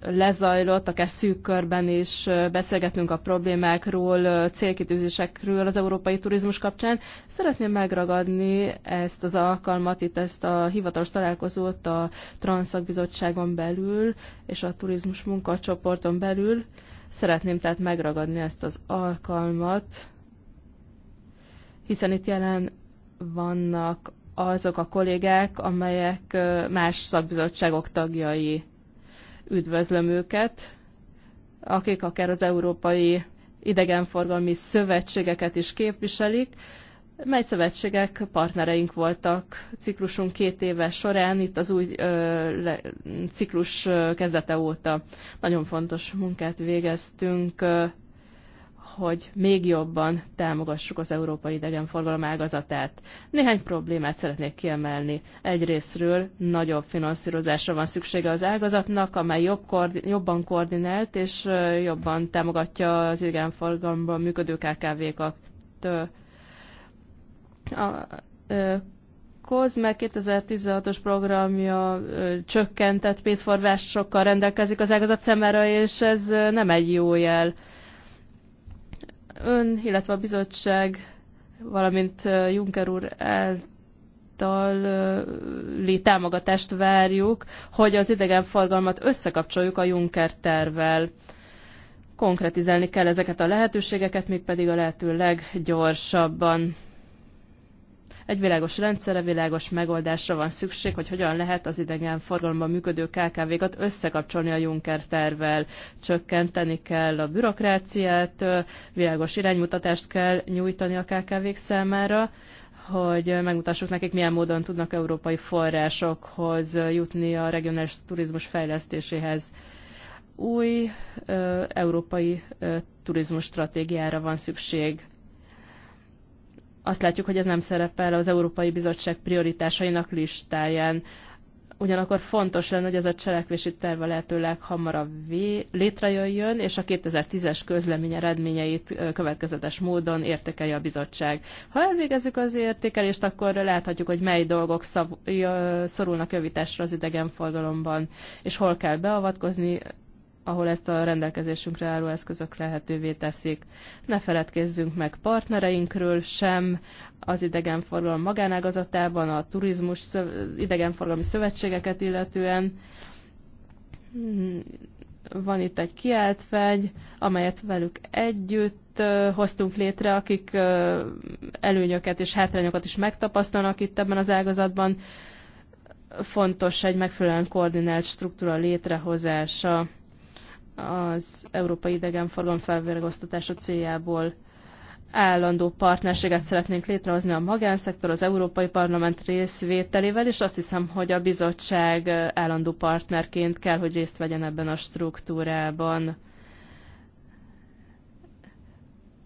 lezajlott, akár szűk körben is beszélgetünk a problémákról, célkitűzésekről az európai turizmus kapcsán. Szeretném megragadni ezt az alkalmat, itt ezt a hivatalos találkozót a Transzakbizottságon belül és a turizmus munkacsoporton belül. Szeretném tehát megragadni ezt az alkalmat, hiszen itt jelen vannak azok a kollégák, amelyek más szakbizottságok tagjai. Üdvözlöm őket, akik akár az Európai Idegenforgalmi Szövetségeket is képviselik, mely szövetségek partnereink voltak ciklusunk két éve során, itt az új ö, le, ciklus kezdete óta. Nagyon fontos munkát végeztünk ö, hogy még jobban támogassuk az európai idegenforgalom ágazatát. Néhány problémát szeretnék kiemelni. Egyrésztről nagyobb finanszírozásra van szüksége az ágazatnak, amely jobb koordin- jobban koordinált és jobban támogatja az idegenforgalomban működő KKV-kat. A COSME 2016-os programja csökkentett sokkal rendelkezik az ágazat szemére, és ez nem egy jó jel ön, illetve a bizottság, valamint Juncker úr általi támogatást várjuk, hogy az idegenforgalmat összekapcsoljuk a Juncker tervvel. Konkretizálni kell ezeket a lehetőségeket, még pedig a lehető leggyorsabban. Egy világos rendszerre, világos megoldásra van szükség, hogy hogyan lehet az idegen forgalomban működő KKV-kat összekapcsolni a Juncker tervvel. Csökkenteni kell a bürokráciát, világos iránymutatást kell nyújtani a KKV-k számára, hogy megmutassuk nekik, milyen módon tudnak európai forrásokhoz jutni a regionális turizmus fejlesztéséhez. Új ö, európai ö, turizmus stratégiára van szükség azt látjuk, hogy ez nem szerepel az Európai Bizottság prioritásainak listáján. Ugyanakkor fontos lenne, hogy ez a cselekvési terve lehetőleg hamarabb létrejöjjön, és a 2010-es közlemény eredményeit következetes módon értékelje a bizottság. Ha elvégezzük az értékelést, akkor láthatjuk, hogy mely dolgok szav- szorulnak javításra az idegenforgalomban, és hol kell beavatkozni, ahol ezt a rendelkezésünkre álló eszközök lehetővé teszik. Ne feledkezzünk meg partnereinkről sem, az idegenforgalom magánágazatában, a turizmus idegenforgalmi szövetségeket illetően. Van itt egy kiáltvágy, amelyet velük együtt hoztunk létre, akik előnyöket és hátrányokat is megtapasztalnak itt ebben az ágazatban. Fontos egy megfelelően koordinált struktúra létrehozása az Európai Idegenforgalom felvérgoztatása céljából állandó partnerséget szeretnénk létrehozni a magánszektor, az Európai Parlament részvételével, és azt hiszem, hogy a bizottság állandó partnerként kell, hogy részt vegyen ebben a struktúrában.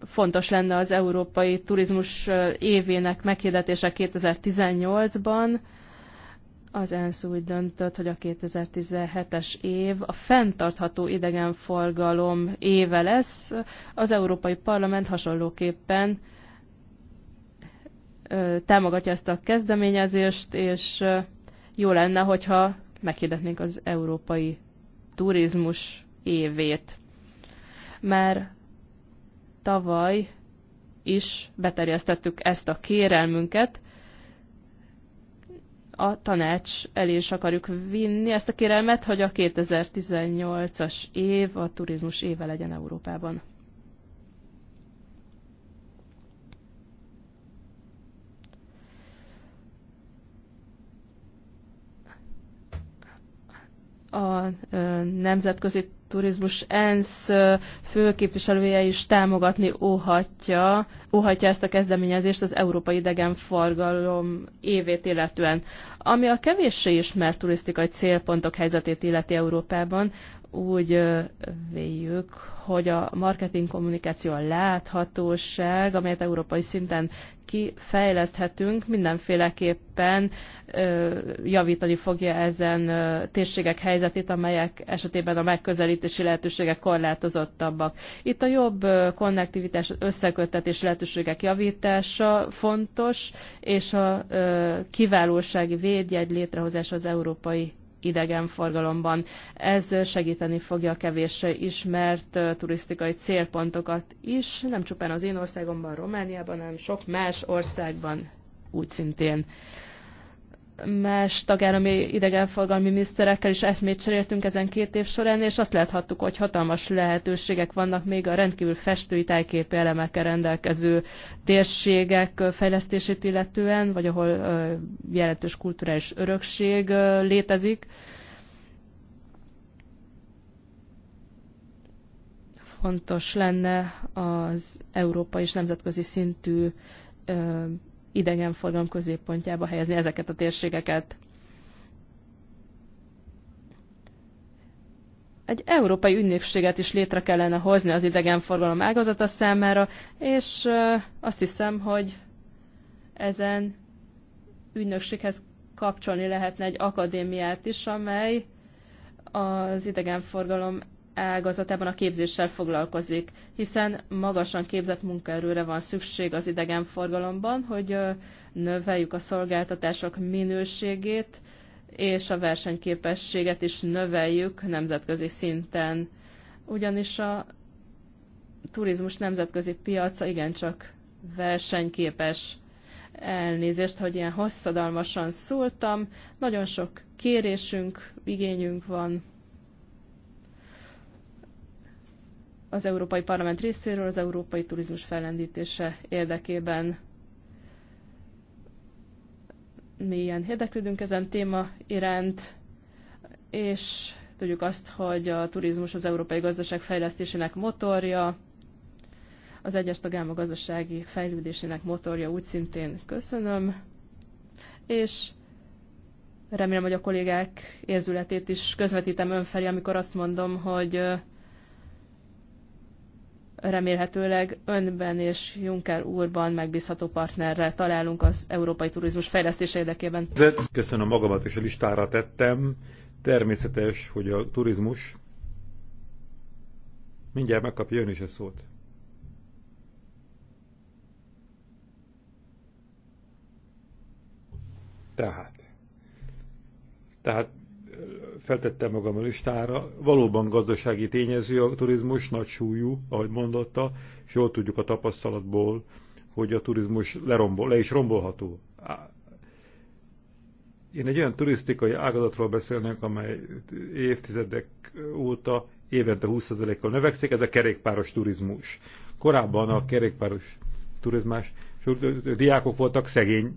Fontos lenne az Európai Turizmus évének meghirdetése 2018-ban, az ENSZ úgy döntött, hogy a 2017-es év a fenntartható idegenforgalom éve lesz. Az Európai Parlament hasonlóképpen támogatja ezt a kezdeményezést, és jó lenne, hogyha meghirdetnénk az európai turizmus évét. Már tavaly is beterjesztettük ezt a kérelmünket, a tanács elé is akarjuk vinni ezt a kérelmet, hogy a 2018-as év a turizmus éve legyen Európában. A nemzetközi turizmus ENSZ főképviselője is támogatni óhatja, óhatja ezt a kezdeményezést az Európai Idegenforgalom évét illetően. Ami a kevéssé ismert turisztikai célpontok helyzetét illeti Európában, úgy véljük, hogy a marketing kommunikáció a láthatóság, amelyet európai szinten kifejleszthetünk, mindenféleképpen javítani fogja ezen térségek helyzetét, amelyek esetében a megközelítési lehetőségek korlátozottabbak. Itt a jobb konnektivitás, összeköttetés lehetőségek javítása fontos, és a kiválósági védjegy létrehozása az európai idegenforgalomban. Ez segíteni fogja a kevés ismert turisztikai célpontokat is, nem csupán az én országomban, Romániában, hanem sok más országban úgy szintén más tagállami idegenforgalmi miniszterekkel is eszmét cseréltünk ezen két év során, és azt láthattuk, hogy hatalmas lehetőségek vannak még a rendkívül festői tájképi elemekkel rendelkező térségek fejlesztését illetően, vagy ahol jelentős kulturális örökség létezik. Fontos lenne az európai és nemzetközi szintű idegenforgalom középpontjába helyezni ezeket a térségeket. Egy európai ügynökséget is létre kellene hozni az idegenforgalom ágazata számára, és azt hiszem, hogy ezen ügynökséghez kapcsolni lehetne egy akadémiát is, amely az idegenforgalom ágazatában a képzéssel foglalkozik, hiszen magasan képzett munkaerőre van szükség az idegenforgalomban, hogy növeljük a szolgáltatások minőségét, és a versenyképességet is növeljük nemzetközi szinten. Ugyanis a turizmus nemzetközi piaca igencsak versenyképes. Elnézést, hogy ilyen hosszadalmasan szóltam. Nagyon sok kérésünk, igényünk van. az Európai Parlament részéről az európai turizmus fellendítése érdekében. Mélyen érdeklődünk ezen téma iránt, és tudjuk azt, hogy a turizmus az európai gazdaság fejlesztésének motorja, az egyes tagállamok gazdasági fejlődésének motorja úgy szintén köszönöm, és remélem, hogy a kollégák érzületét is közvetítem önfelé, amikor azt mondom, hogy remélhetőleg önben és Juncker úrban megbízható partnerrel találunk az európai turizmus fejlesztése érdekében. Köszönöm magamat és a listára tettem. Természetes, hogy a turizmus mindjárt megkapja ön is a szót. Tehát. Tehát feltettem magam a listára, valóban gazdasági tényező a turizmus, nagy súlyú, ahogy mondotta, és jól tudjuk a tapasztalatból, hogy a turizmus lerombol, le is rombolható. Én egy olyan turisztikai ágazatról beszélnék, amely évtizedek óta évente 20%-kal növekszik, ez a kerékpáros turizmus. Korábban a kerékpáros turizmás, diákok voltak szegény,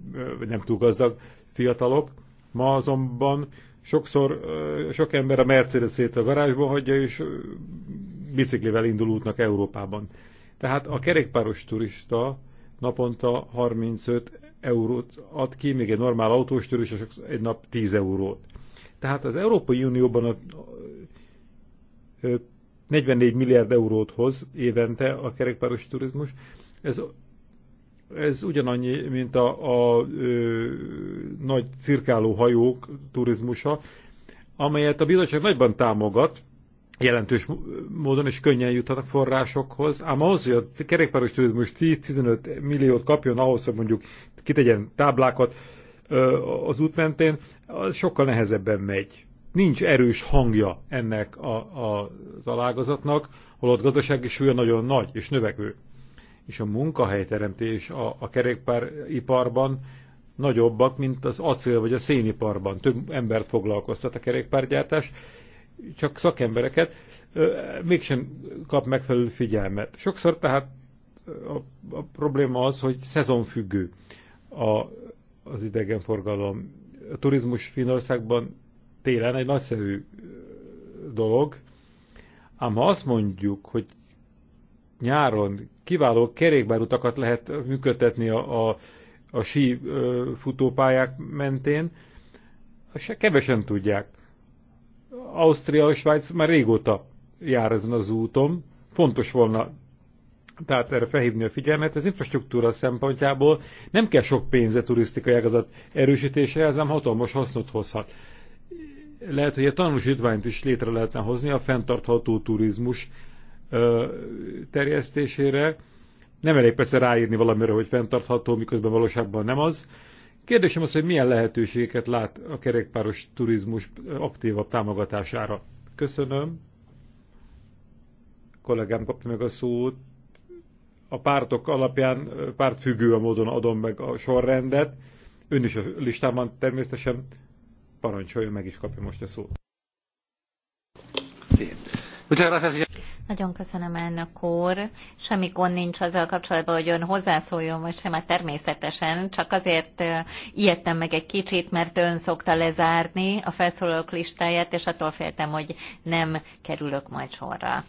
nem túl gazdag fiatalok, ma azonban Sokszor sok ember a Mercedes-ét a garázsba hagyja, és biciklivel indul útnak Európában. Tehát a kerékpáros turista naponta 35 eurót ad ki, még egy normál autós turista egy nap 10 eurót. Tehát az Európai Unióban a 44 milliárd eurót hoz évente a kerékpáros turizmus, ez ez ugyanannyi, mint a, a ö, nagy cirkáló hajók turizmusa, amelyet a bizottság nagyban támogat, jelentős módon és könnyen juthatnak forrásokhoz, ám ahhoz, hogy a kerékpáros turizmus 10-15 milliót kapjon, ahhoz, hogy mondjuk kitegyen táblákat az út mentén, az sokkal nehezebben megy. Nincs erős hangja ennek a, a, az alágazatnak, holott gazdasági súlya nagyon nagy és növekvő és a munkahelyteremtés a, a kerékpáriparban nagyobbak, mint az acél vagy a széniparban. Több embert foglalkoztat a kerékpárgyártás, csak szakembereket mégsem kap megfelelő figyelmet. Sokszor tehát a, a probléma az, hogy szezonfüggő a, az idegenforgalom. A turizmus Finországban télen egy nagyszerű dolog, ám ha azt mondjuk, hogy nyáron kiváló kerékbárutakat lehet működtetni a, a, a sí futópályák mentén, se kevesen tudják. Ausztria, Svájc már régóta jár ezen az úton. Fontos volna tehát erre felhívni a figyelmet, az infrastruktúra szempontjából nem kell sok pénze turisztikai ágazat ez nem hatalmas hasznot hozhat. Lehet, hogy a tanulsítványt is létre lehetne hozni a fenntartható turizmus terjesztésére. Nem elég persze ráírni valamire, hogy fenntartható, miközben valóságban nem az. Kérdésem az, hogy milyen lehetőségeket lát a kerékpáros turizmus aktívabb támogatására. Köszönöm. A kollégám kapta meg a szót. A pártok alapján pártfüggő a módon adom meg a sorrendet. Ön is a listában természetesen parancsoljon, meg is kapja most a szót. Szép. Nagyon köszönöm, elnök úr. Semmi gond nincs azzal kapcsolatban, hogy ön hozzászóljon, vagy sem, hát természetesen. Csak azért ijedtem meg egy kicsit, mert ön szokta lezárni a felszólalók listáját, és attól féltem, hogy nem kerülök majd sorra.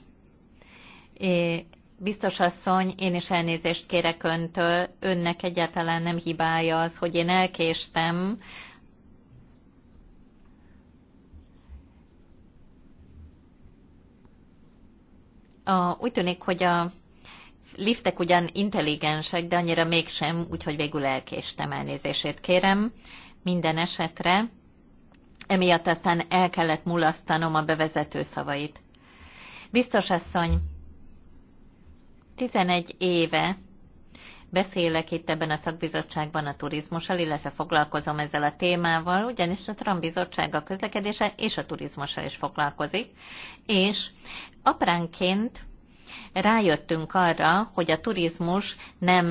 É, biztos asszony, én is elnézést kérek öntől. Önnek egyáltalán nem hibája az, hogy én elkéstem, A, úgy tűnik, hogy a liftek ugyan intelligensek, de annyira mégsem, úgyhogy végül elkéstem elnézését kérem. Minden esetre emiatt aztán el kellett mulasztanom a bevezető szavait. Biztos asszony, 11 éve beszélek itt ebben a szakbizottságban a turizmussal, illetve foglalkozom ezzel a témával, ugyanis a Trump bizottság a közlekedése és a turizmussal is foglalkozik, és Apránként rájöttünk arra, hogy a turizmus nem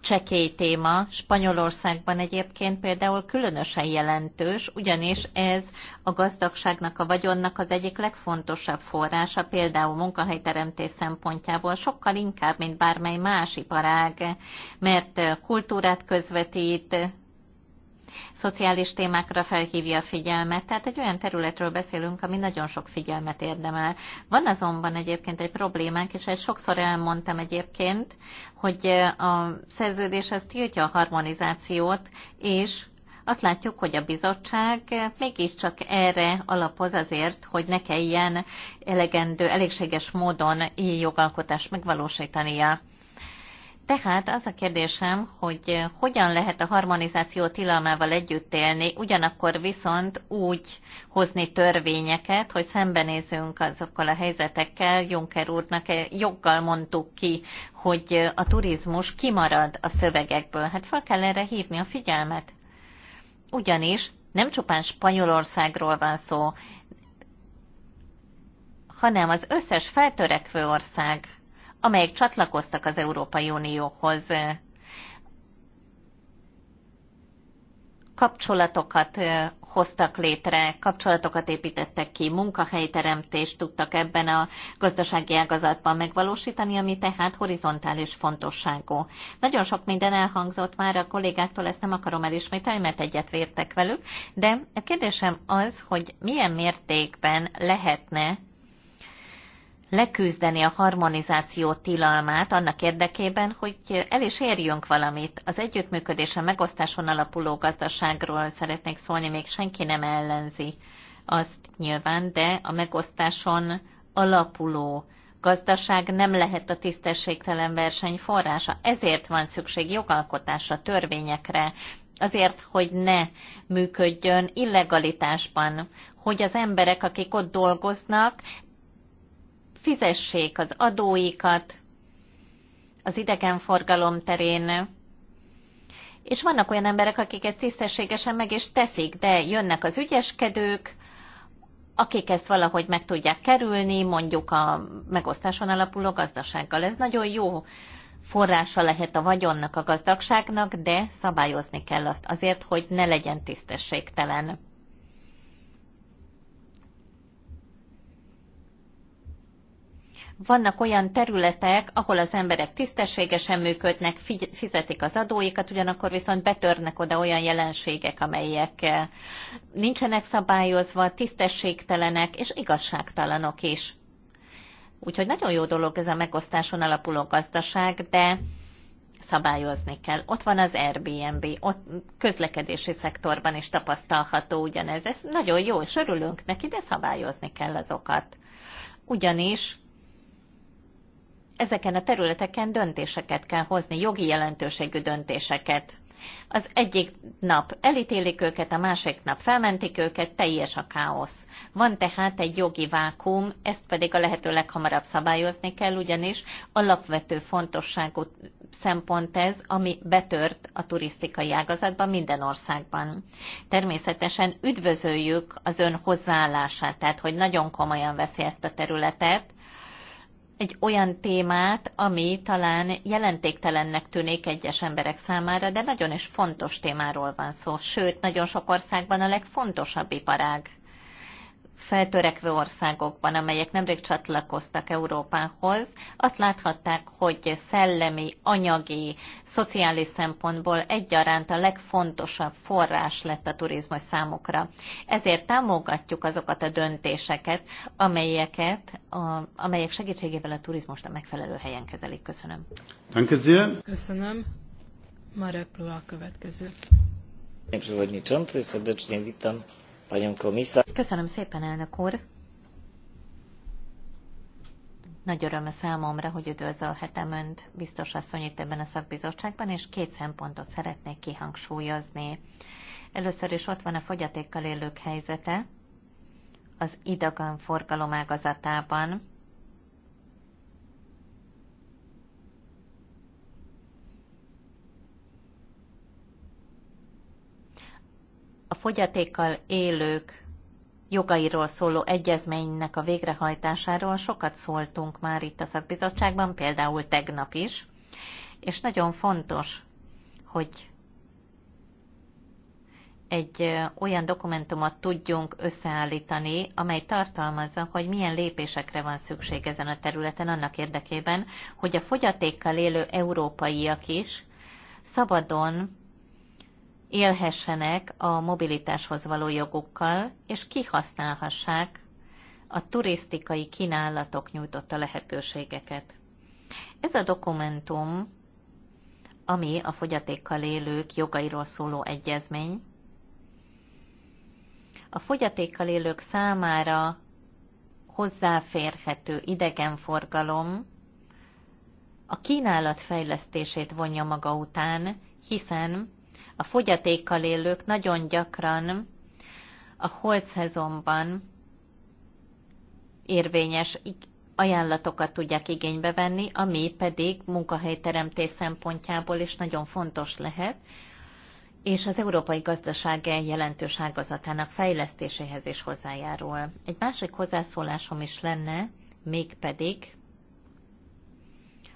csekély téma, Spanyolországban egyébként például különösen jelentős, ugyanis ez a gazdagságnak, a vagyonnak az egyik legfontosabb forrása, például munkahelyteremtés szempontjából sokkal inkább, mint bármely más iparág, mert kultúrát közvetít, szociális témákra felhívja a figyelmet. Tehát egy olyan területről beszélünk, ami nagyon sok figyelmet érdemel. Van azonban egyébként egy problémánk, és ezt sokszor elmondtam egyébként, hogy a szerződés az tiltja a harmonizációt, és azt látjuk, hogy a bizottság mégiscsak erre alapoz azért, hogy ne kelljen elegendő, elégséges módon jogalkotást megvalósítania. Tehát az a kérdésem, hogy eh, hogyan lehet a harmonizáció tilalmával együtt élni, ugyanakkor viszont úgy hozni törvényeket, hogy szembenézünk azokkal a helyzetekkel. Juncker úrnak e joggal mondtuk ki, hogy eh, a turizmus kimarad a szövegekből. Hát fel kell erre hívni a figyelmet. Ugyanis nem csupán Spanyolországról van szó, hanem az összes feltörekvő ország amelyek csatlakoztak az Európai Unióhoz. Kapcsolatokat hoztak létre, kapcsolatokat építettek ki, munkahelyteremtést tudtak ebben a gazdasági ágazatban megvalósítani, ami tehát horizontális fontosságú. Nagyon sok minden elhangzott már a kollégáktól, ezt nem akarom elismételni, mert egyet vértek velük, de a kérdésem az, hogy milyen mértékben lehetne leküzdeni a harmonizáció tilalmát annak érdekében, hogy el is érjünk valamit. Az együttműködésen, megosztáson alapuló gazdaságról szeretnék szólni, még senki nem ellenzi azt nyilván, de a megosztáson alapuló gazdaság nem lehet a tisztességtelen verseny forrása. Ezért van szükség jogalkotásra, törvényekre, azért, hogy ne működjön illegalitásban, hogy az emberek, akik ott dolgoznak, fizessék az adóikat az idegenforgalom terén. És vannak olyan emberek, akik ezt tisztességesen meg is teszik, de jönnek az ügyeskedők, akik ezt valahogy meg tudják kerülni, mondjuk a megosztáson alapuló gazdasággal. Ez nagyon jó forrása lehet a vagyonnak, a gazdagságnak, de szabályozni kell azt azért, hogy ne legyen tisztességtelen. Vannak olyan területek, ahol az emberek tisztességesen működnek, fizetik az adóikat, ugyanakkor viszont betörnek oda olyan jelenségek, amelyek eh, nincsenek szabályozva, tisztességtelenek és igazságtalanok is. Úgyhogy nagyon jó dolog ez a megosztáson alapuló gazdaság, de szabályozni kell. Ott van az Airbnb, ott közlekedési szektorban is tapasztalható ugyanez. Ez nagyon jó, és örülünk neki, de szabályozni kell azokat. Ugyanis ezeken a területeken döntéseket kell hozni, jogi jelentőségű döntéseket. Az egyik nap elítélik őket, a másik nap felmentik őket, teljes a káosz. Van tehát egy jogi vákum, ezt pedig a lehető leghamarabb szabályozni kell, ugyanis alapvető fontosságú szempont ez, ami betört a turisztikai ágazatban minden országban. Természetesen üdvözöljük az ön hozzáállását, tehát hogy nagyon komolyan veszi ezt a területet, egy olyan témát, ami talán jelentéktelennek tűnik egyes emberek számára, de nagyon is fontos témáról van szó, sőt, nagyon sok országban a legfontosabb iparág feltörekvő országokban, amelyek nemrég csatlakoztak Európához, azt láthatták, hogy szellemi, anyagi, szociális szempontból egyaránt a legfontosabb forrás lett a turizmus számukra. Ezért támogatjuk azokat a döntéseket, amelyeket, a, amelyek segítségével a turizmus a megfelelő helyen kezelik. Köszönöm. Köszönöm. Marek Plula a következő. Panie Przewodniczący, serdecznie witam panią Köszönöm szépen, elnök úr. Nagy öröm a számomra, hogy üdvözölhetem Önt, biztos asszony itt ebben a szakbizottságban, és két szempontot szeretnék kihangsúlyozni. Először is ott van a fogyatékkal élők helyzete, az idagan forgalom ágazatában, fogyatékkal élők jogairól szóló egyezménynek a végrehajtásáról sokat szóltunk már itt a szakbizottságban, például tegnap is, és nagyon fontos, hogy egy olyan dokumentumot tudjunk összeállítani, amely tartalmazza, hogy milyen lépésekre van szükség ezen a területen annak érdekében, hogy a fogyatékkal élő európaiak is szabadon élhessenek a mobilitáshoz való jogukkal, és kihasználhassák a turisztikai kínálatok nyújtotta lehetőségeket. Ez a dokumentum, ami a fogyatékkal élők jogairól szóló egyezmény, a fogyatékkal élők számára hozzáférhető idegenforgalom a kínálat fejlesztését vonja maga után, hiszen a fogyatékkal élők nagyon gyakran a holt szezonban érvényes ajánlatokat tudják igénybe venni, ami pedig munkahelyteremtés szempontjából is nagyon fontos lehet, és az európai gazdaság jelentős ágazatának fejlesztéséhez is hozzájárul. Egy másik hozzászólásom is lenne, mégpedig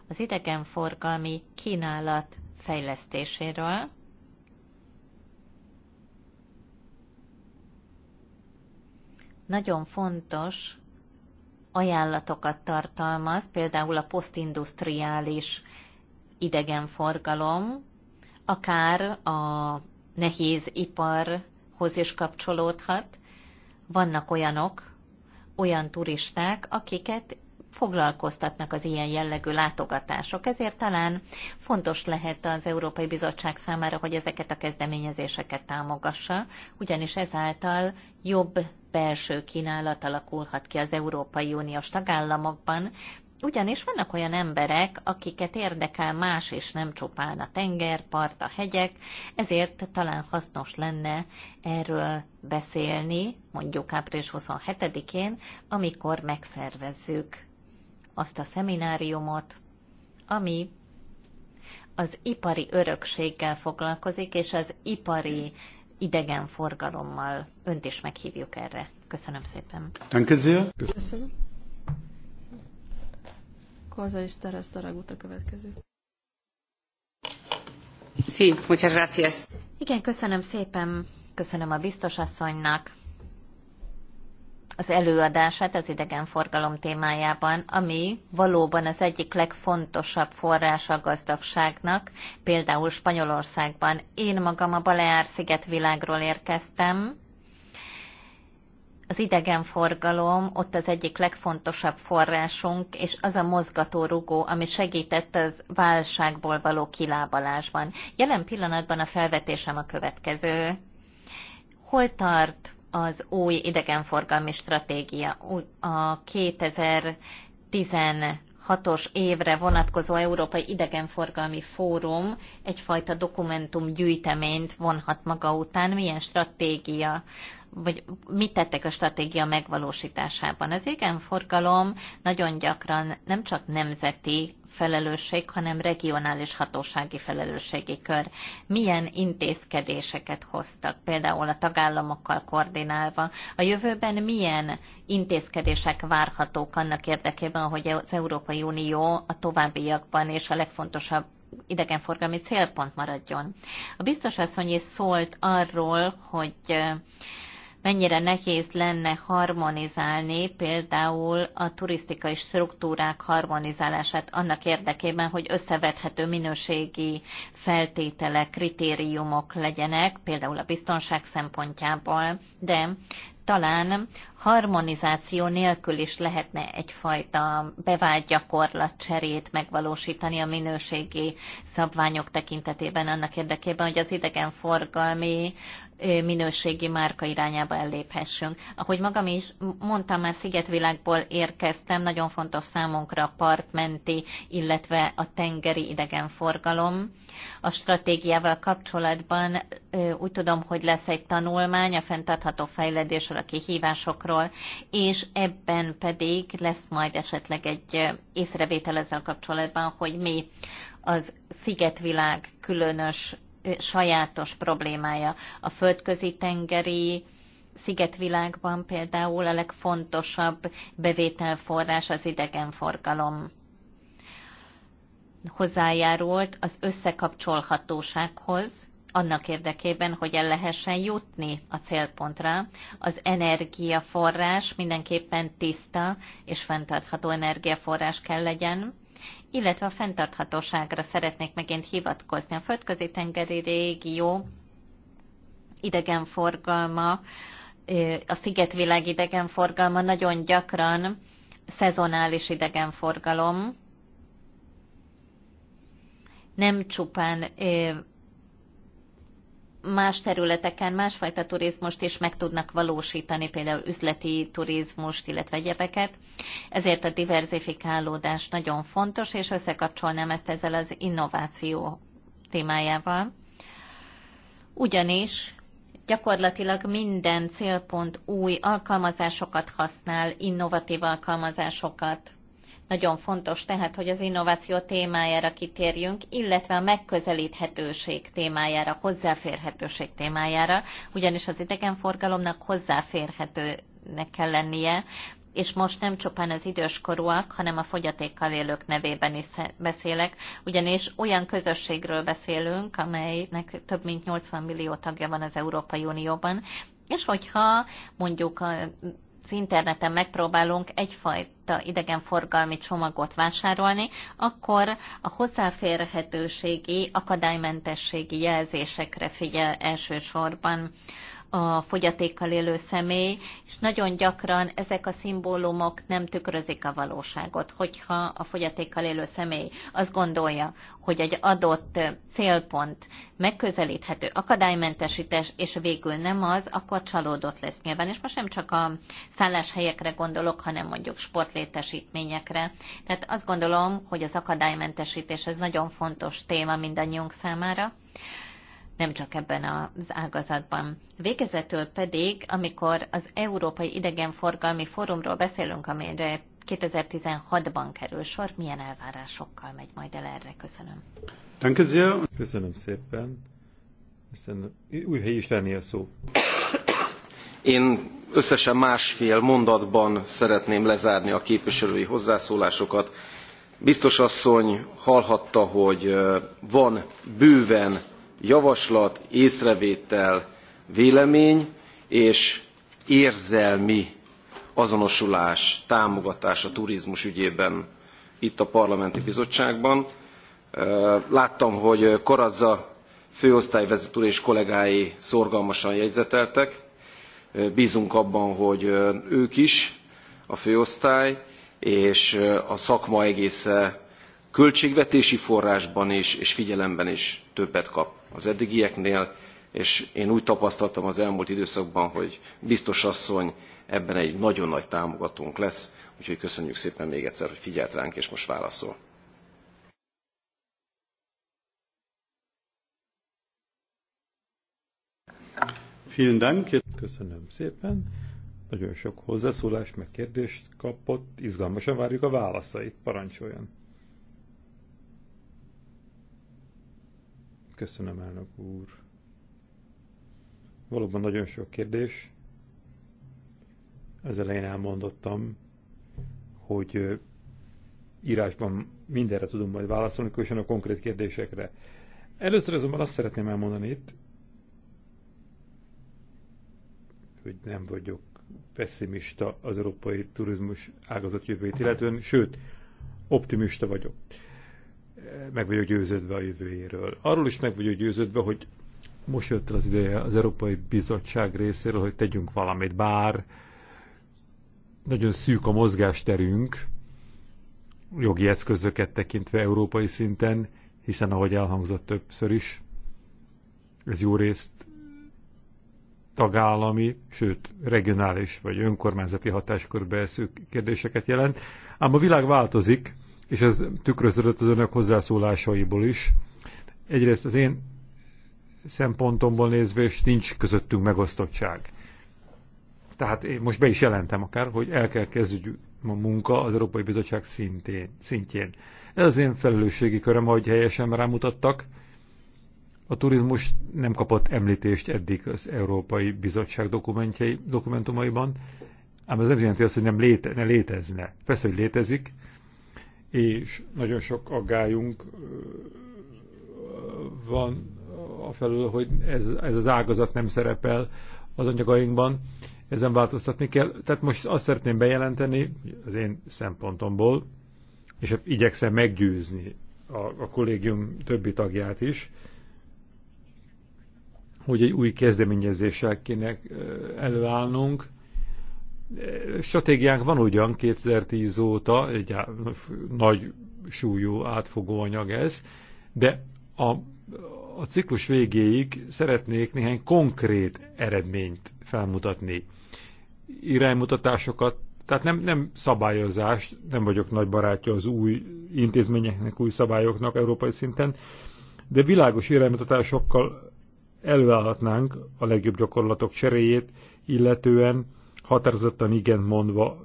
az idegenforgalmi kínálat fejlesztéséről, nagyon fontos ajánlatokat tartalmaz, például a posztindustriális idegenforgalom, akár a nehéz iparhoz is kapcsolódhat. Vannak olyanok, olyan turisták, akiket foglalkoztatnak az ilyen jellegű látogatások. Ezért talán fontos lehet az Európai Bizottság számára, hogy ezeket a kezdeményezéseket támogassa, ugyanis ezáltal jobb belső kínálat alakulhat ki az Európai Uniós tagállamokban, ugyanis vannak olyan emberek, akiket érdekel más és nem csupán a tengerpart, a hegyek, ezért talán hasznos lenne erről beszélni, mondjuk április 27-én, amikor megszervezzük azt a szemináriumot, ami az ipari örökséggel foglalkozik, és az ipari Idegen forgalommal Önt is meghívjuk erre. Köszönöm szépen. sehr. Köszönöm. Koza és Teres a következő. Sí, muchas gracias. Igen, köszönöm szépen. Köszönöm a biztos asszonynak az előadását az idegenforgalom témájában, ami valóban az egyik legfontosabb forrás a gazdagságnak, például Spanyolországban. Én magam a Baleár-sziget világról érkeztem, az idegenforgalom ott az egyik legfontosabb forrásunk, és az a mozgató rugó, ami segített az válságból való kilábalásban. Jelen pillanatban a felvetésem a következő. Hol tart az új idegenforgalmi stratégia, a 2016-os évre vonatkozó Európai Idegenforgalmi Fórum egyfajta dokumentumgyűjteményt vonhat maga után, milyen stratégia vagy mit tettek a stratégia megvalósításában. Az idegenforgalom nagyon gyakran nem csak nemzeti felelősség, hanem regionális hatósági felelősségi kör. Milyen intézkedéseket hoztak, például a tagállamokkal koordinálva? A jövőben milyen intézkedések várhatók annak érdekében, hogy az Európai Unió a továbbiakban és a legfontosabb idegenforgalmi célpont maradjon. A biztos asszony is szólt arról, hogy mennyire nehéz lenne harmonizálni például a turisztikai struktúrák harmonizálását annak érdekében, hogy összevethető minőségi feltételek, kritériumok legyenek, például a biztonság szempontjából, de talán harmonizáció nélkül is lehetne egyfajta bevált gyakorlat cserét megvalósítani a minőségi szabványok tekintetében annak érdekében, hogy az idegenforgalmi minőségi márka irányába elléphessünk. Ahogy magam is mondtam, már Szigetvilágból érkeztem, nagyon fontos számunkra a partmenti, illetve a tengeri idegenforgalom. A stratégiával kapcsolatban úgy tudom, hogy lesz egy tanulmány a fenntartható fejlődésről, a kihívásokról, és ebben pedig lesz majd esetleg egy észrevétel ezzel kapcsolatban, hogy mi az szigetvilág különös sajátos problémája. A földközi tengeri szigetvilágban például a legfontosabb bevételforrás az idegenforgalom hozzájárult az összekapcsolhatósághoz, annak érdekében, hogy el lehessen jutni a célpontra. Az energiaforrás mindenképpen tiszta és fenntartható energiaforrás kell legyen, illetve a fenntarthatóságra szeretnék megint hivatkozni. A földközi tengeri régió idegenforgalma, a szigetvilág idegenforgalma nagyon gyakran szezonális idegenforgalom, nem csupán más területeken másfajta turizmust is meg tudnak valósítani, például üzleti turizmust, illetve egyebeket. Ezért a diverzifikálódás nagyon fontos, és összekapcsolnám ezt ezzel az innováció témájával. Ugyanis gyakorlatilag minden célpont új alkalmazásokat használ, innovatív alkalmazásokat, nagyon fontos tehát, hogy az innováció témájára kitérjünk, illetve a megközelíthetőség témájára, hozzáférhetőség témájára, ugyanis az idegenforgalomnak hozzáférhetőnek kell lennie, és most nem csupán az időskorúak, hanem a fogyatékkal élők nevében is beszélek, ugyanis olyan közösségről beszélünk, amelynek több mint 80 millió tagja van az Európai Unióban, és hogyha mondjuk a az interneten megpróbálunk egyfajta idegenforgalmi csomagot vásárolni, akkor a hozzáférhetőségi, akadálymentességi jelzésekre figyel elsősorban a fogyatékkal élő személy, és nagyon gyakran ezek a szimbólumok nem tükrözik a valóságot. Hogyha a fogyatékkal élő személy azt gondolja, hogy egy adott célpont megközelíthető, akadálymentesítés, és végül nem az, akkor csalódott lesz nyilván. És most nem csak a szálláshelyekre gondolok, hanem mondjuk sportlétesítményekre. Tehát azt gondolom, hogy az akadálymentesítés ez nagyon fontos téma mindannyiunk számára nem csak ebben az ágazatban. Végezetül pedig, amikor az Európai Idegenforgalmi Fórumról beszélünk, amelyre 2016-ban kerül sor, milyen elvárásokkal megy majd el erre? Köszönöm. Köszönöm szépen. Aztán új helyi is lenni a szó. Én összesen másfél mondatban szeretném lezárni a képviselői hozzászólásokat. Biztos asszony hallhatta, hogy van bőven javaslat észrevétel vélemény és érzelmi azonosulás támogatás a turizmus ügyében itt a parlamenti bizottságban. láttam hogy karazza főosztályvezető úr és kollégái szorgalmasan jegyzeteltek bzunk abban hogy ők is a főosztály és a szakma egésze költségvetési forrásban is, és figyelemben is többet kap az eddigieknél, és én úgy tapasztaltam az elmúlt időszakban, hogy biztos asszony ebben egy nagyon nagy támogatónk lesz, úgyhogy köszönjük szépen még egyszer, hogy figyelt ránk, és most válaszol. Köszönöm szépen. Nagyon sok hozzászólást, meg kérdést kapott. Izgalmasan várjuk a válaszait. Parancsoljon. Köszönöm, elnök úr. Valóban nagyon sok kérdés. Az elején elmondottam, hogy írásban mindenre tudom majd válaszolni, különösen a konkrét kérdésekre. Először azonban azt szeretném elmondani itt, hogy nem vagyok pessimista az európai turizmus ágazat jövőjét illetően, sőt, optimista vagyok meg vagyok győződve a jövőjéről. Arról is meg vagyok győződve, hogy most jött az ideje az Európai Bizottság részéről, hogy tegyünk valamit, bár nagyon szűk a mozgásterünk, jogi eszközöket tekintve európai szinten, hiszen ahogy elhangzott többször is, ez jó részt tagállami, sőt regionális vagy önkormányzati hatáskörbe szűk kérdéseket jelent. Ám a világ változik, és ez tükröződött az önök hozzászólásaiból is. Egyrészt az én szempontomból nézve, és nincs közöttünk megosztottság. Tehát én most be is jelentem akár, hogy el kell kezdjük a munka az Európai Bizottság szintén, szintjén. Ez az én felelősségi köröm, ahogy helyesen rámutattak. A turizmus nem kapott említést eddig az Európai Bizottság dokumentumaiban, ám ez nem jelenti azt, hogy nem léte, ne létezne. Persze, hogy létezik, és nagyon sok aggályunk van afelől, hogy ez, ez az ágazat nem szerepel az anyagainkban, ezen változtatni kell. Tehát most azt szeretném bejelenteni az én szempontomból, és hát igyekszem meggyőzni a, a kollégium többi tagját is, hogy egy új kezdeményezéssel kéne előállnunk, stratégiánk van ugyan 2010 óta, egy nagy súlyú átfogó anyag ez, de a, a ciklus végéig szeretnék néhány konkrét eredményt felmutatni. Iránymutatásokat, tehát nem, nem szabályozás, nem vagyok nagy barátja az új intézményeknek, új szabályoknak európai szinten, de világos iránymutatásokkal előállhatnánk a legjobb gyakorlatok cseréjét, illetően határozottan igen mondva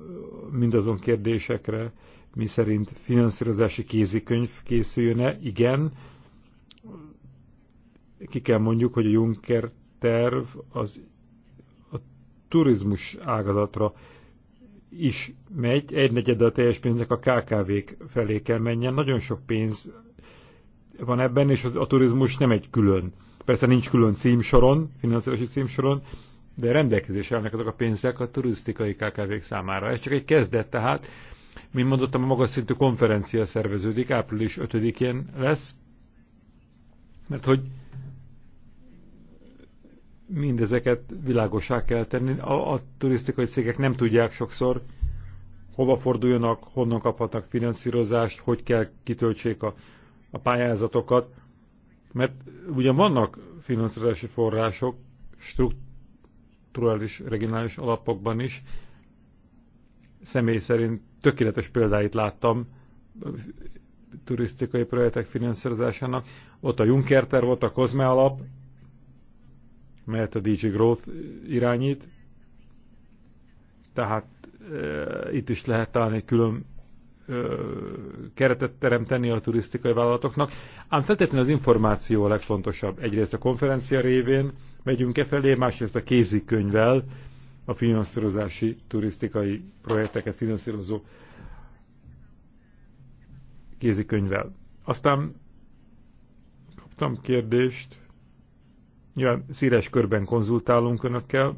mindazon kérdésekre, mi szerint finanszírozási kézikönyv készüljön-e, igen. Ki kell mondjuk, hogy a Juncker terv az a turizmus ágazatra is megy, negyed a teljes pénznek a KKV-k felé kell menjen. Nagyon sok pénz van ebben, és a turizmus nem egy külön. Persze nincs külön címsoron, finanszírozási címsoron, de rendelkezés állnak azok a pénzek a turisztikai kkv számára. Ez csak egy kezdet, tehát, mint mondottam, a magas szintű konferencia szerveződik, április 5-én lesz, mert hogy mindezeket világosá kell tenni. A, a turisztikai cégek nem tudják sokszor, hova forduljanak, honnan kaphatnak finanszírozást, hogy kell kitöltsék a, a pályázatokat, mert ugyan vannak finanszírozási források, struktúrák, strukturális regionális alapokban is személy szerint tökéletes példáit láttam turisztikai projektek finanszírozásának. Ott a Junkerter volt a Kozme alap, melyet a DG Growth irányít. Tehát e, itt is lehet találni külön keretet teremteni a turisztikai vállalatoknak, ám feltétlenül az információ a legfontosabb. Egyrészt a konferencia révén megyünk e felé, másrészt a kézikönyvvel a finanszírozási turisztikai projekteket finanszírozó kézikönyvvel. Aztán kaptam kérdést, nyilván szíres körben konzultálunk önökkel,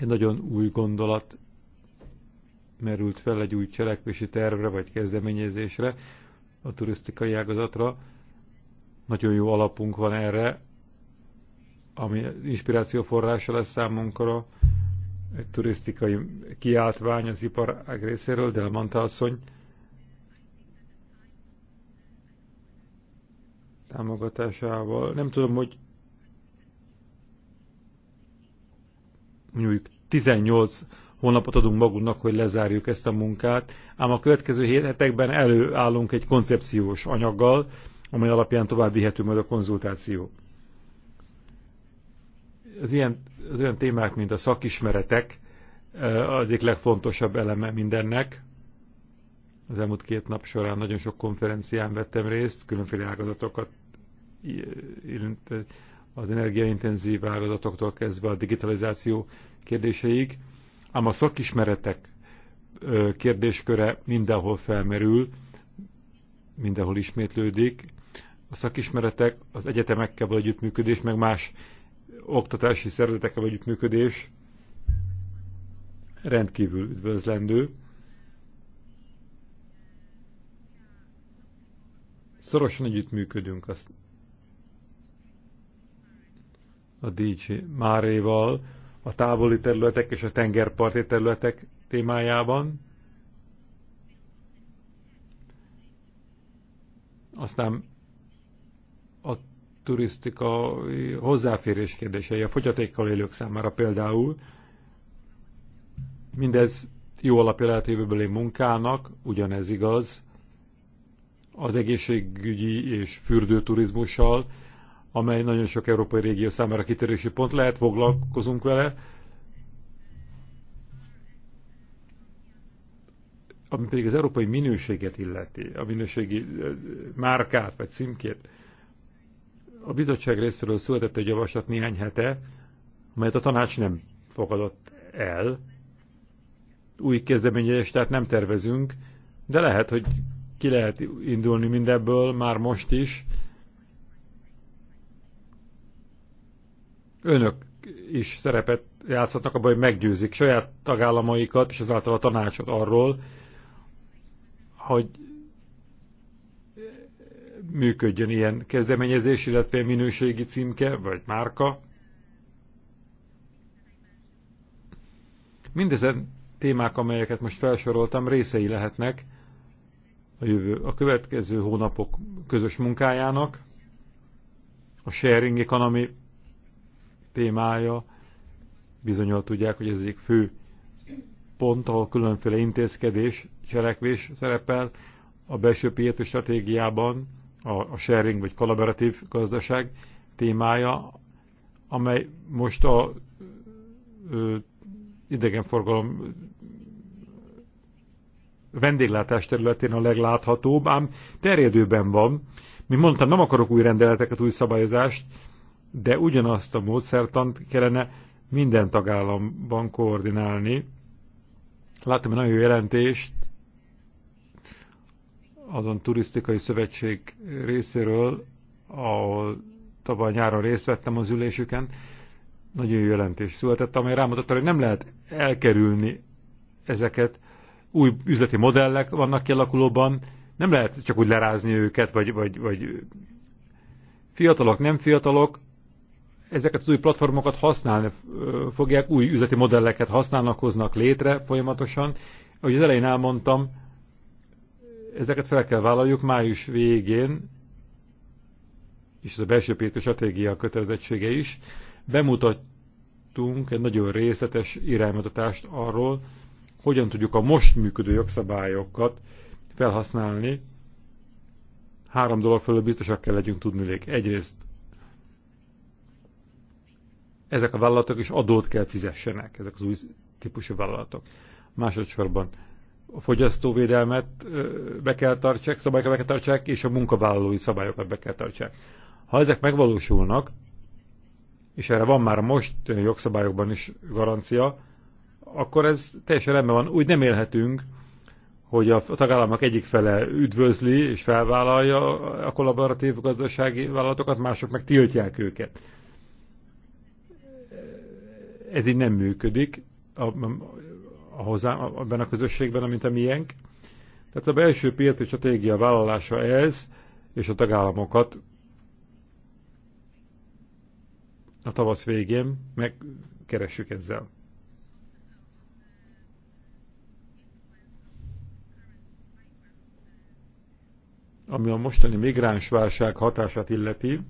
egy nagyon új gondolat merült fel egy új cselekvési tervre vagy kezdeményezésre a turisztikai ágazatra. Nagyon jó alapunk van erre, ami inspiráció forrása lesz számunkra, egy turisztikai kiáltvány az iparág részéről, de mondta asszony, támogatásával. Nem tudom, hogy mondjuk 18 hónapot adunk magunknak, hogy lezárjuk ezt a munkát, ám a következő hetekben előállunk egy koncepciós anyaggal, amely alapján tovább vihető majd a konzultáció. Az, ilyen, az olyan témák, mint a szakismeretek, eh, az egyik legfontosabb eleme mindennek. Az elmúlt két nap során nagyon sok konferencián vettem részt, különféle ágazatokat, eh, az energiaintenzív ágazatoktól kezdve a digitalizáció kérdéseig. Ám a szakismeretek kérdésköre mindenhol felmerül, mindenhol ismétlődik. A szakismeretek, az egyetemekkel való együttműködés, meg más oktatási szervezetekkel való együttműködés rendkívül üdvözlendő. Szorosan együttműködünk azt a DJ Máréval, a távoli területek és a tengerparti területek témájában. Aztán a turisztika hozzáférés kérdései a fogyatékkal élők számára például. Mindez jó alapja lehet jövőbeli munkának, ugyanez igaz az egészségügyi és fürdőturizmussal, amely nagyon sok európai régió számára kitörési pont lehet, foglalkozunk vele. Ami pedig az európai minőséget illeti, a minőségi eh, márkát vagy címkét. A bizottság részéről született egy javaslat néhány hete, amelyet a tanács nem fogadott el. Új kezdeményezést tehát nem tervezünk, de lehet, hogy ki lehet indulni mindebből már most is, önök is szerepet játszhatnak abban, hogy meggyőzik saját tagállamaikat és ezáltal a tanácsot arról, hogy működjön ilyen kezdeményezés, illetve minőségi címke vagy márka. Mindezen témák, amelyeket most felsoroltam, részei lehetnek a, jövő, a következő hónapok közös munkájának, a sharing economy témája. Bizonyal tudják, hogy ez egyik fő pont, ahol különféle intézkedés, cselekvés szerepel a belső piaci stratégiában, a, a sharing vagy kollaboratív gazdaság témája, amely most a ö, idegenforgalom vendéglátás területén a legláthatóbb, ám terjedőben van. Mint mondtam, nem akarok új rendeleteket, új szabályozást, de ugyanazt a módszertant kellene minden tagállamban koordinálni. Láttam egy nagyon jó jelentést azon turisztikai szövetség részéről, ahol tavaly nyáron részt vettem az ülésüken, nagyon jó jelentés született, amely rámutatta, hogy nem lehet elkerülni ezeket. Új üzleti modellek vannak kialakulóban, nem lehet csak úgy lerázni őket, vagy, vagy, vagy fiatalok, nem fiatalok, ezeket az új platformokat használni fogják, új üzleti modelleket használnak, hoznak létre folyamatosan. Ahogy az elején elmondtam, ezeket fel kell vállaljuk május végén, és ez a belső pénzügyi stratégia kötelezettsége is, bemutattunk egy nagyon részletes iránymutatást arról, hogyan tudjuk a most működő jogszabályokat felhasználni. Három dolog fölött biztosak kell legyünk tudni. Egyrészt ezek a vállalatok is adót kell fizessenek, ezek az új típusú vállalatok. Másodszorban a fogyasztóvédelmet be kell tartsák, szabályokat be kell tartsák, és a munkavállalói szabályokat be kell tartsák. Ha ezek megvalósulnak, és erre van már most jogszabályokban is garancia, akkor ez teljesen rendben van. Úgy nem élhetünk, hogy a tagállamok egyik fele üdvözli és felvállalja a kollaboratív gazdasági vállalatokat, mások meg tiltják őket ez így nem működik a, a hozzám, abban a közösségben, amint a miénk. Tehát a belső piaci stratégia vállalása ez, és a tagállamokat a tavasz végén megkeressük ezzel. Ami a mostani migráns válság hatását illeti,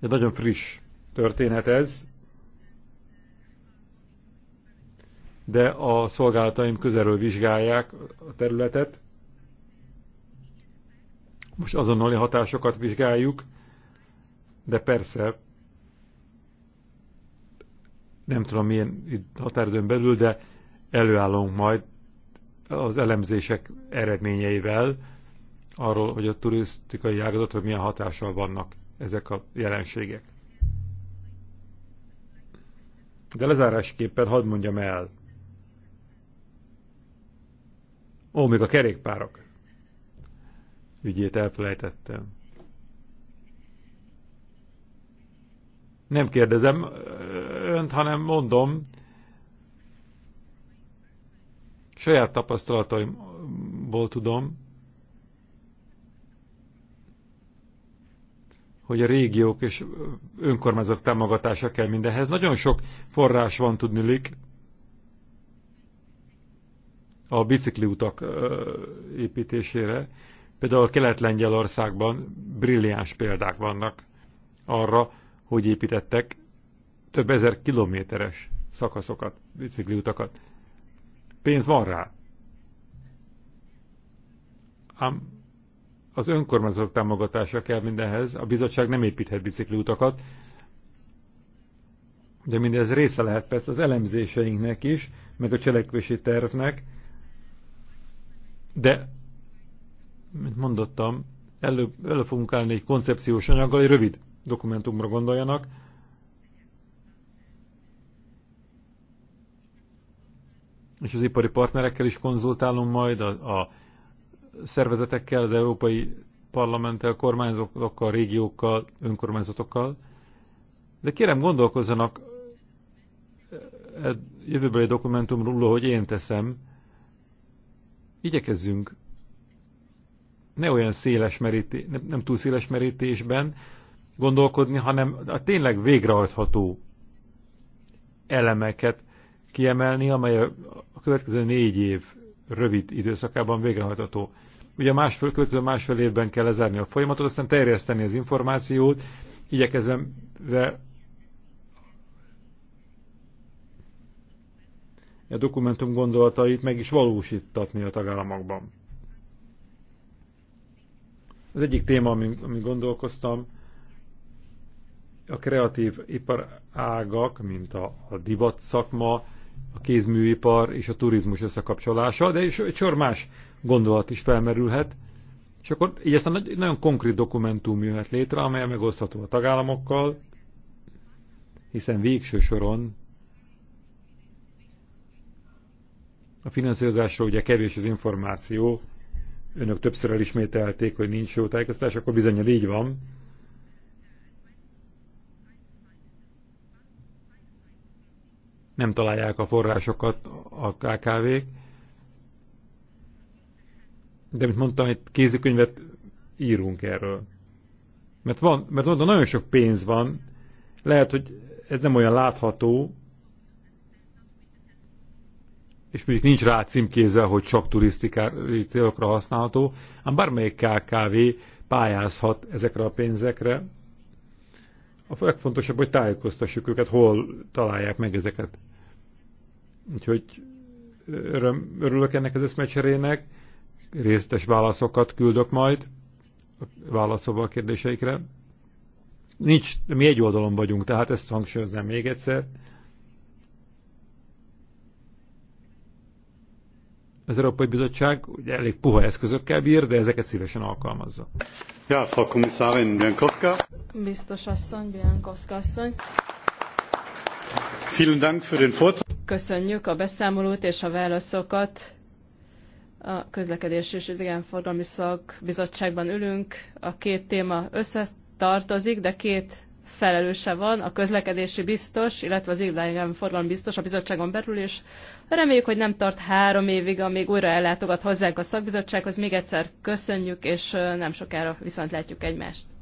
Egy nagyon friss történet ez, de a szolgálataim közelről vizsgálják a területet. Most azonnali hatásokat vizsgáljuk, de persze nem tudom milyen határidőn belül, de előállunk majd az elemzések eredményeivel arról, hogy a turisztikai ágazatok milyen hatással vannak ezek a jelenségek. De lezárásképpen hadd mondjam el. Ó, még a kerékpárok. Ügyét elfelejtettem. Nem kérdezem önt, hanem mondom, saját tapasztalataimból tudom, hogy a régiók és önkormányzatok támogatása kell mindenhez. Nagyon sok forrás van tudnilik a bicikliutak építésére. Például Kelet-Lengyelországban brilliáns példák vannak arra, hogy építettek több ezer kilométeres szakaszokat, bicikliutakat. Pénz van rá. Ám az önkormányzatok támogatása kell mindenhez. A bizottság nem építhet bicikliutakat, de mindez része lehet persze az elemzéseinknek is, meg a cselekvési tervnek, de, mint mondottam, elő, elő fogunk állni egy koncepciós anyaggal, egy rövid dokumentumra gondoljanak, és az ipari partnerekkel is konzultálom majd, a, a szervezetekkel, az Európai Parlamenttel, kormányzókkal, régiókkal, önkormányzatokkal. De kérem, gondolkozzanak e, e, jövőbeli dokumentumról, hogy én teszem. Igyekezzünk ne olyan széles merítés, nem, nem túl széles merítésben gondolkodni, hanem a tényleg végrehajtható elemeket kiemelni, amely a következő négy év rövid időszakában végrehajtható. Ugye másfél, következő másfél évben kell lezárni a folyamatot, aztán terjeszteni az információt, igyekezve a dokumentum gondolatait meg is valósítatni a tagállamokban. Az egyik téma, amin, amin gondolkoztam, a kreatív iparágak, mint a, a divat szakma, a kézműipar és a turizmus összekapcsolása, de is egy sor más gondolat is felmerülhet, és akkor így aztán egy nagyon konkrét dokumentum jöhet létre, amely megosztható a tagállamokkal, hiszen végső soron a finanszírozásról ugye kevés az információ, önök többször elismételték, hogy nincs jó tájékoztatás, akkor bizonyal így van. Nem találják a forrásokat a KKV-k, de mint mondtam, egy kézikönyvet írunk erről. Mert van, mert oda nagyon sok pénz van, lehet, hogy ez nem olyan látható, és mondjuk nincs rá címkézzel, hogy csak turisztikai célokra használható, ám bármelyik KKV pályázhat ezekre a pénzekre. A legfontosabb, hogy tájékoztassuk őket, hol találják meg ezeket. Úgyhogy öröm, örülök ennek az eszmecserének, részletes válaszokat küldök majd, válaszolva a kérdéseikre. Nincs, mi egy oldalon vagyunk, tehát ezt hangsúlyoznám még egyszer. Az Európai Bizottság ugye elég puha eszközökkel bír, de ezeket szívesen alkalmazza. Ja, Frau Kommissarin Biankowska. Biztos asszony, Biankowska asszony. Vielen Dank für den Vortrag. Köszönjük a beszámolót és a válaszokat a közlekedés és idegenforgalmi szakbizottságban ülünk. A két téma összetartozik, de két felelőse van, a közlekedési biztos, illetve az idegenforgalmi biztos a bizottságon belül, és reméljük, hogy nem tart három évig, amíg újra ellátogat hozzánk a szakbizottsághoz. Még egyszer köszönjük, és nem sokára viszont látjuk egymást.